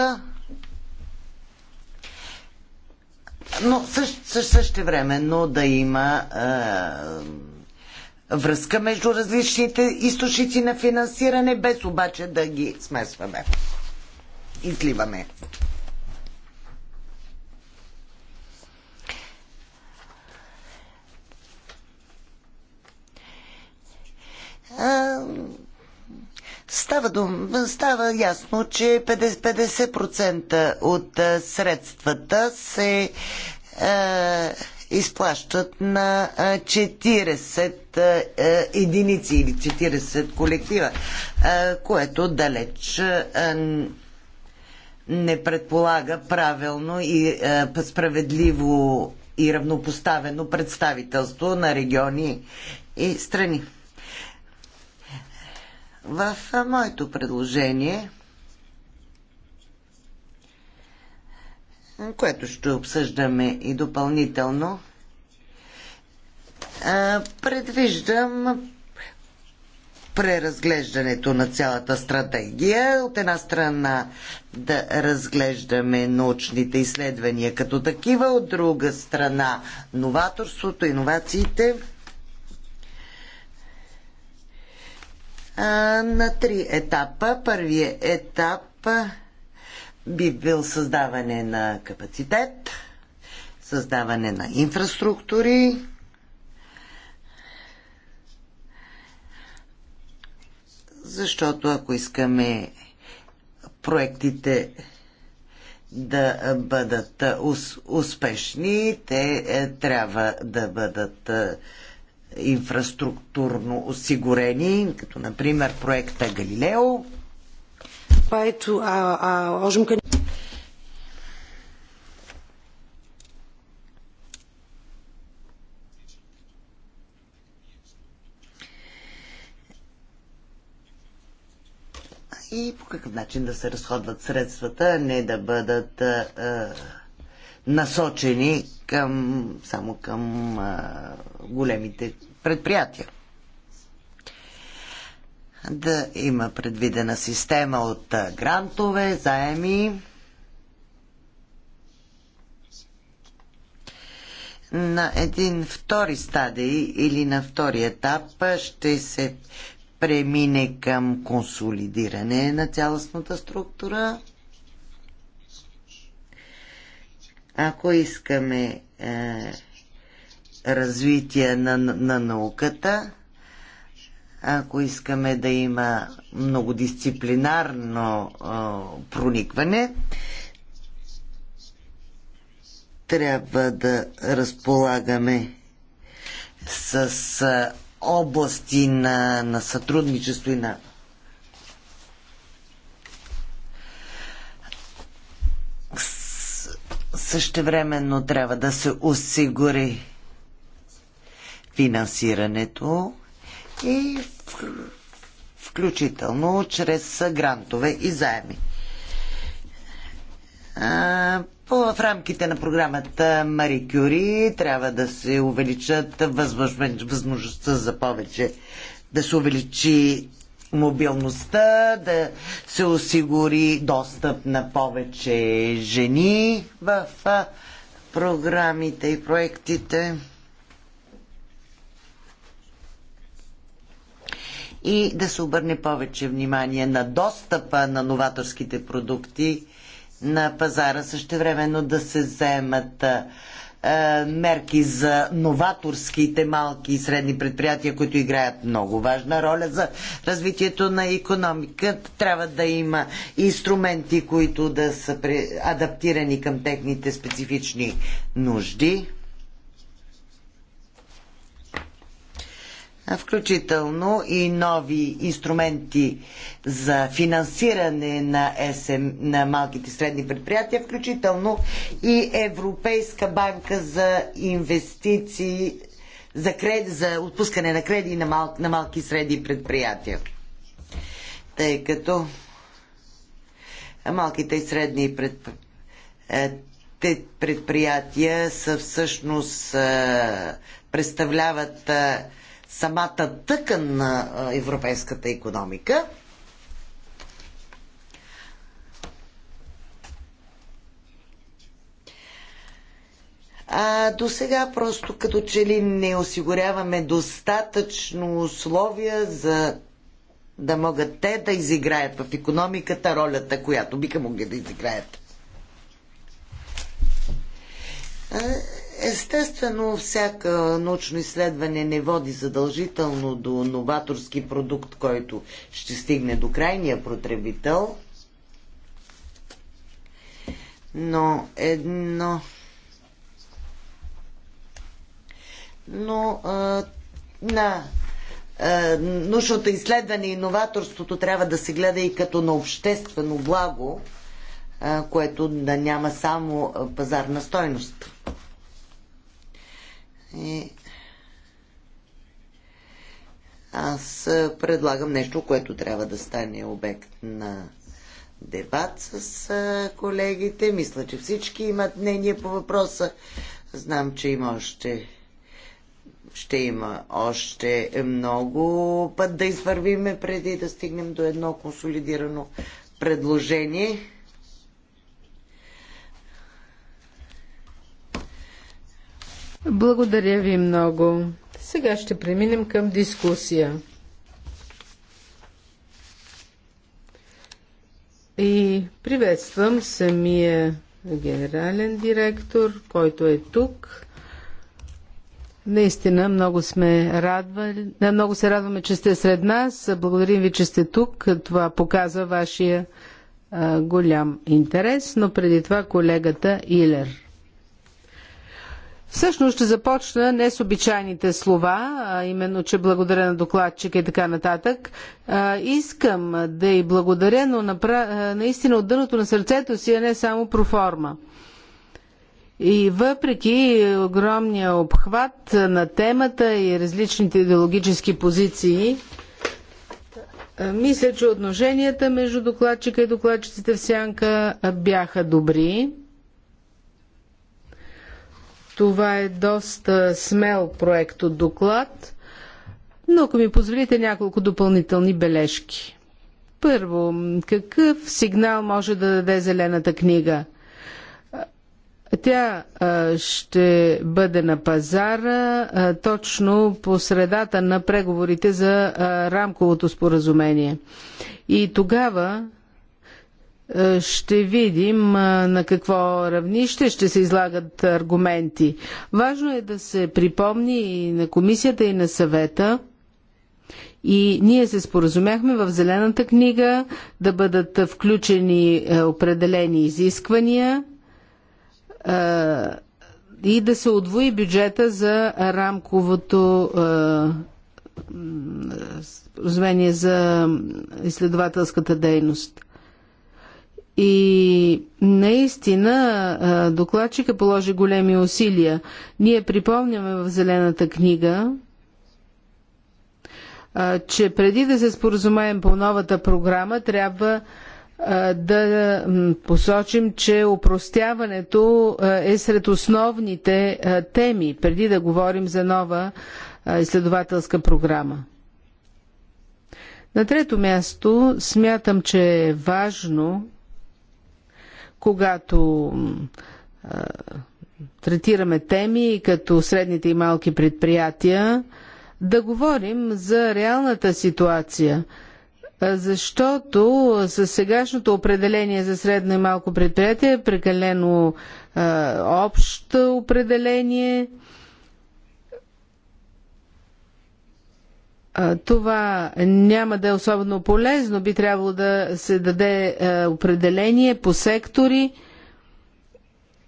Но също, също времено да има е, връзка между различните източници на финансиране, без обаче да ги смесваме и сливаме. Става, дум, става ясно, че 50% от средствата се е, изплащат на 40 е, единици или 40 колектива, е, което далеч е, не предполага правилно и е, справедливо и равнопоставено представителство на региони и страни. В моето предложение, което ще обсъждаме и допълнително, предвиждам преразглеждането на цялата стратегия. От една страна да разглеждаме научните изследвания като такива, от друга страна новаторството, иновациите. на три етапа. Първият етап би бил създаване на капацитет, създаване на инфраструктури, защото ако искаме проектите да бъдат успешни, те е, трябва да бъдат е, инфраструктурно осигурени, като например проекта Галилео. Поето, а, а, можем И по какъв начин да се разходват средствата, не да бъдат а, а насочени към, само към а, големите предприятия. Да има предвидена система от а, грантове, заеми. На един втори стадий или на втори етап ще се премине към консолидиране на цялостната структура Ако искаме е, развитие на, на науката, ако искаме да има многодисциплинарно е, проникване, трябва да разполагаме с е, области на, на сътрудничество и на Същевременно трябва да се осигури финансирането и включително чрез грантове и заеми. в рамките на програмата Мари Кюри трябва да се увеличат възможността за повече, да се увеличи мобилността, да се осигури достъп на повече жени в програмите и проектите. И да се обърне повече внимание на достъпа на новаторските продукти на пазара, също времено да се вземат е, мерки за новаторските малки и средни предприятия, които играят много важна роля за развитието на економиката. Трябва да има инструменти, които да са адаптирани към техните специфични нужди. включително и нови инструменти за финансиране на, на малките и средни предприятия, включително и Европейска банка за инвестиции, за, кред, за отпускане на креди на, мал, на малки и средни предприятия. Тъй като малките и средни предприятия е, предприятия са всъщност е, представляват е, самата тъкан на европейската економика. А, до сега просто като че ли не осигуряваме достатъчно условия за да могат те да изиграят в економиката ролята, която биха могли да изиграят. Естествено, всяка научно изследване не води задължително до новаторски продукт, който ще стигне до крайния потребител. Но едно. Но а, на а, научното изследване и новаторството трябва да се гледа и като на обществено благо, а, което да няма само пазарна стойност. И аз предлагам нещо, което трябва да стане обект на дебат с колегите. Мисля, че всички имат мнение по въпроса. Знам, че има още ще има още много път да извървиме преди да стигнем до едно консолидирано предложение. Благодаря ви много. Сега ще преминем към дискусия. И приветствам самия генерален директор, който е тук. Наистина много сме радвали, много се радваме, че сте сред нас. Благодарим ви, че сте тук. Това показва вашия а, голям интерес, но преди това колегата Илер. Всъщност ще започна не с обичайните слова, а именно, че благодаря на докладчика и така нататък. А, искам да й благодаря, но напра... наистина от дъното на сърцето си, а не само проформа. И въпреки огромния обхват на темата и различните идеологически позиции, мисля, че отношенията между докладчика и докладчиците в сянка бяха добри. Това е доста смел проект от доклад, но ако ми позволите няколко допълнителни бележки. Първо, какъв сигнал може да даде зелената книга? Тя ще бъде на пазара точно по средата на преговорите за рамковото споразумение. И тогава е, ще видим е, на какво равнище ще се излагат аргументи. Важно е да се припомни и на комисията, и на съвета. И ние се споразумяхме в Зелената книга да бъдат включени е, определени изисквания и да се отвои бюджета за рамковото споразумение за изследователската дейност. И наистина докладчика положи големи усилия. Ние припомняме в Зелената книга, че преди да се споразумеем по новата програма, трябва да посочим, че упростяването е сред основните теми, преди да говорим за нова изследователска програма. На трето място смятам, че е важно когато а, третираме теми като средните и малки предприятия, да говорим за реалната ситуация. Защото с сегашното определение за средно и малко предприятие е прекалено общо определение. това няма да е особено полезно. Би трябвало да се даде е, определение по сектори.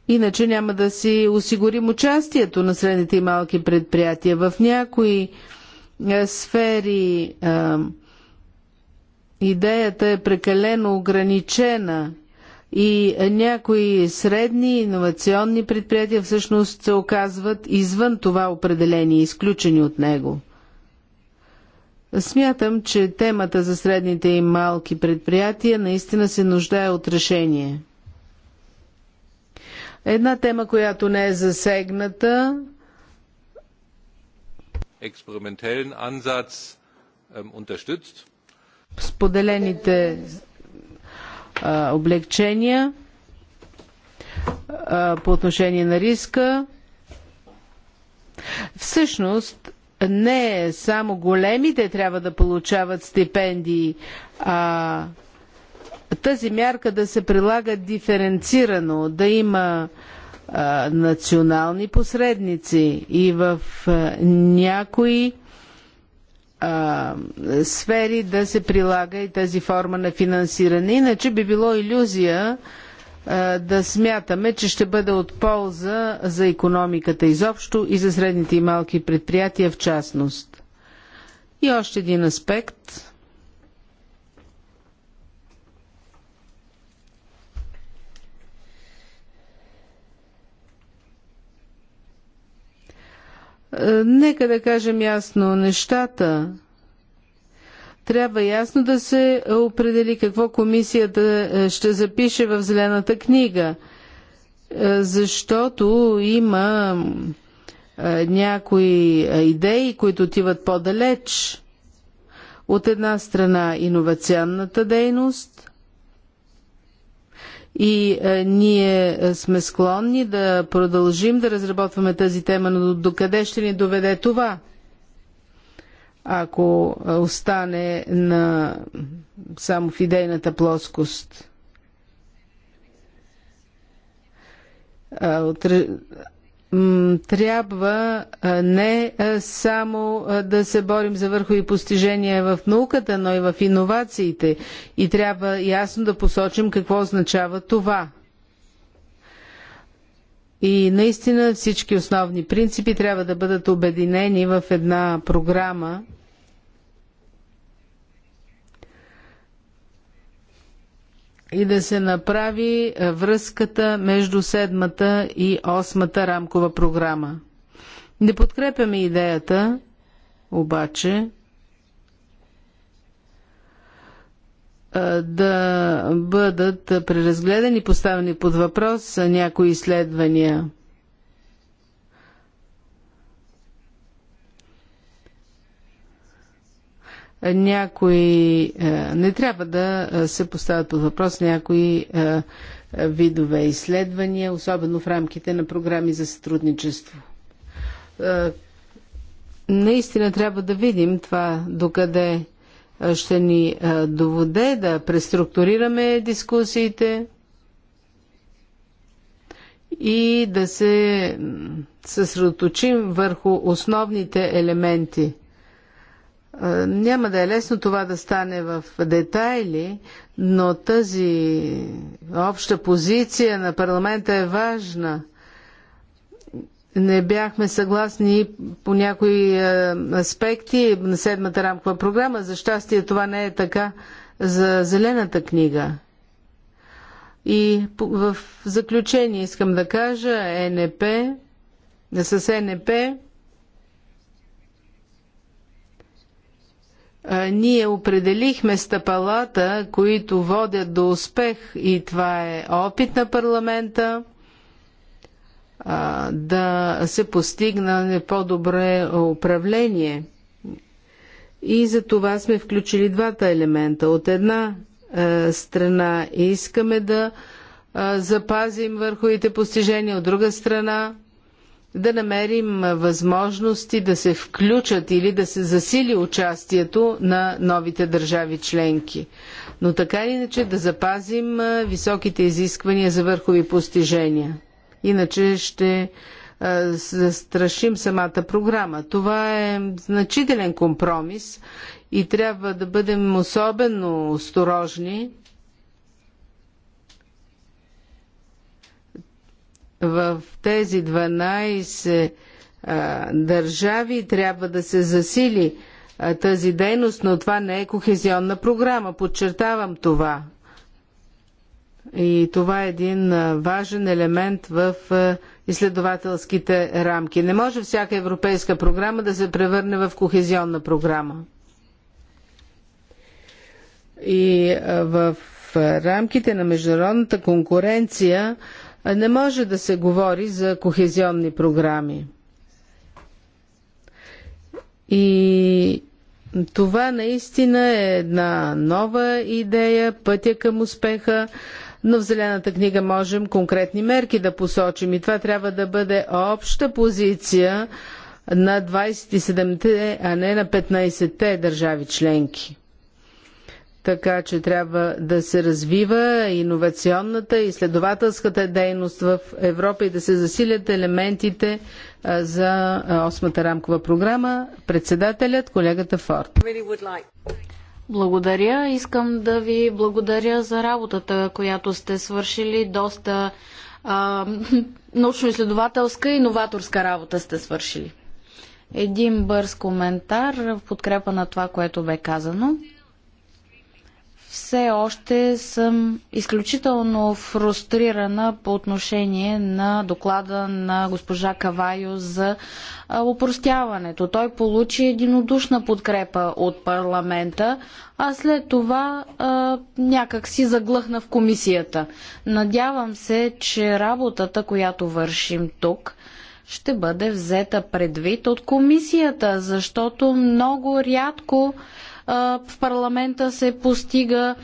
Иначе няма да си осигурим участието на средните и малки предприятия. В някои е, сфери е, идеята е прекалено ограничена и някои средни иновационни предприятия всъщност се оказват извън това определение, изключени от него. Смятам, че темата за средните и малки предприятия наистина се нуждае от решение. Една тема, която не е засегната. Експериментален ансац ähm, unterstützt. Споделените а, облегчения а, по отношение на риска. Всъщност, не само големите трябва да получават стипендии, а тази мярка да се прилага диференцирано, да има а, национални посредници и в а, някои а, сфери да се прилага и тази форма на финансиране. Иначе би било иллюзия, е, да смятаме, че ще бъде от полза за економиката изобщо и за средните и малки предприятия в частност. И още един аспект. Е, нека да кажем ясно нещата. Трябва ясно да се определи какво комисията е, ще запише в Зелената книга, е, защото има е, някои идеи, които отиват по-далеч. От една страна иновационната дейност и ние сме склонни да продължим да разработваме тази тема, но докъде ще ни доведе това? ако остане на, само в идейната плоскост. Трябва не само да се борим за върхови постижения в науката, но и в иновациите. И трябва ясно да посочим какво означава това – и наистина всички основни принципи трябва да бъдат обединени в една програма, и да се направи е, връзката между седмата и осмата рамкова програма. Не подкрепяме идеята, обаче, да бъдат преразгледани, поставени под въпрос някои изследвания. Някои не трябва да се поставят под въпрос някои видове изследвания, особено в рамките на програми за сътрудничество. Наистина трябва да видим това докъде е, ще ни е, доведе да преструктурираме дискусиите и да се съсредоточим върху основните елементи. Е, няма да е лесно това да стане в детайли, но тази обща позиция на парламента е важна – не бяхме съгласни по някои е, аспекти на седмата рамкова програма. За щастие това не е така за зелената книга. И в заключение искам да кажа ЕНП, с ЕНП е, ние определихме стъпалата, които водят до успех и това е опит на парламента – да се постигна по-добре управление. И за това сме включили двата елемента. От една страна искаме да запазим върховите постижения, от друга страна да намерим възможности да се включат или да се засили участието на новите държави членки. Но така или иначе да запазим високите изисквания за върхови постижения. Иначе ще застрашим самата програма. Това е значителен компромис и трябва да бъдем особено осторожни в тези 12 а, държави трябва да се засили а, тази дейност, но това не е кохезионна програма. Подчертавам това. И това е един важен елемент в изследователските рамки. Не може всяка европейска програма да се превърне в кохезионна програма. И в рамките на международната конкуренция не може да се говори за кохезионни програми. И това наистина е една нова идея, пътя към успеха но в Зелената книга можем конкретни мерки да посочим и това трябва да бъде обща позиция на 27-те, а не на 15-те държави членки. Така че трябва да се развива иновационната и изследователската дейност в Европа и да се засилят елементите за осмата рамкова програма. Председателят, колегата Форд. Благодаря. Искам да ви благодаря за работата, която сте свършили. Доста <laughs> научно-изследователска и новаторска работа сте свършили. Един бърз коментар в подкрепа на това, което бе казано все още съм изключително фрустрирана по отношение на доклада на госпожа Кавайо за упростяването. Той получи единодушна подкрепа от парламента, а след това а, някак си заглъхна в комисията. Надявам се, че работата, която вършим тук, ще бъде взета предвид от комисията, защото много рядко в парламента се постига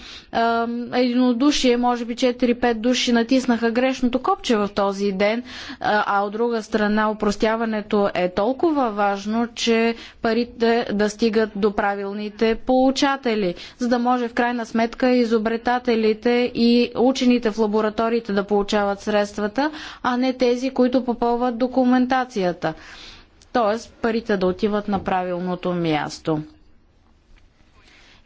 единодушие, може би 4-5 души натиснаха грешното копче в този ден, а от друга страна упростяването е толкова важно, че парите да стигат до правилните получатели, за да може в крайна сметка изобретателите и учените в лабораториите да получават средствата, а не тези, които попълват документацията. Тоест парите да отиват на правилното място.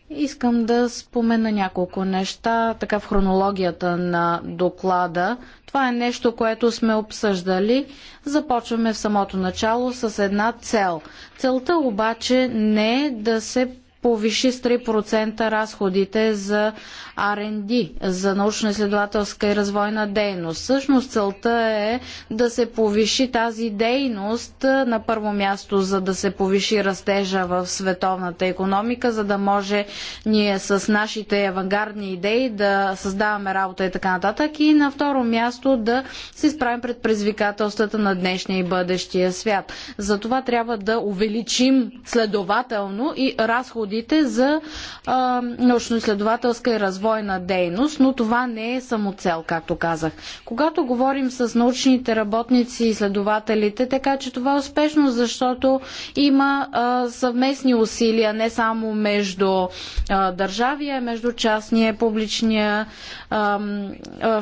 Искам да спомена няколко неща, така в хронологията на доклада. Това е нещо, което сме обсъждали. Започваме в самото начало с една цел. Целта обаче не е да се повиши с 3% разходите за R&D, за научно-изследователска и развойна дейност. Всъщност целта е да се повиши тази дейност на първо място, за да се повиши растежа в световната економика, за да може ние с нашите авангардни идеи да създаваме работа и така нататък. И на второ място да се справим пред предизвикателствата на днешния и бъдещия свят. Затова трябва да увеличим следователно и разходи разходите за научно-изследователска и развойна дейност, но това не е самоцел, както казах. Когато говорим с научните работници и изследователите, така че това е успешно, защото има а, съвместни усилия не само между а, държавия, между частния, публичния а,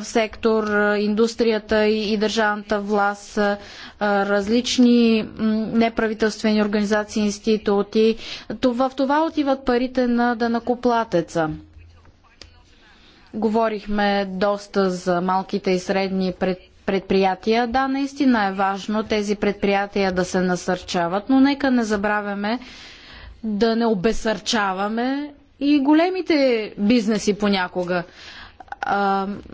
сектор, индустрията и, и държавната власт, различни неправителствени организации, институти. В това отиват парите на данакоплатеца? Говорихме доста за малките и средни предприятия. Да, наистина е важно тези предприятия да се насърчават, но нека не забравяме да не обесърчаваме и големите бизнеси понякога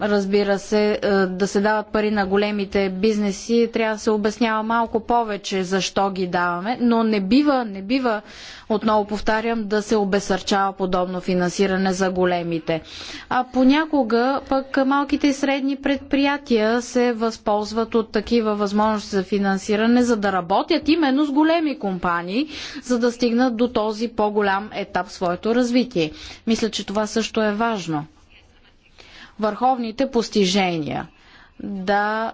разбира се, да се дават пари на големите бизнеси, трябва да се обяснява малко повече защо ги даваме, но не бива, не бива, отново повтарям, да се обесърчава подобно финансиране за големите. А понякога пък малките и средни предприятия се възползват от такива възможности за финансиране, за да работят именно с големи компании, за да стигнат до този по-голям етап в своето развитие. Мисля, че това също е важно върховните постижения. Да,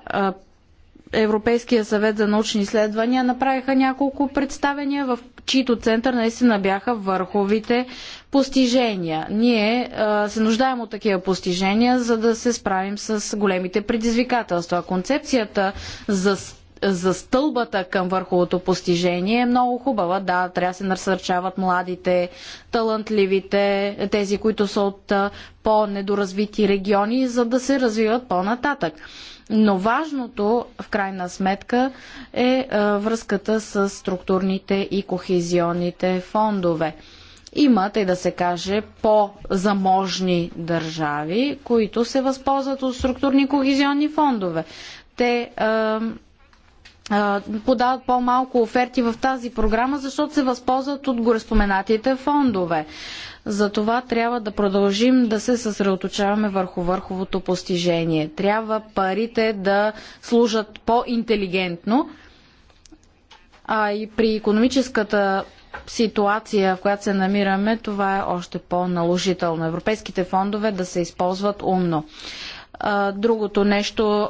Европейския съвет за научни изследвания направиха няколко представения, в чието център наистина бяха върховите постижения. Ние а, се нуждаем от такива постижения, за да се справим с големите предизвикателства. Концепцията за за стълбата към върховото постижение е много хубава. Да, трябва да се насърчават младите, талантливите, тези, които са от по-недоразвити региони, за да се развиват по-нататък. Но важното, в крайна сметка, е връзката с структурните и кохезионните фондове. Има, тъй да се каже, по-заможни държави, които се възползват от структурни кохезионни фондове те а, подават по-малко оферти в тази програма, защото се възползват от гореспоменатите фондове. Затова трябва да продължим да се съсредоточаваме върху върховото постижение. Трябва парите да служат по-интелигентно, а и при економическата ситуация, в която се намираме, това е още по-наложително. Европейските фондове да се използват умно другото нещо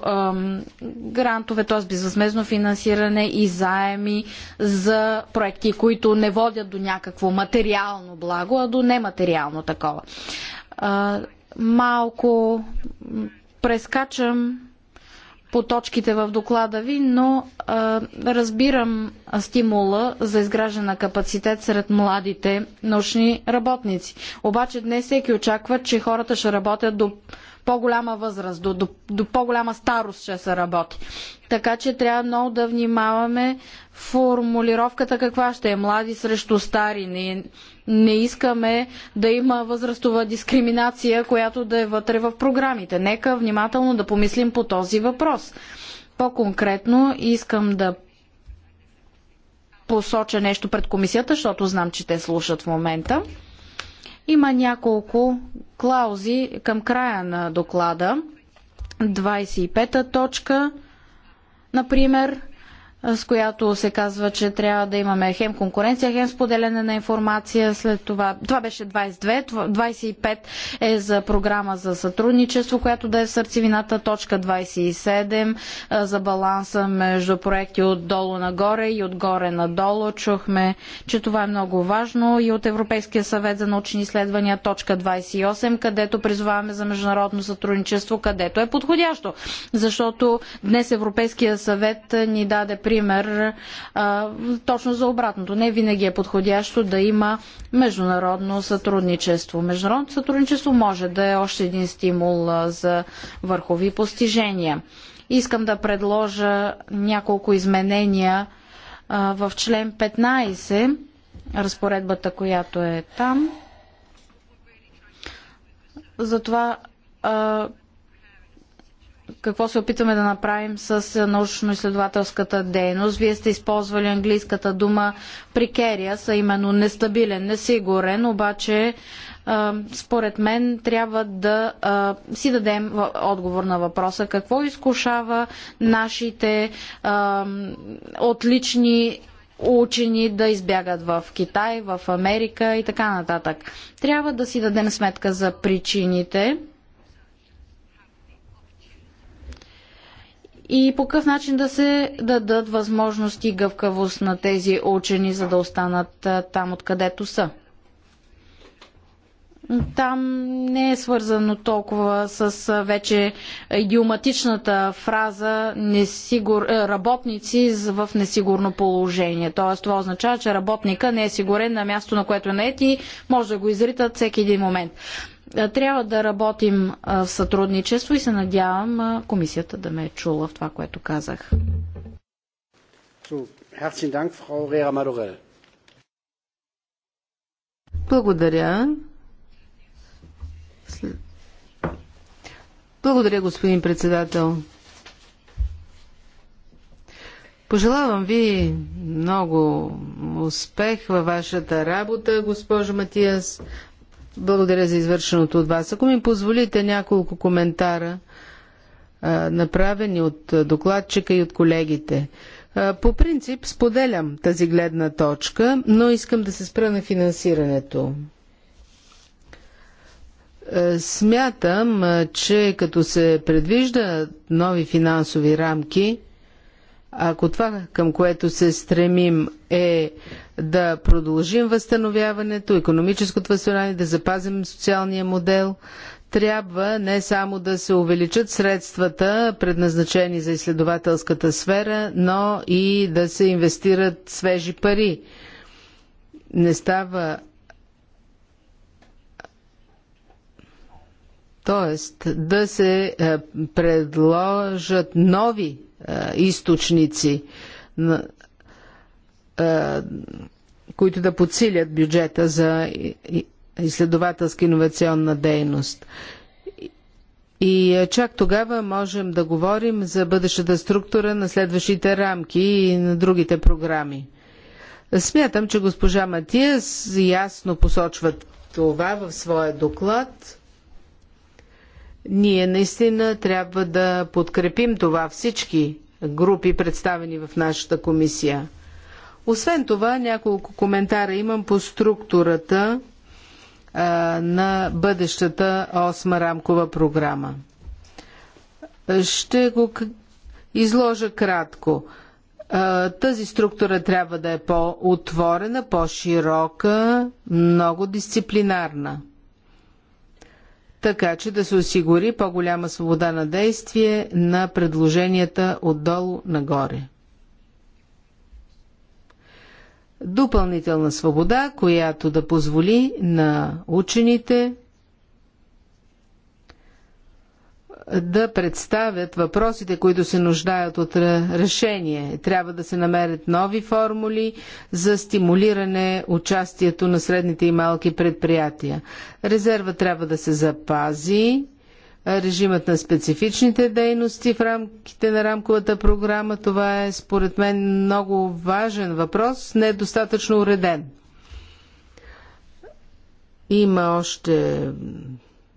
грантове, т.е. безвъзмезно финансиране и заеми за проекти, които не водят до някакво материално благо, а до нематериално такова. Малко прескачам по точките в доклада ви, но а, разбирам стимула за изграждане на капацитет сред младите научни работници. Обаче днес всеки очаква, че хората ще работят до по-голяма възраст, до, до, до по-голяма старост ще се работи. Така че трябва много да внимаваме формулировката каква ще е млади срещу стари. Не, не искаме да има възрастова дискриминация, която да е вътре в програмите. Нека внимателно да помислим по този въпрос. По-конкретно искам да посоча нещо пред комисията, защото знам, че те слушат в момента. Има няколко клаузи към края на доклада. 25-та точка, например, с която се казва, че трябва да имаме хем конкуренция, хем споделяне на информация. След това, това беше 22, 25 е за програма за сътрудничество, която да е в сърцевината, точка 27 за баланса между проекти отдолу нагоре и отгоре надолу. Чухме, че това е много важно и от Европейския съвет за научни изследвания, точка 28, където призоваваме за международно сътрудничество, където е подходящо. Защото днес Европейския съвет ни даде пример а, точно за обратното. Не винаги е подходящо да има международно сътрудничество. Международното сътрудничество може да е още един стимул а, за върхови постижения. Искам да предложа няколко изменения а, в член 15, разпоредбата, която е там. Затова какво се опитваме да направим с научно-изследователската дейност. Вие сте използвали английската дума precarious, а именно нестабилен, несигурен, обаче според мен трябва да си дадем отговор на въпроса какво изкушава нашите отлични учени да избягат в Китай, в Америка и така нататък. Трябва да си дадем сметка за причините и по какъв начин да се дадат възможности и гъвкавост на тези учени, за да останат там, откъдето са. Там не е свързано толкова с вече идиоматичната фраза несигур... работници в несигурно положение. Тоест това означава, че работника не е сигурен на място, на което не е и може да го изритат всеки един момент. Е, трябва да работим е, в сътрудничество и се надявам е, комисията да ме е чула в това, което казах. Благодаря. Благодаря, господин председател. Пожелавам ви много успех във вашата работа, госпожо Матиас. Благодаря за извършеното от вас. Ако ми позволите няколко коментара, направени от докладчика и от колегите. По принцип споделям тази гледна точка, но искам да се спра на финансирането. Смятам, че като се предвижда нови финансови рамки, ако това към което се стремим е да продължим възстановяването, економическото възстановяване, да запазим социалния модел. Трябва не само да се увеличат средствата, предназначени за изследователската сфера, но и да се инвестират свежи пари. Не става. Тоест, да се е, предложат нови е, източници е, които да подсилят бюджета за изследователска иновационна дейност. И е, чак тогава можем да говорим за бъдещата структура на следващите рамки и на другите програми. Смятам, че госпожа Матиас ясно посочва това в своя доклад. Ние наистина трябва да подкрепим това всички групи, представени в нашата комисия. Освен това, няколко коментара имам по структурата а, на бъдещата осма рамкова програма. Ще го изложа кратко. А, тази структура трябва да е по-отворена, по-широка, много дисциплинарна така че да се осигури по-голяма свобода на действие на предложенията отдолу нагоре допълнителна свобода, която да позволи на учените да представят въпросите, които се нуждаят от решение. Трябва да се намерят нови формули за стимулиране участието на средните и малки предприятия. Резерва трябва да се запази режимът на специфичните дейности в рамките на рамковата програма. Това е според мен много важен въпрос, недостатъчно достатъчно уреден. Има още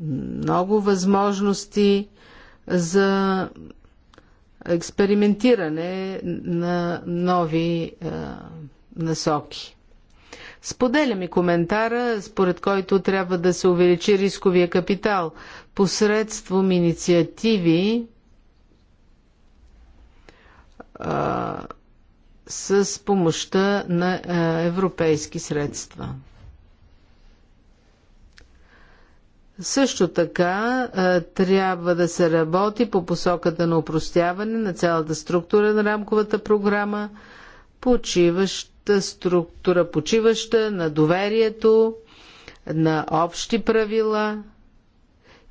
много възможности за експериментиране на нови а, насоки. Споделям и коментара, според който трябва да се увеличи рисковия капитал – посредством инициативи а, с помощта на а, европейски средства. Също така а, трябва да се работи по посоката на упростяване на цялата структура на рамковата програма, почиваща структура, почиваща на доверието, на общи правила –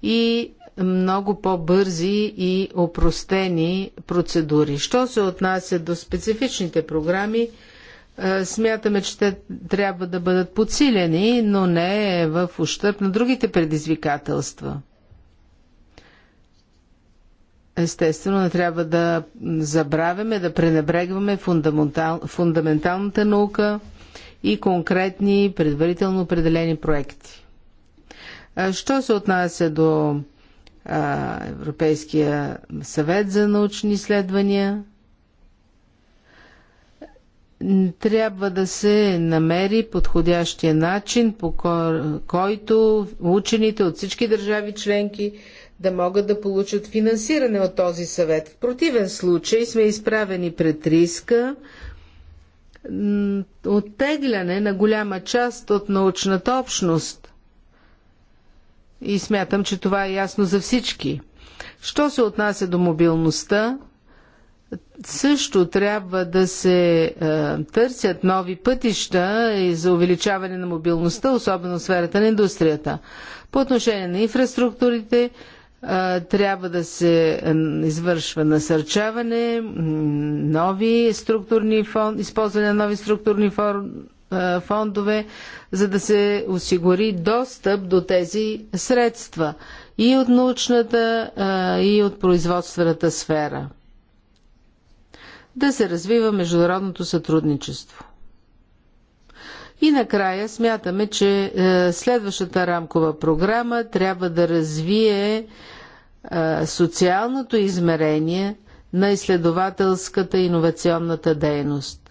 и много по-бързи и опростени процедури. Що се отнася до специфичните програми, е, смятаме, че те трябва да бъдат подсилени, но не в ущърп на другите предизвикателства. Естествено, не трябва да забравяме, да пренебрегваме фундаментал, фундаменталната наука и конкретни предварително определени проекти. Що се отнася до Европейския съвет за научни изследвания, трябва да се намери подходящия начин, по който учените от всички държави членки да могат да получат финансиране от този съвет. В противен случай сме изправени пред риска оттегляне на голяма част от научната общност и смятам, че това е ясно за всички. Що се отнася до мобилността, също трябва да се е, търсят нови пътища и за увеличаване на мобилността, особено в сферата на индустрията. По отношение на инфраструктурите, е, трябва да се е, извършва насърчаване, нови структурни фон, използване на нови структурни фон, фондове, за да се осигури достъп до тези средства и от научната, и от производствената сфера. Да се развива международното сътрудничество. И накрая смятаме, че следващата рамкова програма трябва да развие социалното измерение на изследователската иновационната дейност.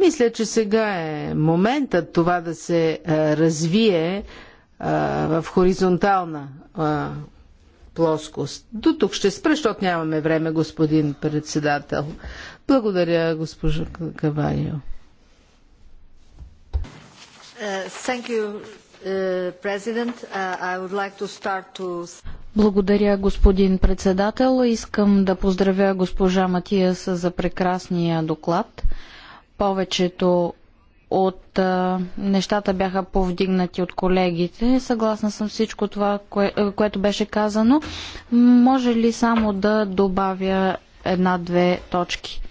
Мисля, че сега е моментът това да се развие в хоризонтална плоскост. До тук ще спра, защото нямаме време, господин председател. Благодаря, госпожа Каварио. Uh, uh, uh, Благодаря, господин председател. Искам да поздравя госпожа Матиас за прекрасния доклад повечето от а, нещата бяха повдигнати от колегите. Съгласна съм всичко това, кое, което беше казано. Може ли само да добавя една-две точки?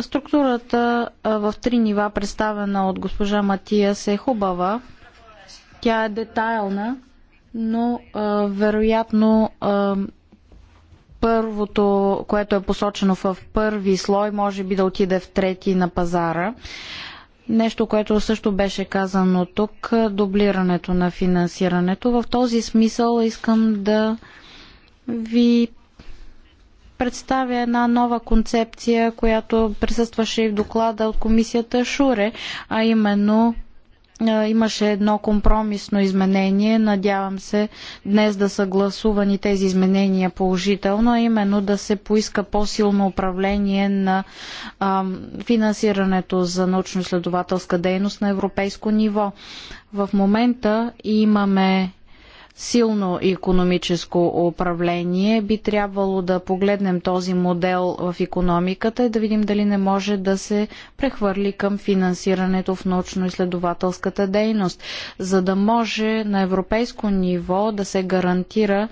Структурата а, в три нива, представена от госпожа Матиас, е хубава. Тя е детайлна, но а, вероятно а, първото, което е посочено в първи слой, може би да отиде в трети на пазара. Нещо, което също беше казано тук, дублирането на финансирането. В този смисъл искам да ви представя една нова концепция, която присъстваше и в доклада от комисията Шуре, а именно Имаше едно компромисно изменение. Надявам се днес да са гласувани тези изменения положително, а именно да се поиска по-силно управление на а, финансирането за научно-изследователска дейност на европейско ниво. В момента имаме силно економическо управление, би трябвало да погледнем този модел в економиката и да видим дали не може да се прехвърли към финансирането в научно-изследователската дейност, за да може на европейско ниво да се гарантира,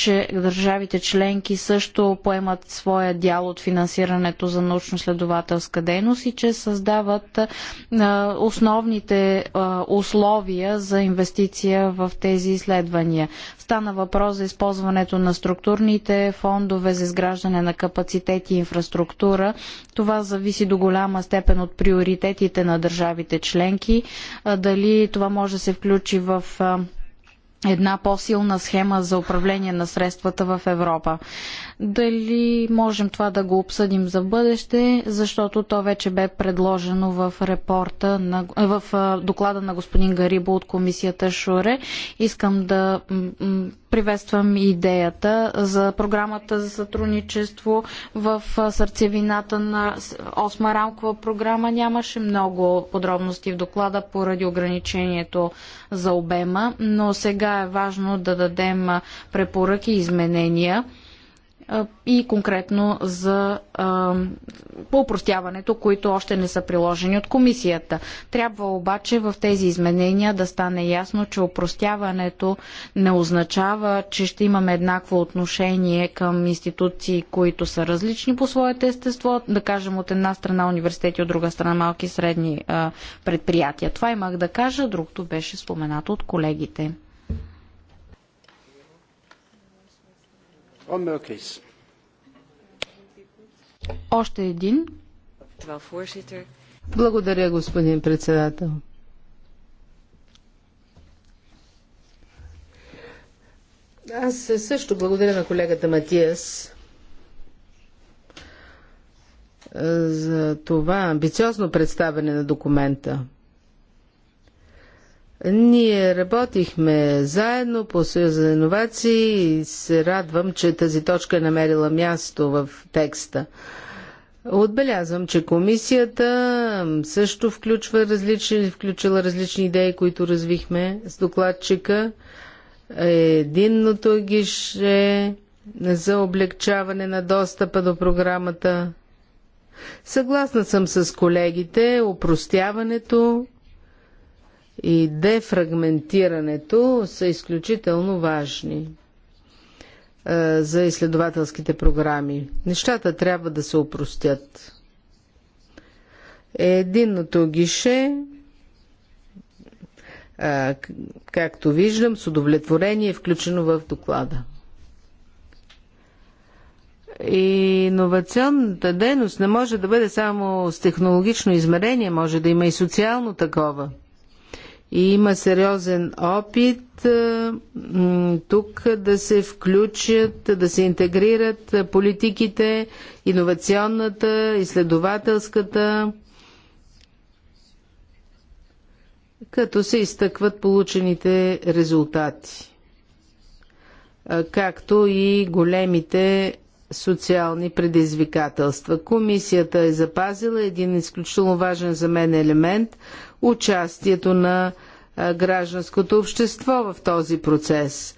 че държавите членки също поемат своя дял от финансирането за научно-следователска дейност и че създават основните условия за инвестиция в тези изследвания. Стана въпрос за използването на структурните фондове за изграждане на капацитет и инфраструктура. Това зависи до голяма степен от приоритетите на държавите членки. Дали това може да се включи в една по-силна схема за управление на средствата в Европа дали можем това да го обсъдим за бъдеще, защото то вече бе предложено в, репорта на, е, в доклада на господин Гарибо от комисията Шуре. Искам да приветствам идеята за програмата за сътрудничество в сърцевината на 8 рамкова програма. Нямаше много подробности в доклада поради ограничението за обема, но сега е важно да дадем препоръки и изменения и конкретно за по упростяването, които още не са приложени от комисията. Трябва обаче в тези изменения да стане ясно, че упростяването не означава, че ще имаме еднакво отношение към институции, които са различни по своето естество, да кажем от една страна университети, от друга страна малки и средни предприятия. Това имах да кажа, другото беше споменато от колегите. Още един. Благодаря, господин председател. Аз също благодаря на колегата Матиас за това амбициозно представяне на документа. Ние работихме заедно по Съюза за иновации и се радвам, че тази точка е намерила място в текста. Отбелязвам, че комисията също включва различни, включила различни идеи, които развихме с докладчика. Единното гише за облегчаване на достъпа до програмата. Съгласна съм с колегите, упростяването и дефрагментирането са изключително важни е, за изследователските програми. Нещата трябва да се опростят. Единното гише, е, както виждам, с удовлетворение е включено в доклада. И Иновационната дейност не може да бъде само с технологично измерение, може да има и социално такова – и има сериозен опит е, тук да се включат, да се интегрират политиките, иновационната, изследователската, като се изтъкват получените резултати, е, както и големите социални предизвикателства. Комисията е запазила един изключително важен за мен елемент участието на гражданското общество в този процес.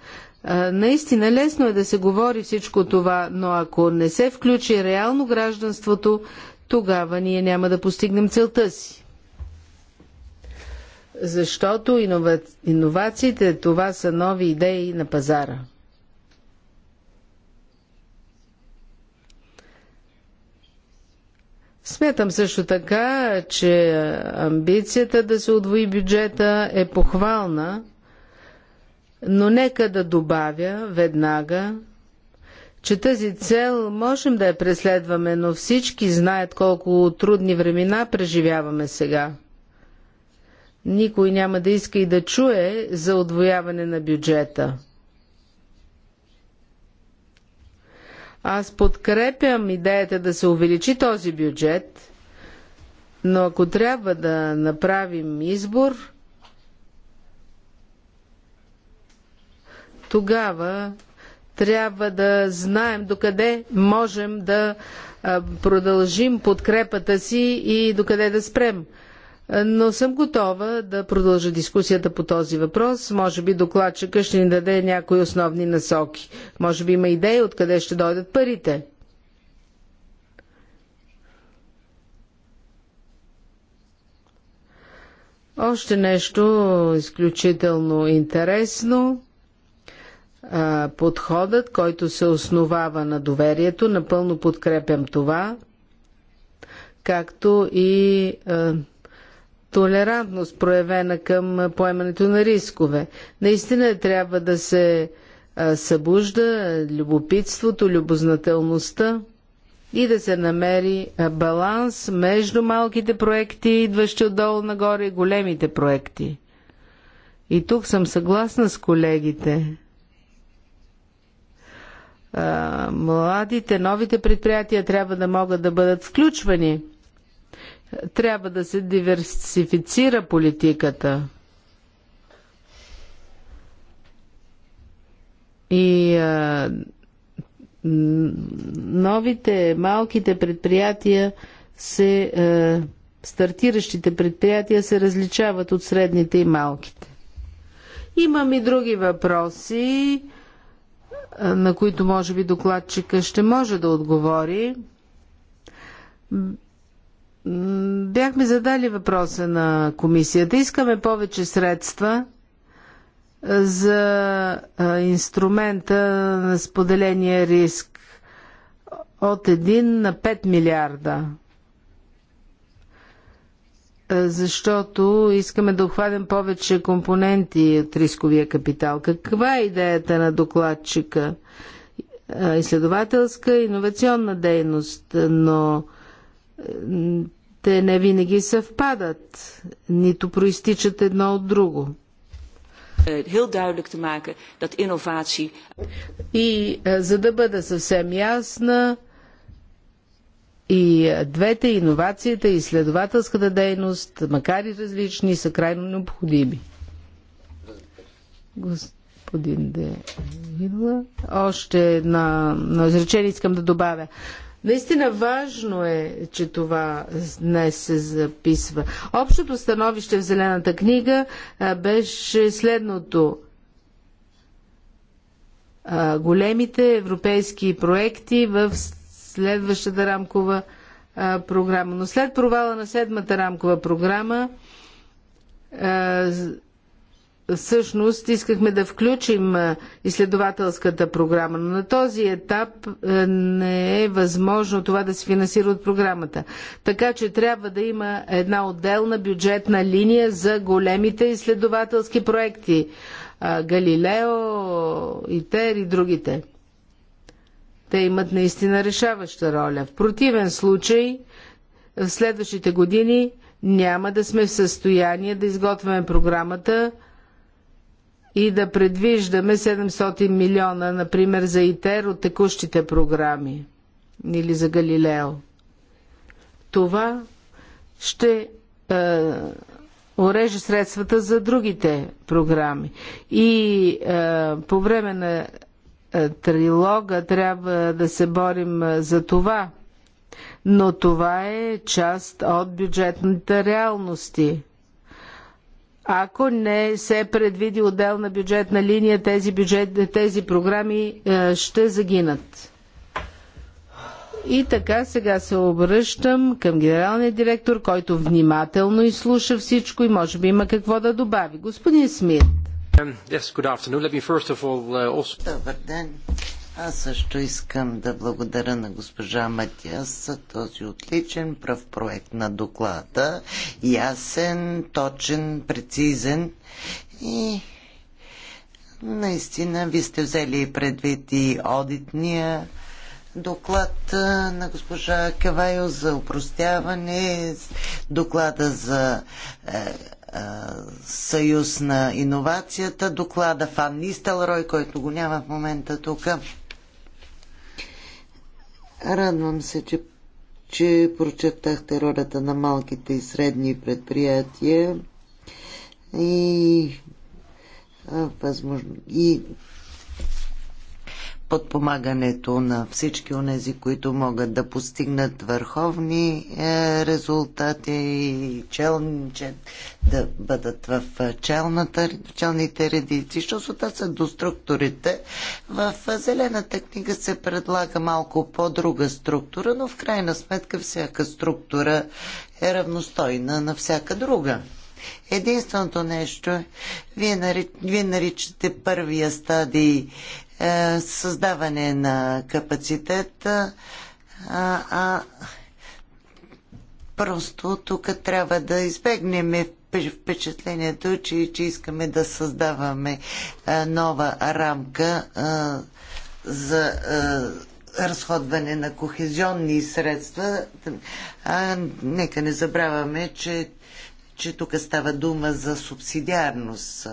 Наистина лесно е да се говори всичко това, но ако не се включи реално гражданството, тогава ние няма да постигнем целта си. Защото иновациите това са нови идеи на пазара. Смятам също така, че амбицията да се отвои бюджета е похвална, но нека да добавя веднага, че тази цел можем да я преследваме, но всички знаят колко трудни времена преживяваме сега. Никой няма да иска и да чуе за отвояване на бюджета. Аз подкрепям идеята да се увеличи този бюджет, но ако трябва да направим избор, тогава трябва да знаем докъде можем да продължим подкрепата си и докъде да спрем но съм готова да продължа дискусията по този въпрос. Може би докладчика ще ни даде някои основни насоки. Може би има идея откъде ще дойдат парите. Още нещо изключително интересно. Подходът, който се основава на доверието, напълно подкрепям това, както и толерантност проявена към поемането на рискове. Наистина трябва да се събужда любопитството, любознателността и да се намери баланс между малките проекти, идващи отдолу нагоре, и големите проекти. И тук съм съгласна с колегите. Младите, новите предприятия трябва да могат да бъдат включвани – трябва да се диверсифицира политиката. И а, новите, малките предприятия се. А, стартиращите предприятия се различават от средните и малките. Имам и други въпроси, на които може би докладчика ще може да отговори. Бяхме задали въпроса на комисията. Искаме повече средства за инструмента на споделения риск от 1 на 5 милиарда. Защото искаме да обхванем повече компоненти от рисковия капитал. Каква е идеята на докладчика? Изследователска, иновационна дейност, но те не винаги съвпадат, нито проистичат едно от друго. Е, и е, за да бъда съвсем ясна, и е, двете, иновацията и изследователската дейност, макар и различни, са крайно необходими. Господин Де Още на, на изречение искам да добавя. Наистина важно е, че това днес се записва. Общото становище в Зелената книга беше следното. Големите европейски проекти в следващата рамкова програма. Но след провала на седмата рамкова програма всъщност искахме да включим изследователската програма, но на този етап не е възможно това да се финансира от програмата. Така че трябва да има една отделна бюджетна линия за големите изследователски проекти. Галилео, ИТЕР и другите. Те имат наистина решаваща роля. В противен случай, в следващите години няма да сме в състояние да изготвяме програмата, и да предвиждаме 700 милиона, например, за ИТЕР от текущите програми или за Галилео. Това ще е, уреже средствата за другите програми. И е, по време на е, трилога трябва да се борим е, за това. Но това е част от бюджетните реалности – ако не се предвиди отделна бюджетна линия, тези, бюджет, тези програми е, ще загинат. И така сега се обръщам към генералния директор, който внимателно изслуша всичко и може би има какво да добави. Господин Смит. Yes, all, uh, also... Добър ден. Аз също искам да благодаря на госпожа Матиас за този отличен прав проект на доклада. Ясен, точен, прецизен и наистина ви сте взели предвид и одитния доклад на госпожа Кавайо за упростяване, доклада за е, е, Съюз на иновацията, доклада Фан Нистелрой, който го няма в момента тук. Радвам се, че, че прочетахте ролята на малките и средни предприятия и, възможно, и подпомагането на всички онези, които могат да постигнат върховни е, резултати и челни, че, да бъдат в е, челната, челните редици. защото се са до структурите, в е, Зелената книга се предлага малко по-друга структура, но в крайна сметка всяка структура е равностойна на всяка друга. Единственото нещо е, вие, нарич, вие наричате първия стадий е, създаване на капацитет, е, а, а просто тук трябва да избегнем впечатлението, че, че искаме да създаваме а, е, нова рамка а, за а, разходване на кохезионни средства. А, нека не забравяме, че, че тук става дума за субсидиарност.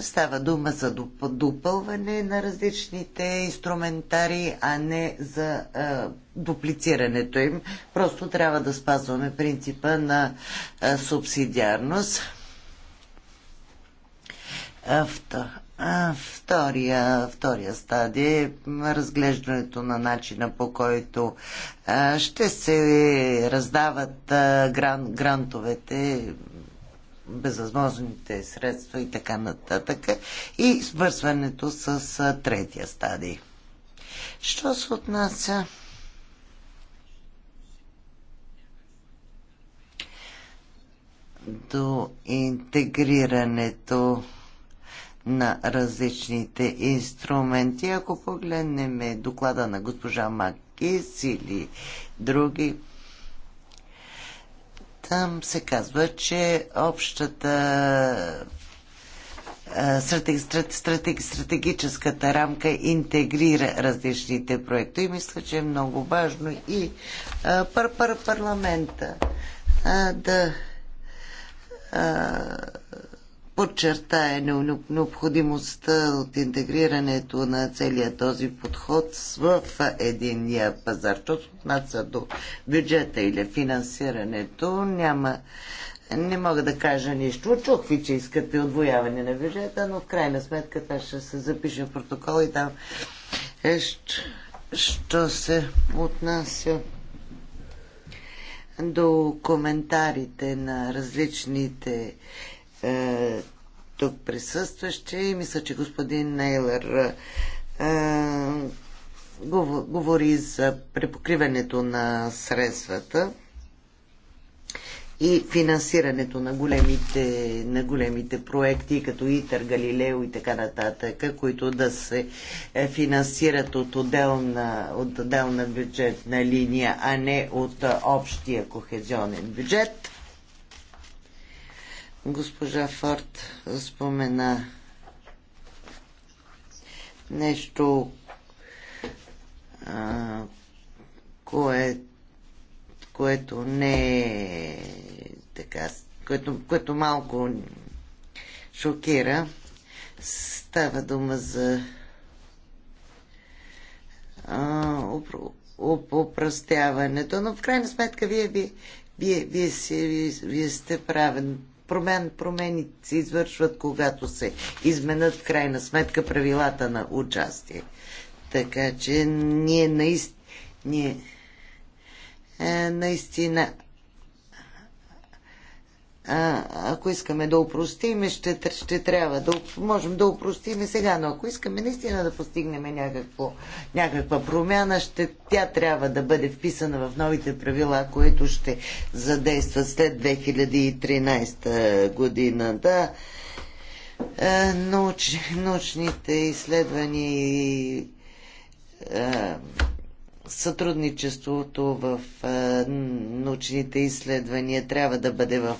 Става дума за допълване на различните инструментари, а не за а, дуплицирането им. Просто трябва да спазваме принципа на а, субсидиарност. Втория, втория стадия е разглеждането на начина по който ще се раздават гран, грантовете безвъзможните средства и така нататък и свързването с третия стадий. Що се отнася до интегрирането на различните инструменти. Ако погледнем доклада на госпожа Макис или други, там се казва, че общата стратег, стратег, стратегическата рамка интегрира различните проекти. И мисля, че е много важно и пар, пар, парламента да Подчертая необходимостта от интегрирането на целия този подход в единния пазар. Що се отнася до бюджета или финансирането, няма не мога да кажа нищо. Чух ви, че искате отвояване на бюджета, но в крайна сметка това ще се запише в протокол и там е, що се отнася до коментарите на различните е, тук присъстващи. Мисля, че господин Нейлер е, говори за препокриването на средствата и финансирането на големите, на големите проекти, като ИТър, Галилео и така нататък, които да се е, финансират от отделна, от отделна бюджетна линия, а не от е, общия кохезионен бюджет. Госпожа Форд спомена нещо, а, кое, което не е така, което, което малко шокира. Става дума за упростяването, но в крайна сметка вие, вие, вие, вие, вие, вие сте правен промен, промени се извършват, когато се изменят в крайна сметка правилата на участие. Така че ние наистина, ние, е, наистина а, ако искаме да упростим, ще, ще трябва да можем да упростим сега, но ако искаме наистина да постигнем някакво, някаква промяна, ще, тя трябва да бъде вписана в новите правила, които ще задействат след 2013 година. Да, е, науч, научните изследвания и е, сътрудничеството в е, научните изследвания трябва да бъде в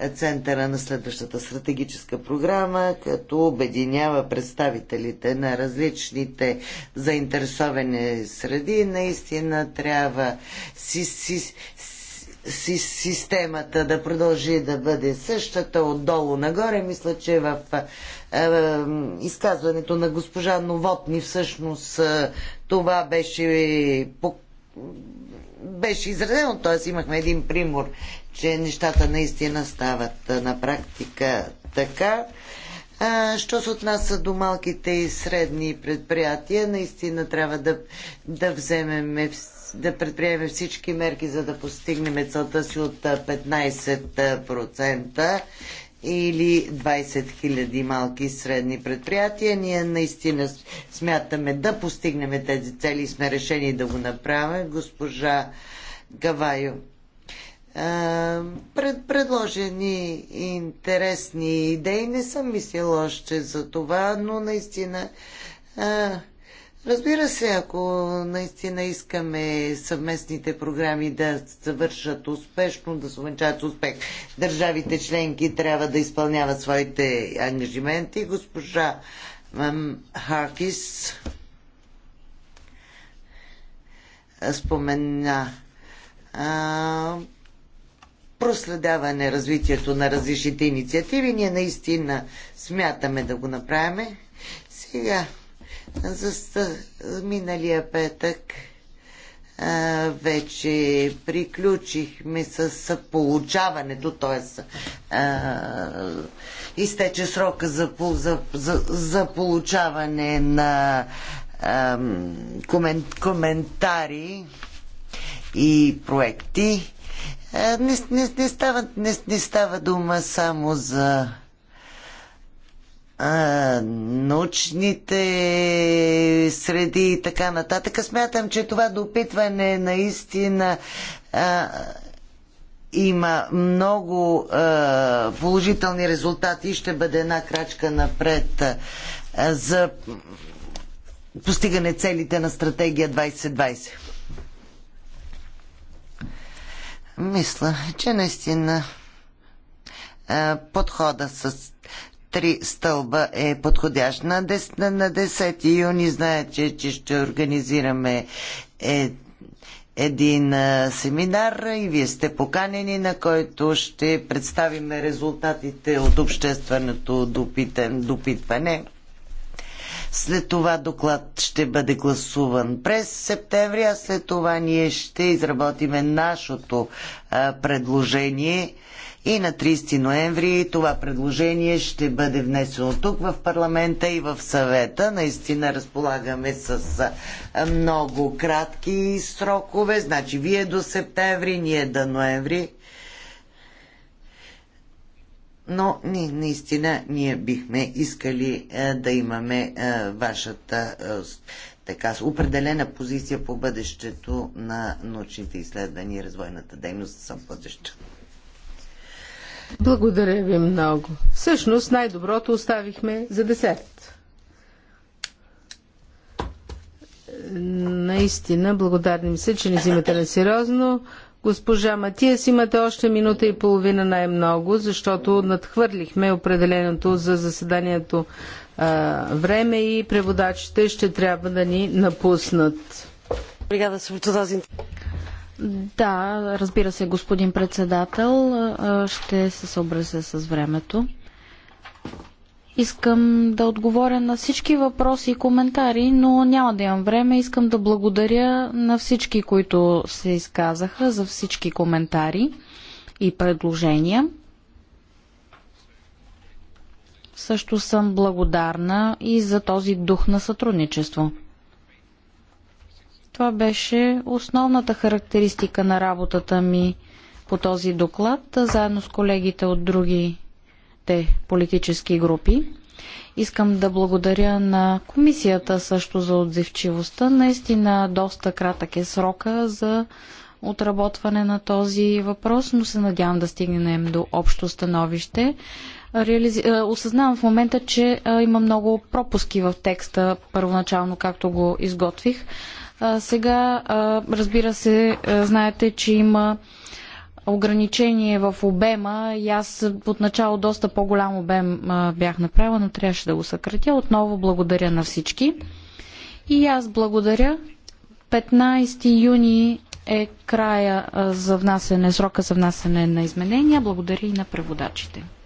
е, центъра на следващата стратегическа програма, като обединява представителите на различните заинтересовани среди. Наистина трябва си, си, си, системата да продължи да бъде същата отдолу нагоре. Мисля, че в е, е изказването на госпожа Новотни всъщност това беше беше изразено, т.е. имахме един примор, че нещата наистина стават на практика така. А, що се отнася до малките и средни предприятия, наистина трябва да, да вземем да предприемем всички мерки, за да постигнем целта си от 15% или 20 000 малки и средни предприятия. Ние наистина смятаме да постигнем тези цели и сме решени да го направим. Госпожа Гавайо пред, предложени интересни идеи. Не съм мислила още за това, но наистина а, Разбира се, ако наистина искаме съвместните програми да завършат успешно, да се увенчат успех, държавите членки трябва да изпълняват своите ангажименти. Госпожа Харкис спомена проследяване развитието на различните инициативи. Ние наистина смятаме да го направим. Сега за миналия петък вече приключихме с получаването, т.е. изтече срока за, за, за, за получаване на а, коментари и проекти. Не, не, не, става, не, не става дума само за а, научните среди и така нататък. Смятам, че това допитване наистина а, има много а, положителни резултати и ще бъде една крачка напред а, за постигане целите на стратегия 2020. Мисля, че наистина подхода с три стълба е подходящ. На 10, на 10 юни знаете, че ще организираме е, един а, семинар и вие сте поканени, на който ще представим резултатите от общественото допитване. След това доклад ще бъде гласуван през септември, а след това ние ще изработиме нашето а, предложение. И на 30 ноември това предложение ще бъде внесено тук в парламента и в съвета. Наистина разполагаме с много кратки срокове. Значи вие до септември, ние до ноември. Но ни, наистина ние бихме искали е, да имаме е, вашата е, така, определена позиция по бъдещето на научните изследвания и развойната дейност за бъдещето. Благодаря ви много. Всъщност най-доброто оставихме за десерт. Наистина, благодарни ми се, че не взимате на сериозно. Госпожа Матиас, имате още минута и половина най-много, защото надхвърлихме определеното за заседанието а, време и преводачите ще трябва да ни напуснат. Да, разбира се, господин председател. Ще се съобразя с времето. Искам да отговоря на всички въпроси и коментари, но няма да имам време. Искам да благодаря на всички, които се изказаха за всички коментари и предложения. Също съм благодарна и за този дух на сътрудничество. Това беше основната характеристика на работата ми по този доклад, заедно с колегите от другите политически групи. Искам да благодаря на комисията също за отзивчивостта. Наистина доста кратък е срока за отработване на този въпрос, но се надявам да стигнем до общо становище. Реализи... Осъзнавам в момента, че има много пропуски в текста, първоначално както го изготвих сега, разбира се, знаете, че има ограничение в обема и аз отначало доста по-голям обем бях направила, но трябваше да го съкратя. Отново благодаря на всички. И аз благодаря. 15 юни е края за внасене, срока за внасене на изменения. Благодаря и на преводачите.